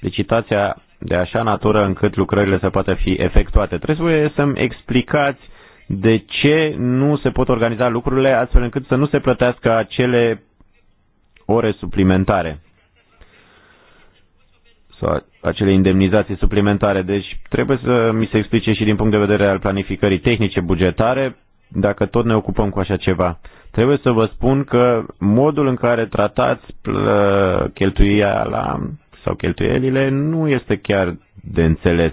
licitația de așa natură încât lucrările să poată fi efectuate. Trebuie să-mi explicați de ce nu se pot organiza lucrurile astfel încât să nu se plătească acele ore suplimentare. Sau acele indemnizații suplimentare. Deci trebuie să mi se explice și din punct de vedere al planificării tehnice bugetare, dacă tot ne ocupăm cu așa ceva. Trebuie să vă spun că modul în care tratați la sau cheltuielile nu este chiar de înțeles.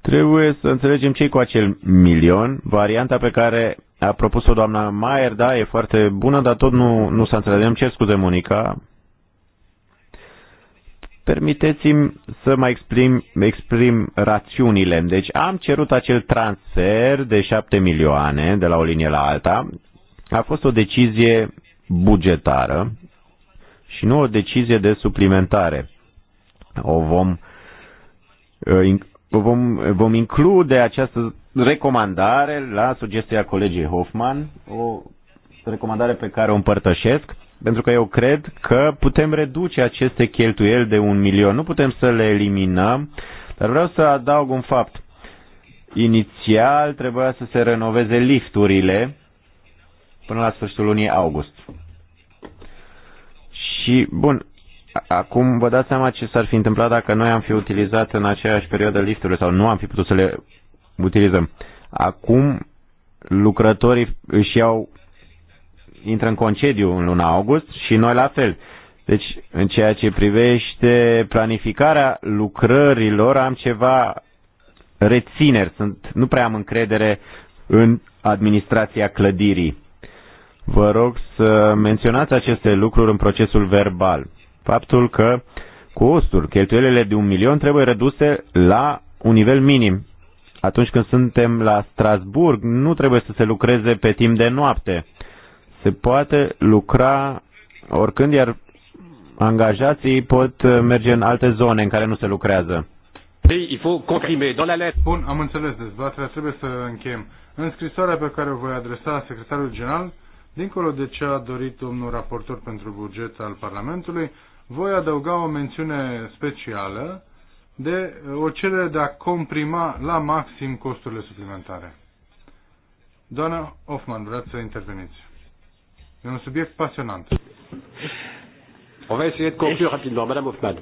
Trebuie să înțelegem ce cu acel milion. Varianta pe care a propus-o doamna Maier, da, e foarte bună, dar tot nu, nu s-a înțeles. Îmi cer scuze, Monica, permiteți-mi să mai exprim, exprim rațiunile. Deci am cerut acel transfer de 7 milioane de la o linie la alta. A fost o decizie bugetară și nu o decizie de suplimentare. O vom, uh, vom, vom include această recomandare la sugestia colegii Hoffman, o recomandare pe care o împărtășesc pentru că eu cred că putem reduce aceste cheltuieli de un milion. Nu putem să le eliminăm, dar vreau să adaug un fapt. Inițial trebuia să se renoveze lifturile până la sfârșitul lunii august. Și, bun, acum vă dați seama ce s-ar fi întâmplat dacă noi am fi utilizat în aceeași perioadă lifturile sau nu am fi putut să le utilizăm. Acum lucrătorii își iau intră în concediu în luna august și noi la fel. Deci, în ceea ce privește planificarea lucrărilor, am ceva rețineri. Sunt, nu prea am încredere în administrația clădirii. Vă rog să menționați aceste lucruri în procesul verbal. Faptul că costul, cheltuielile de un milion trebuie reduse la un nivel minim. Atunci când suntem la Strasburg, nu trebuie să se lucreze pe timp de noapte. Se poate lucra oricând, iar angajații pot uh, merge în alte zone în care nu se lucrează. Bun, am înțeles dezbaterea, trebuie să încheiem. În scrisoarea pe care o voi adresa secretarul general, dincolo de ce a dorit domnul raportor pentru buget al Parlamentului, voi adăuga o mențiune specială de uh, o cerere de a comprima la maxim costurile suplimentare. Doamna Hoffman, vreau să interveniți? E un subiect pasionant. On va essayer de conclure rapidement. Madame Hoffman.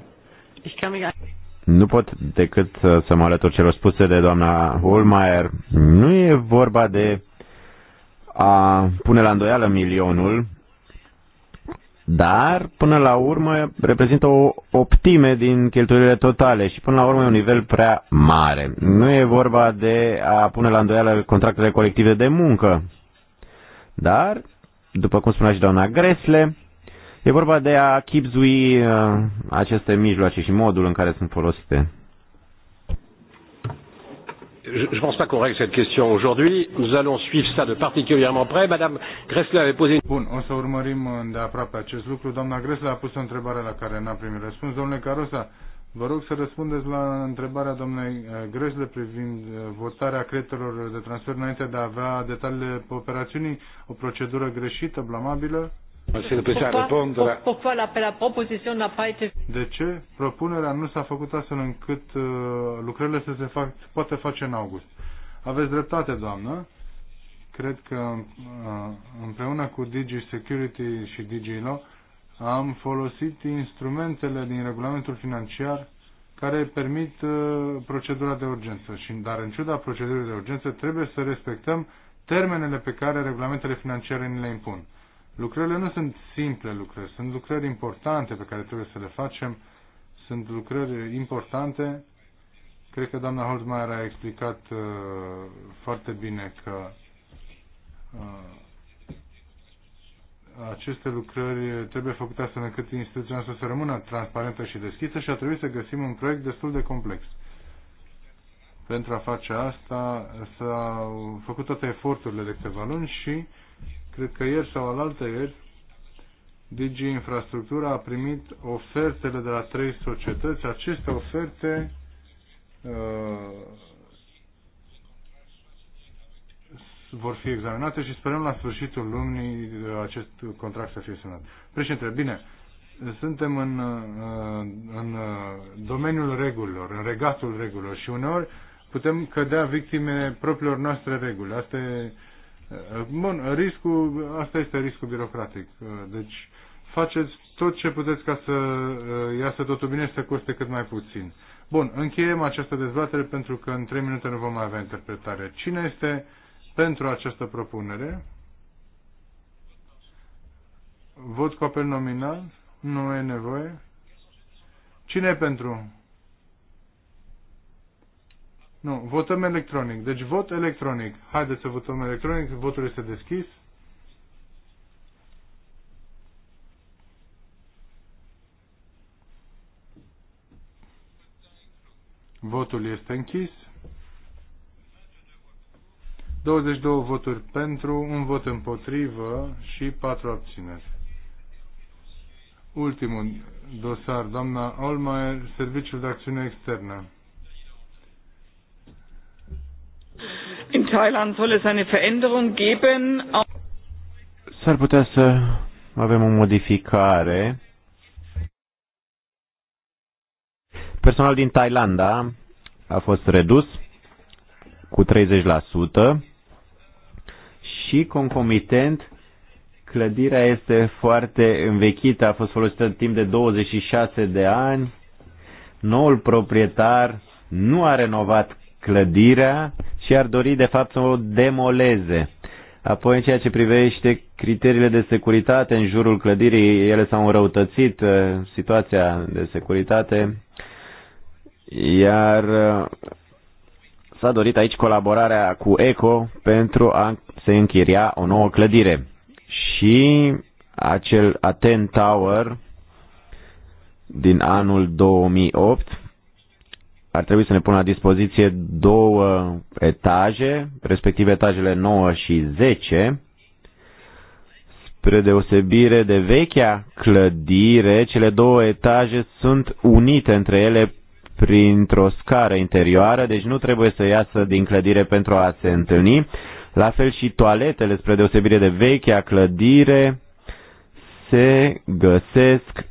Nu pot decât să mă alătur celor spuse de doamna Holmeier. Nu e vorba de a pune la îndoială milionul, dar până la urmă reprezintă o optime din cheltuielile totale și până la urmă e un nivel prea mare. Nu e vorba de a pune la îndoială contractele colective de muncă, dar după cum spunea și doamna Gresle, e vorba de a chipzui uh, aceste mijloace și modul în care sunt folosite. Je pense pas qu'on règle cette question aujourd'hui. Nous allons suivre ça de particulièrement près. Madame Gressler avait posé une... Bun, o să urmărim uh, de aproape acest lucru. Doamna Gressler a pus o întrebare la care n-a primit răspuns. Domnule Carosa, Vă rog să răspundeți la întrebarea domnului eh, Grăjle privind eh, votarea creditelor de transfer înainte de a avea detaliile pe operațiunii, o procedură greșită, blamabilă? De ce propunerea nu s-a făcut astfel încât eh, lucrările să se fac, poate face în august? Aveți dreptate, doamnă. Cred că împreună cu Digi Security și Digi Law am folosit instrumentele din regulamentul financiar care permit uh, procedura de urgență. Și, dar în ciuda procedurii de urgență trebuie să respectăm termenele pe care regulamentele financiare ne le impun. Lucrările nu sunt simple lucrări, sunt lucrări importante pe care trebuie să le facem, sunt lucrări importante. Cred că doamna Holzmeier a explicat uh, foarte bine că uh, aceste lucrări trebuie făcute astfel încât instituția noastră să rămână transparentă și deschisă și a trebuit să găsim un proiect destul de complex. Pentru a face asta s-au făcut toate eforturile de câteva luni și cred că ieri sau alaltă ieri DG Infrastructura a primit ofertele de la trei societăți. Aceste oferte uh, vor fi examinate și sperăm la sfârșitul lunii acest contract să fie semnat. Președinte, bine, suntem în, uh, în uh, domeniul regulilor, în regatul regulilor și uneori putem cădea victime propriilor noastre reguli. Asta e, uh, bun, riscul, asta este riscul birocratic. Deci faceți tot ce puteți ca să iasă totul bine și să coste cât mai puțin. Bun, încheiem această dezbatere pentru că în 3 minute nu vom mai avea interpretare. Cine este uh, pentru această propunere. Vot cu apel nominal. Nu e nevoie. Cine e pentru? Nu, votăm electronic. Deci vot electronic. Haideți să votăm electronic. Votul este deschis. Votul este închis. 22 voturi pentru, un vot împotrivă și 4 abțineri. Ultimul dosar, doamna Olmaier, Serviciul de Acțiune Externă. In Thailand soll es eine Veränderung geben. S-ar putea să avem o modificare. Personal din Thailanda a fost redus cu 30% și concomitent clădirea este foarte învechită, a fost folosită timp de 26 de ani. Noul proprietar nu a renovat clădirea și ar dori de fapt să o demoleze. Apoi, în ceea ce privește criteriile de securitate în jurul clădirii, ele s-au înrăutățit, uh, situația de securitate, iar uh, s-a dorit aici colaborarea cu ECO pentru a se închiria o nouă clădire. Și acel Aten Tower din anul 2008 ar trebui să ne pună la dispoziție două etaje, respectiv etajele 9 și 10, spre deosebire de vechea clădire, cele două etaje sunt unite între ele printr-o scară interioară, deci nu trebuie să iasă din clădire pentru a se întâlni. La fel și toaletele, spre deosebire de vechea clădire, se găsesc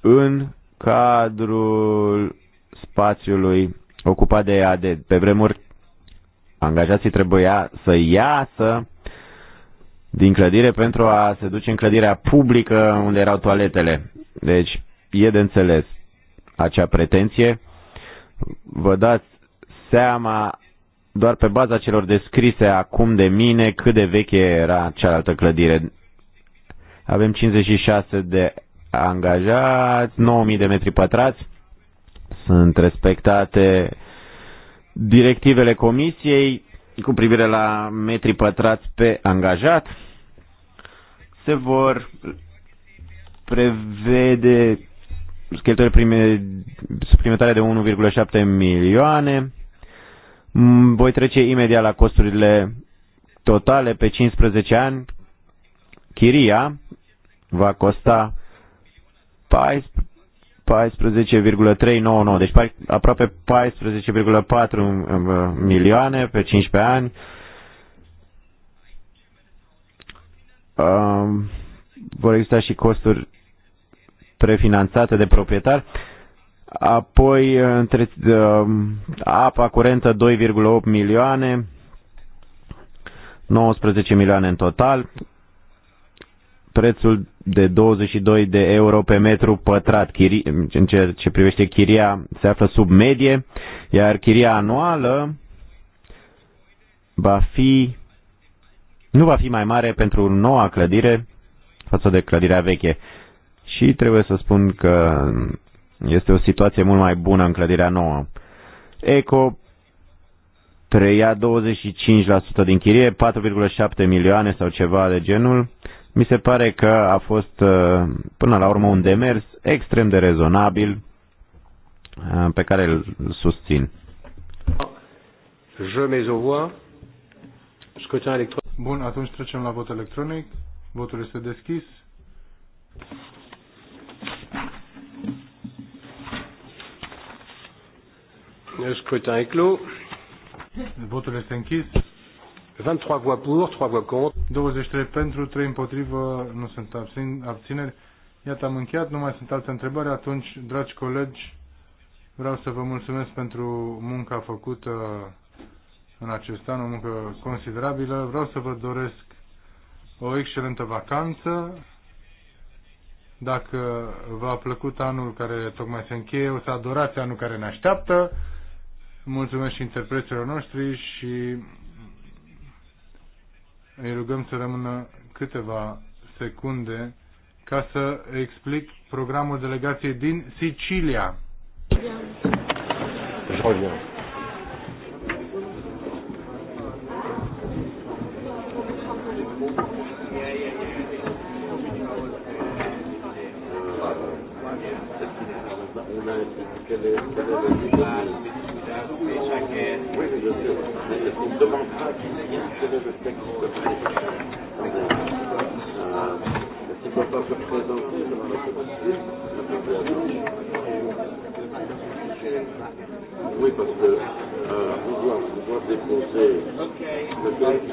în cadrul spațiului ocupat de AD. Pe vremuri, angajații trebuia să iasă din clădire pentru a se duce în clădirea publică unde erau toaletele. Deci, e de înțeles acea pretenție vă dați seama doar pe baza celor descrise acum de mine cât de veche era cealaltă clădire. Avem 56 de angajați, 9000 de metri pătrați, sunt respectate directivele comisiei cu privire la metri pătrați pe angajat. Se vor prevede cheltuieli prime, suplimentare de 1,7 milioane. Voi trece imediat la costurile totale pe 15 ani. Chiria va costa 14,399, deci aproape 14,4 uh, milioane pe 15 ani. Um, vor exista și costuri prefinanțate de proprietar, apoi între, uh, apa curentă 2,8 milioane, 19 milioane în total, prețul de 22 de euro pe metru pătrat chiri, în ceea ce privește chiria se află sub medie, iar chiria anuală va fi nu va fi mai mare pentru noua clădire față de clădirea veche și trebuie să spun că este o situație mult mai bună în clădirea nouă. Eco treia 25% din chirie, 4,7 milioane sau ceva de genul. Mi se pare că a fost uh, până la urmă un demers extrem de rezonabil uh, pe care îl susțin. Bun, atunci trecem la vot electronic. Votul este deschis. Le scrutin est clos. Votul este închis. 23 voix pour, 3 voix contre. 23 pentru, 3 împotrivă, nu sunt abțineri. Iată, am încheiat, nu mai sunt alte întrebări. Atunci, dragi colegi, vreau să vă mulțumesc pentru munca făcută în acest an, o muncă considerabilă. Vreau să vă doresc o excelentă vacanță. Dacă v-a plăcut anul care tocmai se încheie, o să adorați anul care ne așteaptă. Mulțumesc și interpreților noștri și îi rugăm să rămână câteva secunde ca să explic programul delegației din Sicilia. Joia. Gracias. Oui, mais je sais. Mais c'est qu'on ne demande pas quel est le texte de euh, S'il ne peut pas se présenter devant la commission, la population. Oui, parce que euh, on, doit, on doit déposer le texte.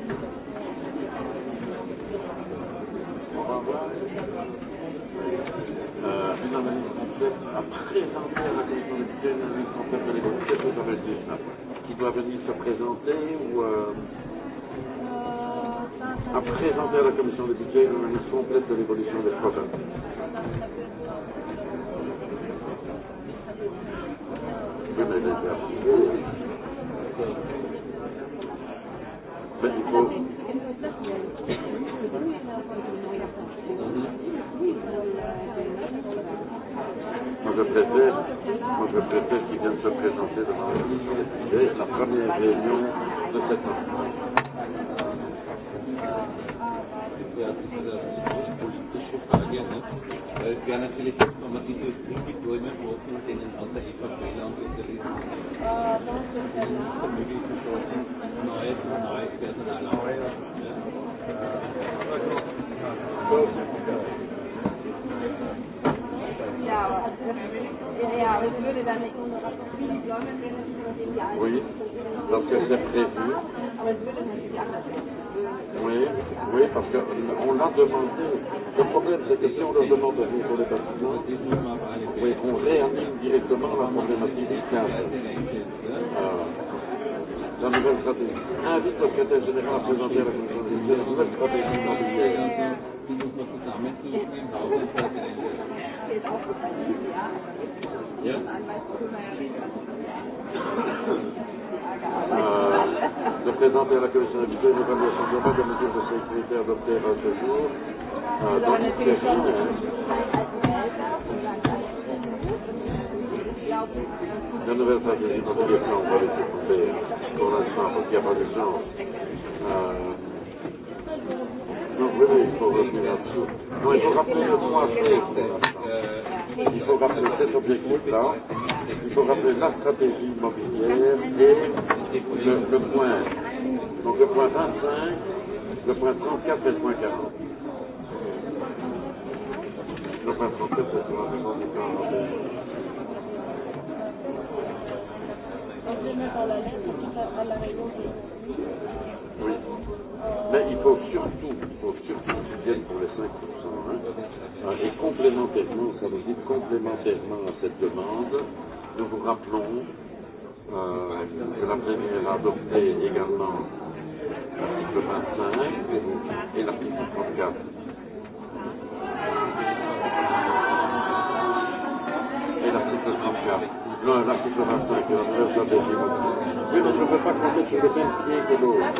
Qui doit venir se présenter ou euh, à présenter à la commission des budgets une analyse complète de l'évolution des programmes. Thank you. Moi, je préfère, moi, je préfère qu'ils viennent se présenter devant la commission des budgets, la première réunion de cette année. wäre natürlich jetzt nochmal diese denen aus der EVP und neues und neues Personal Oui, parce que c'est prévu. Oui, oui, parce qu'on euh, l'a demandé. Le problème, c'est que si on leur demande de venir pour les bâtiments, oui, on réanime directement la problématique du 15. Euh, la nouvelle stratégie. Invite le secrétaire général à présenter la commission des la nouvelle stratégie immobilière. Ja? Euh, de présenter à la commission habituelle une évaluation globale des mesures de sécurité adoptées à ce jour. Euh, dans une question. La nouvelle stratégie pour les plans, on va les écouter pour l'instant, parce qu'il n'y a pas d'urgence. Euh, donc oui, oui, il faut revenir là dessus Non, il faut rappeler le trois choses pour l'instant. Il faut rappeler cet objectif-là, il faut rappeler la stratégie immobilière et le, le point, donc le point 25, le point 34 et le point 40. Le point 34 et le point 40. Oui. Mais il faut surtout, il faut surtout qu'ils viennent pour les 5%. Hein. Ah, et complémentairement, ça veut dire complémentairement à cette demande, nous vous rappelons euh, que la première a adopté également l'article 25 et l'article 34. Et l'article 34. Non, l'article 25 et la première stratégie. Oui, mais je ne veux pas compter sur le même pied que l'autre.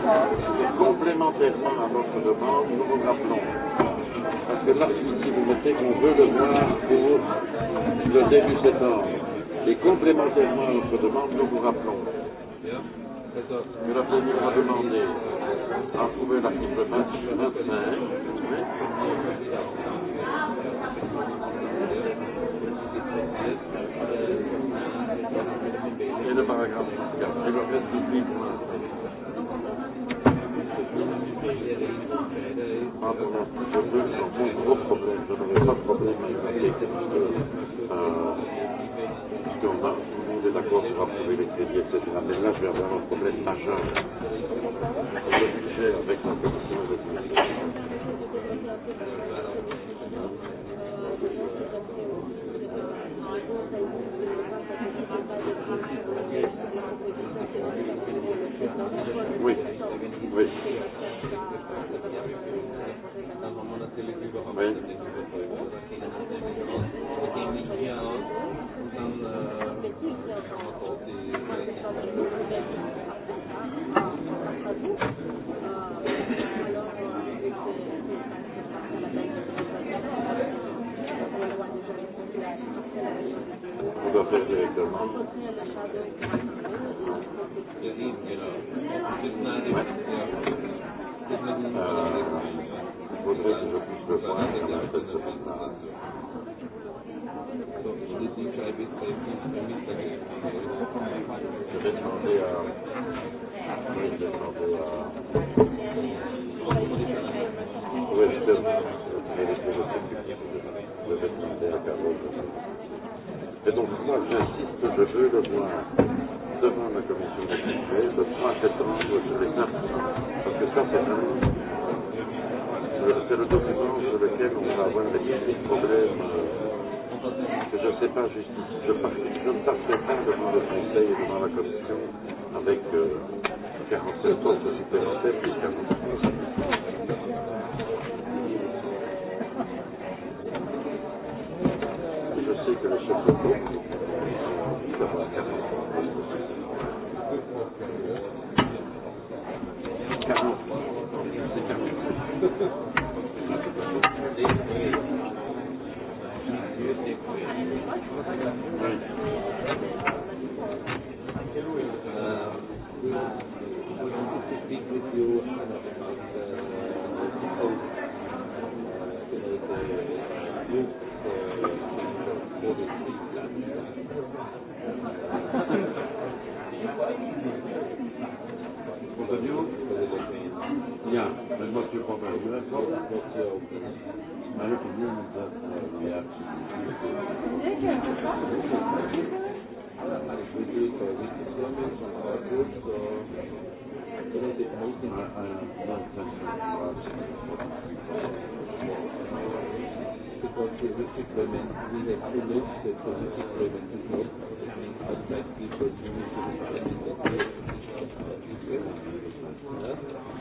Complémentairement à votre demande, nous vous rappelons Parce que Marc si vous votez, on veut le voir pour le début septembre. Et complémentairement à notre demande, nous vous rappelons. Nous rappelons, nous avons demandé à trouver l'article 25. Et le paragraphe 24. Et le reste du livre. Pas de même. Les deux sont des gros problèmes. Je n'avais pas de problème avec la vérité puisque, euh, puisqu'on a, tout le monde est d'accord vais avoir un problème majeur. Le budget avec la commission des finances. Moment. On doit faire directement. Euh, je voudrais, si je besoin quand même que ce final. Je vais demander à. Oui, je vais demander à. Oui, je peux. Vérifier, je sais plus. Je vais demander à Carole. Et donc, moi, j'insiste que je veux le voir devant la commission des budgets le 3 septembre, je l'éclate. Parce que ça, c'est vraiment le, le document sur lequel on va avoir des problèmes que je ne sais pas justifier. Je, par, je ne passerai pas devant le Conseil et devant la Commission avec euh, 47 autres supplémentaires plus 47 Je sais que le chef de groupe va avoir postes that problem? But uh, my opinion is that uh, we actually we do it for weekly sermons on our group, so I don't think anything. I, I have no intention of watching what we call because the electric women, we have to live the electric women to grow, coming outside people, coming to the parliament, and people.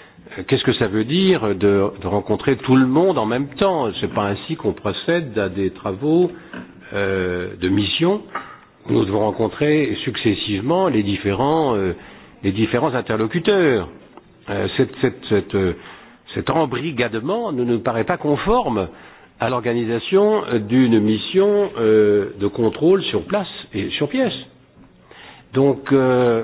Qu'est-ce que ça veut dire de, de rencontrer tout le monde en même temps Ce n'est pas ainsi qu'on procède à des travaux euh, de mission. Nous devons rencontrer successivement les différents, euh, les différents interlocuteurs. Euh, cette, cette, cette, euh, cet embrigadement ne nous paraît pas conforme à l'organisation d'une mission euh, de contrôle sur place et sur pièce. Donc, euh,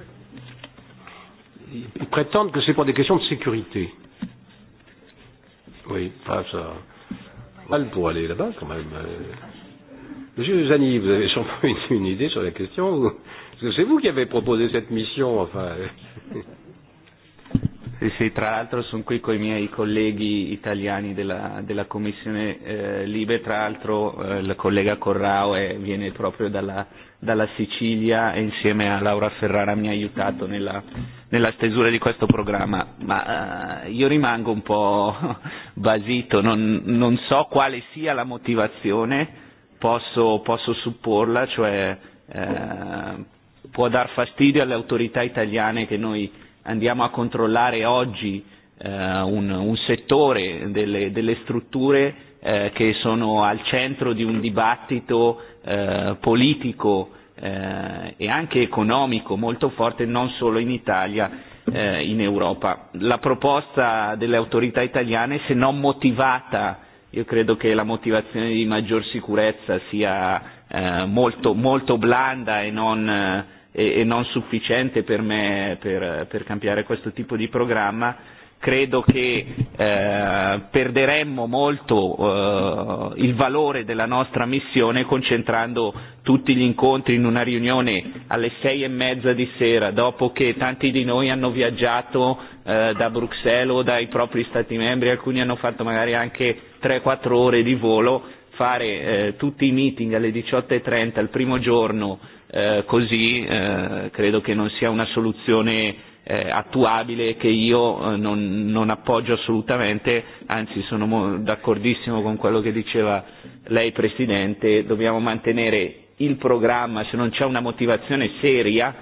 ils prétendent que c'est pour des questions de sécurité. Oui, enfin ça. Mal pour aller là-bas quand même. Euh, Monsieur Zani, vous avez sûrement une, une idée sur la question ou... Parce que c'est vous qui avez proposé cette mission, enfin. Sì, tra l'altro sono qui con i miei colleghi italiani della, della Commissione eh, Libe, tra l'altro eh, il collega Corrao è, viene proprio dalla, dalla Sicilia e insieme a Laura Ferrara mi ha aiutato nella, nella stesura di questo programma, ma eh, io rimango un po' basito, non, non so quale sia la motivazione, posso, posso supporla, cioè eh, può dar fastidio alle autorità italiane che noi andiamo a controllare oggi eh, un, un settore delle, delle strutture eh, che sono al centro di un dibattito eh, politico eh, e anche economico molto forte non solo in Italia eh, in Europa. La proposta delle autorità italiane se non motivata io credo che la motivazione di maggior sicurezza sia eh, molto, molto blanda e non eh, e, e non sufficiente per me per, per cambiare questo tipo di programma, credo che eh, perderemmo molto eh, il valore della nostra missione concentrando tutti gli incontri in una riunione alle sei e mezza di sera, dopo che tanti di noi hanno viaggiato eh, da Bruxelles o dai propri Stati membri, alcuni hanno fatto magari anche 3-4 ore di volo, fare eh, tutti i meeting alle 18.30 il primo giorno eh, così eh, credo che non sia una soluzione eh, attuabile che io eh, non, non appoggio assolutamente, anzi sono mo- d'accordissimo con quello che diceva lei Presidente, dobbiamo mantenere il programma se non c'è una motivazione seria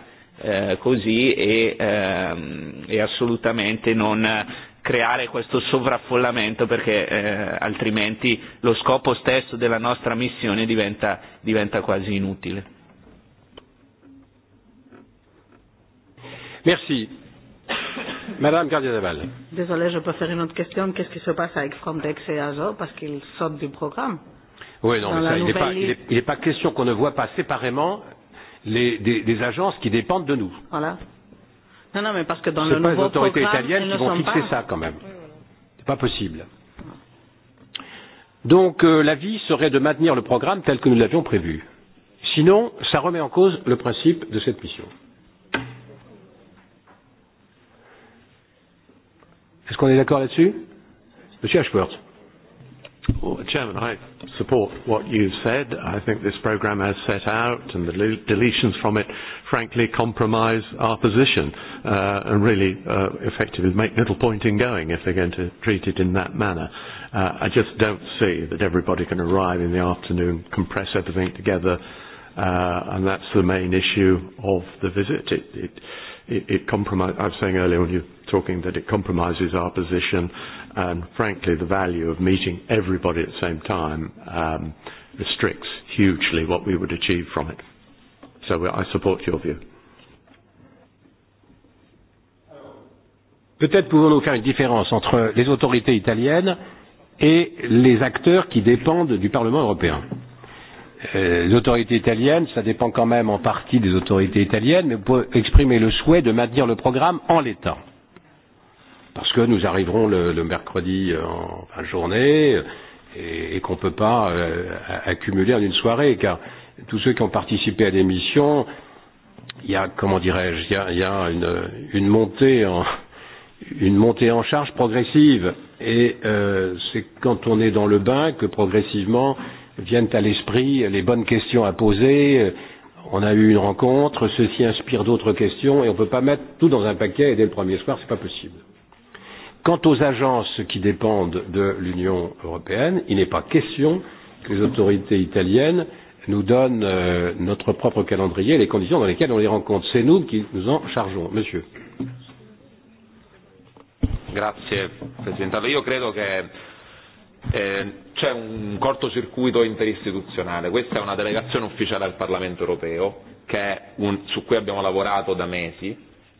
eh, così e, ehm, e assolutamente non creare questo sovraffollamento perché eh, altrimenti lo scopo stesso della nostra missione diventa, diventa quasi inutile. Merci. Madame Gardiazabal. Désolée, je peux faire une autre question. Qu'est-ce qui se passe avec Frontex et Azo parce qu'ils sortent du programme Oui, non, mais ça, il n'est pas, il est, il est pas question qu'on ne voit pas séparément les, des, des agences qui dépendent de nous. Voilà. Non, non, mais parce que dans le nouveau programme, ils ne sont pas les autorités italiennes qui vont fixer pas. ça quand même. C'est pas possible. Donc euh, l'avis serait de maintenir le programme tel que nous l'avions prévu. Sinon, ça remet en cause le principe de cette mission. Est-ce qu'on est qu est d'accord là-dessus Monsieur Ashworth. Well, Chairman, I support what you've said. I think this programme has set out and the deletions from it, frankly, compromise our position uh, and really uh, effectively make little point in going if they're going to treat it in that manner. Uh, I just don't see that everybody can arrive in the afternoon, compress everything together, uh, and that's the main issue of the visit. It, it, it, it compromise. I was saying earlier when you talking that it compromises our position and frankly the value of meeting everybody at the same time um, restricts hugely what we would achieve from it. So I support your view. Peut-être pouvons-nous faire une différence entre les autorités italiennes et les acteurs qui dépendent du Parlement européen. Euh, les autorités italiennes, ça dépend quand même en partie des autorités italiennes, mais vous pouvez exprimer le souhait de maintenir le programme en l'état parce que nous arriverons le, le mercredi euh, en fin de journée et, et qu'on ne peut pas euh, accumuler en une soirée, car tous ceux qui ont participé à l'émission, il y a, comment dirais-je, il y a, y a une, une, montée en, une montée en charge progressive. Et euh, c'est quand on est dans le bain que progressivement viennent à l'esprit les bonnes questions à poser. On a eu une rencontre, ceci inspire d'autres questions, et on ne peut pas mettre tout dans un paquet et dès le premier soir, ce n'est pas possible. Quant aux agences qui dépendent de l'Union européenne, il n'est pas question que les autorités italiennes nous donnent euh, notre propre calendrier et les conditions dans lesquelles on les rencontre. C'est nous qui nous en chargeons. Monsieur. Grazie Presidente. Allora io credo che eh, c'è un cortocircuito interistituzionale. Questa è una delegazione ufficiale al Parlamento europeo che un, su cui abbiamo lavorato da mesi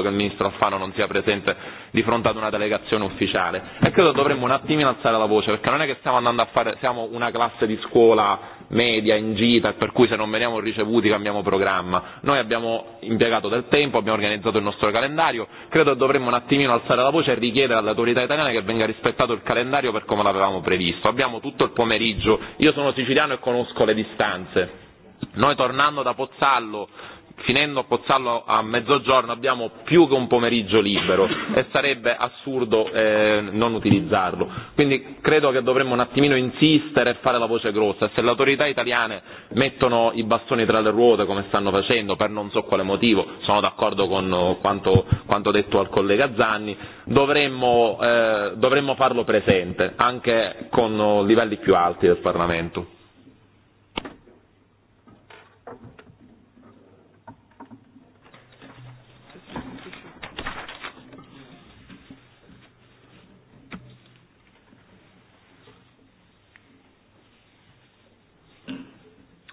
assurdo che il ministro Alfano non sia presente di fronte ad una delegazione ufficiale e credo dovremmo un attimino alzare la voce perché non è che stiamo andando a fare siamo una classe di scuola media in gita per cui se non veniamo ricevuti cambiamo programma noi abbiamo impiegato del tempo abbiamo organizzato il nostro calendario credo dovremmo un attimino alzare la voce e richiedere alle autorità italiane che venga rispettato il calendario per come l'avevamo previsto abbiamo tutto il pomeriggio io sono siciliano e conosco le distanze noi tornando da Pozzallo finendo a Pozzallo a mezzogiorno abbiamo più che un pomeriggio libero e sarebbe assurdo eh, non utilizzarlo. Quindi credo che dovremmo un attimino insistere e fare la voce grossa. Se le autorità italiane mettono i bastoni tra le ruote come stanno facendo per non so quale motivo, sono d'accordo con eh, quanto, quanto detto al collega Zanni, dovremmo, eh, dovremmo farlo presente anche con livelli più alti del Parlamento.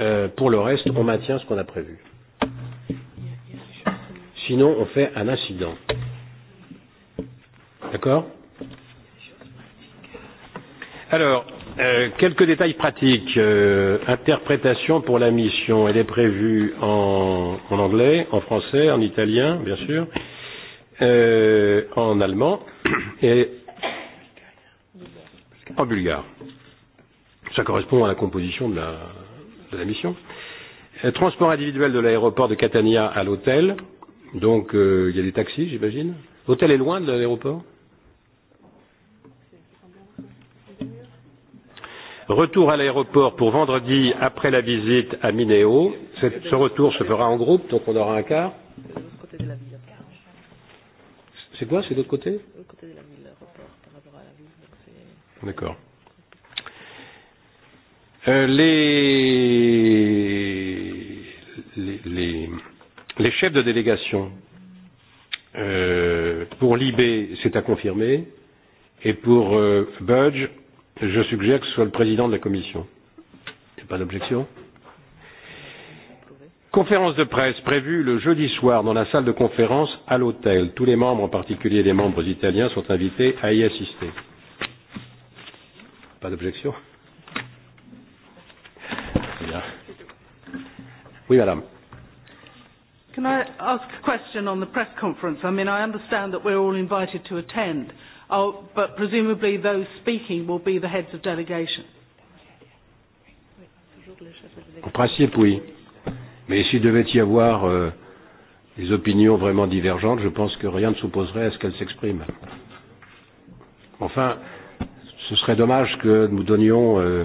Euh, pour le reste, on maintient ce qu'on a prévu. Sinon, on fait un incident. D'accord Alors, euh, quelques détails pratiques. Euh, interprétation pour la mission, elle est prévue en, en anglais, en français, en italien, bien sûr, euh, en allemand et en bulgare. Ça correspond à la composition de la, de la mission. Euh, transport individuel de l'aéroport de Catania à l'hôtel. Donc, euh, il y a des taxis, j'imagine. L'hôtel est loin de l'aéroport Retour à l'aéroport pour vendredi après la visite à Mineo. Ce retour se fera en groupe, donc on aura un car. C'est quoi C'est de l'autre côté D'accord. Euh, les, les, les, les chefs de délégation euh, pour l'IB, c'est à confirmer, et pour euh, Budge, je suggère que ce soit le président de la commission. Il n'y a pas d'objection Conférence de presse prévue le jeudi soir dans la salle de conférence à l'hôtel. Tous les membres, en particulier les membres italiens, sont invités à y assister. Pas d'objection Oui, madame. Um, Can I ask a question on the press conference? I mean, I understand that we're all invited to attend, oh, but presumably those speaking will be the heads of delegation. En principe, oui. Mais s'il devait y avoir euh, des opinions vraiment divergentes, je pense que rien ne s'opposerait à ce qu'elles s'expriment. Enfin, ce serait dommage que nous donnions euh,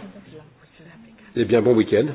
Eh bien, bon week-end.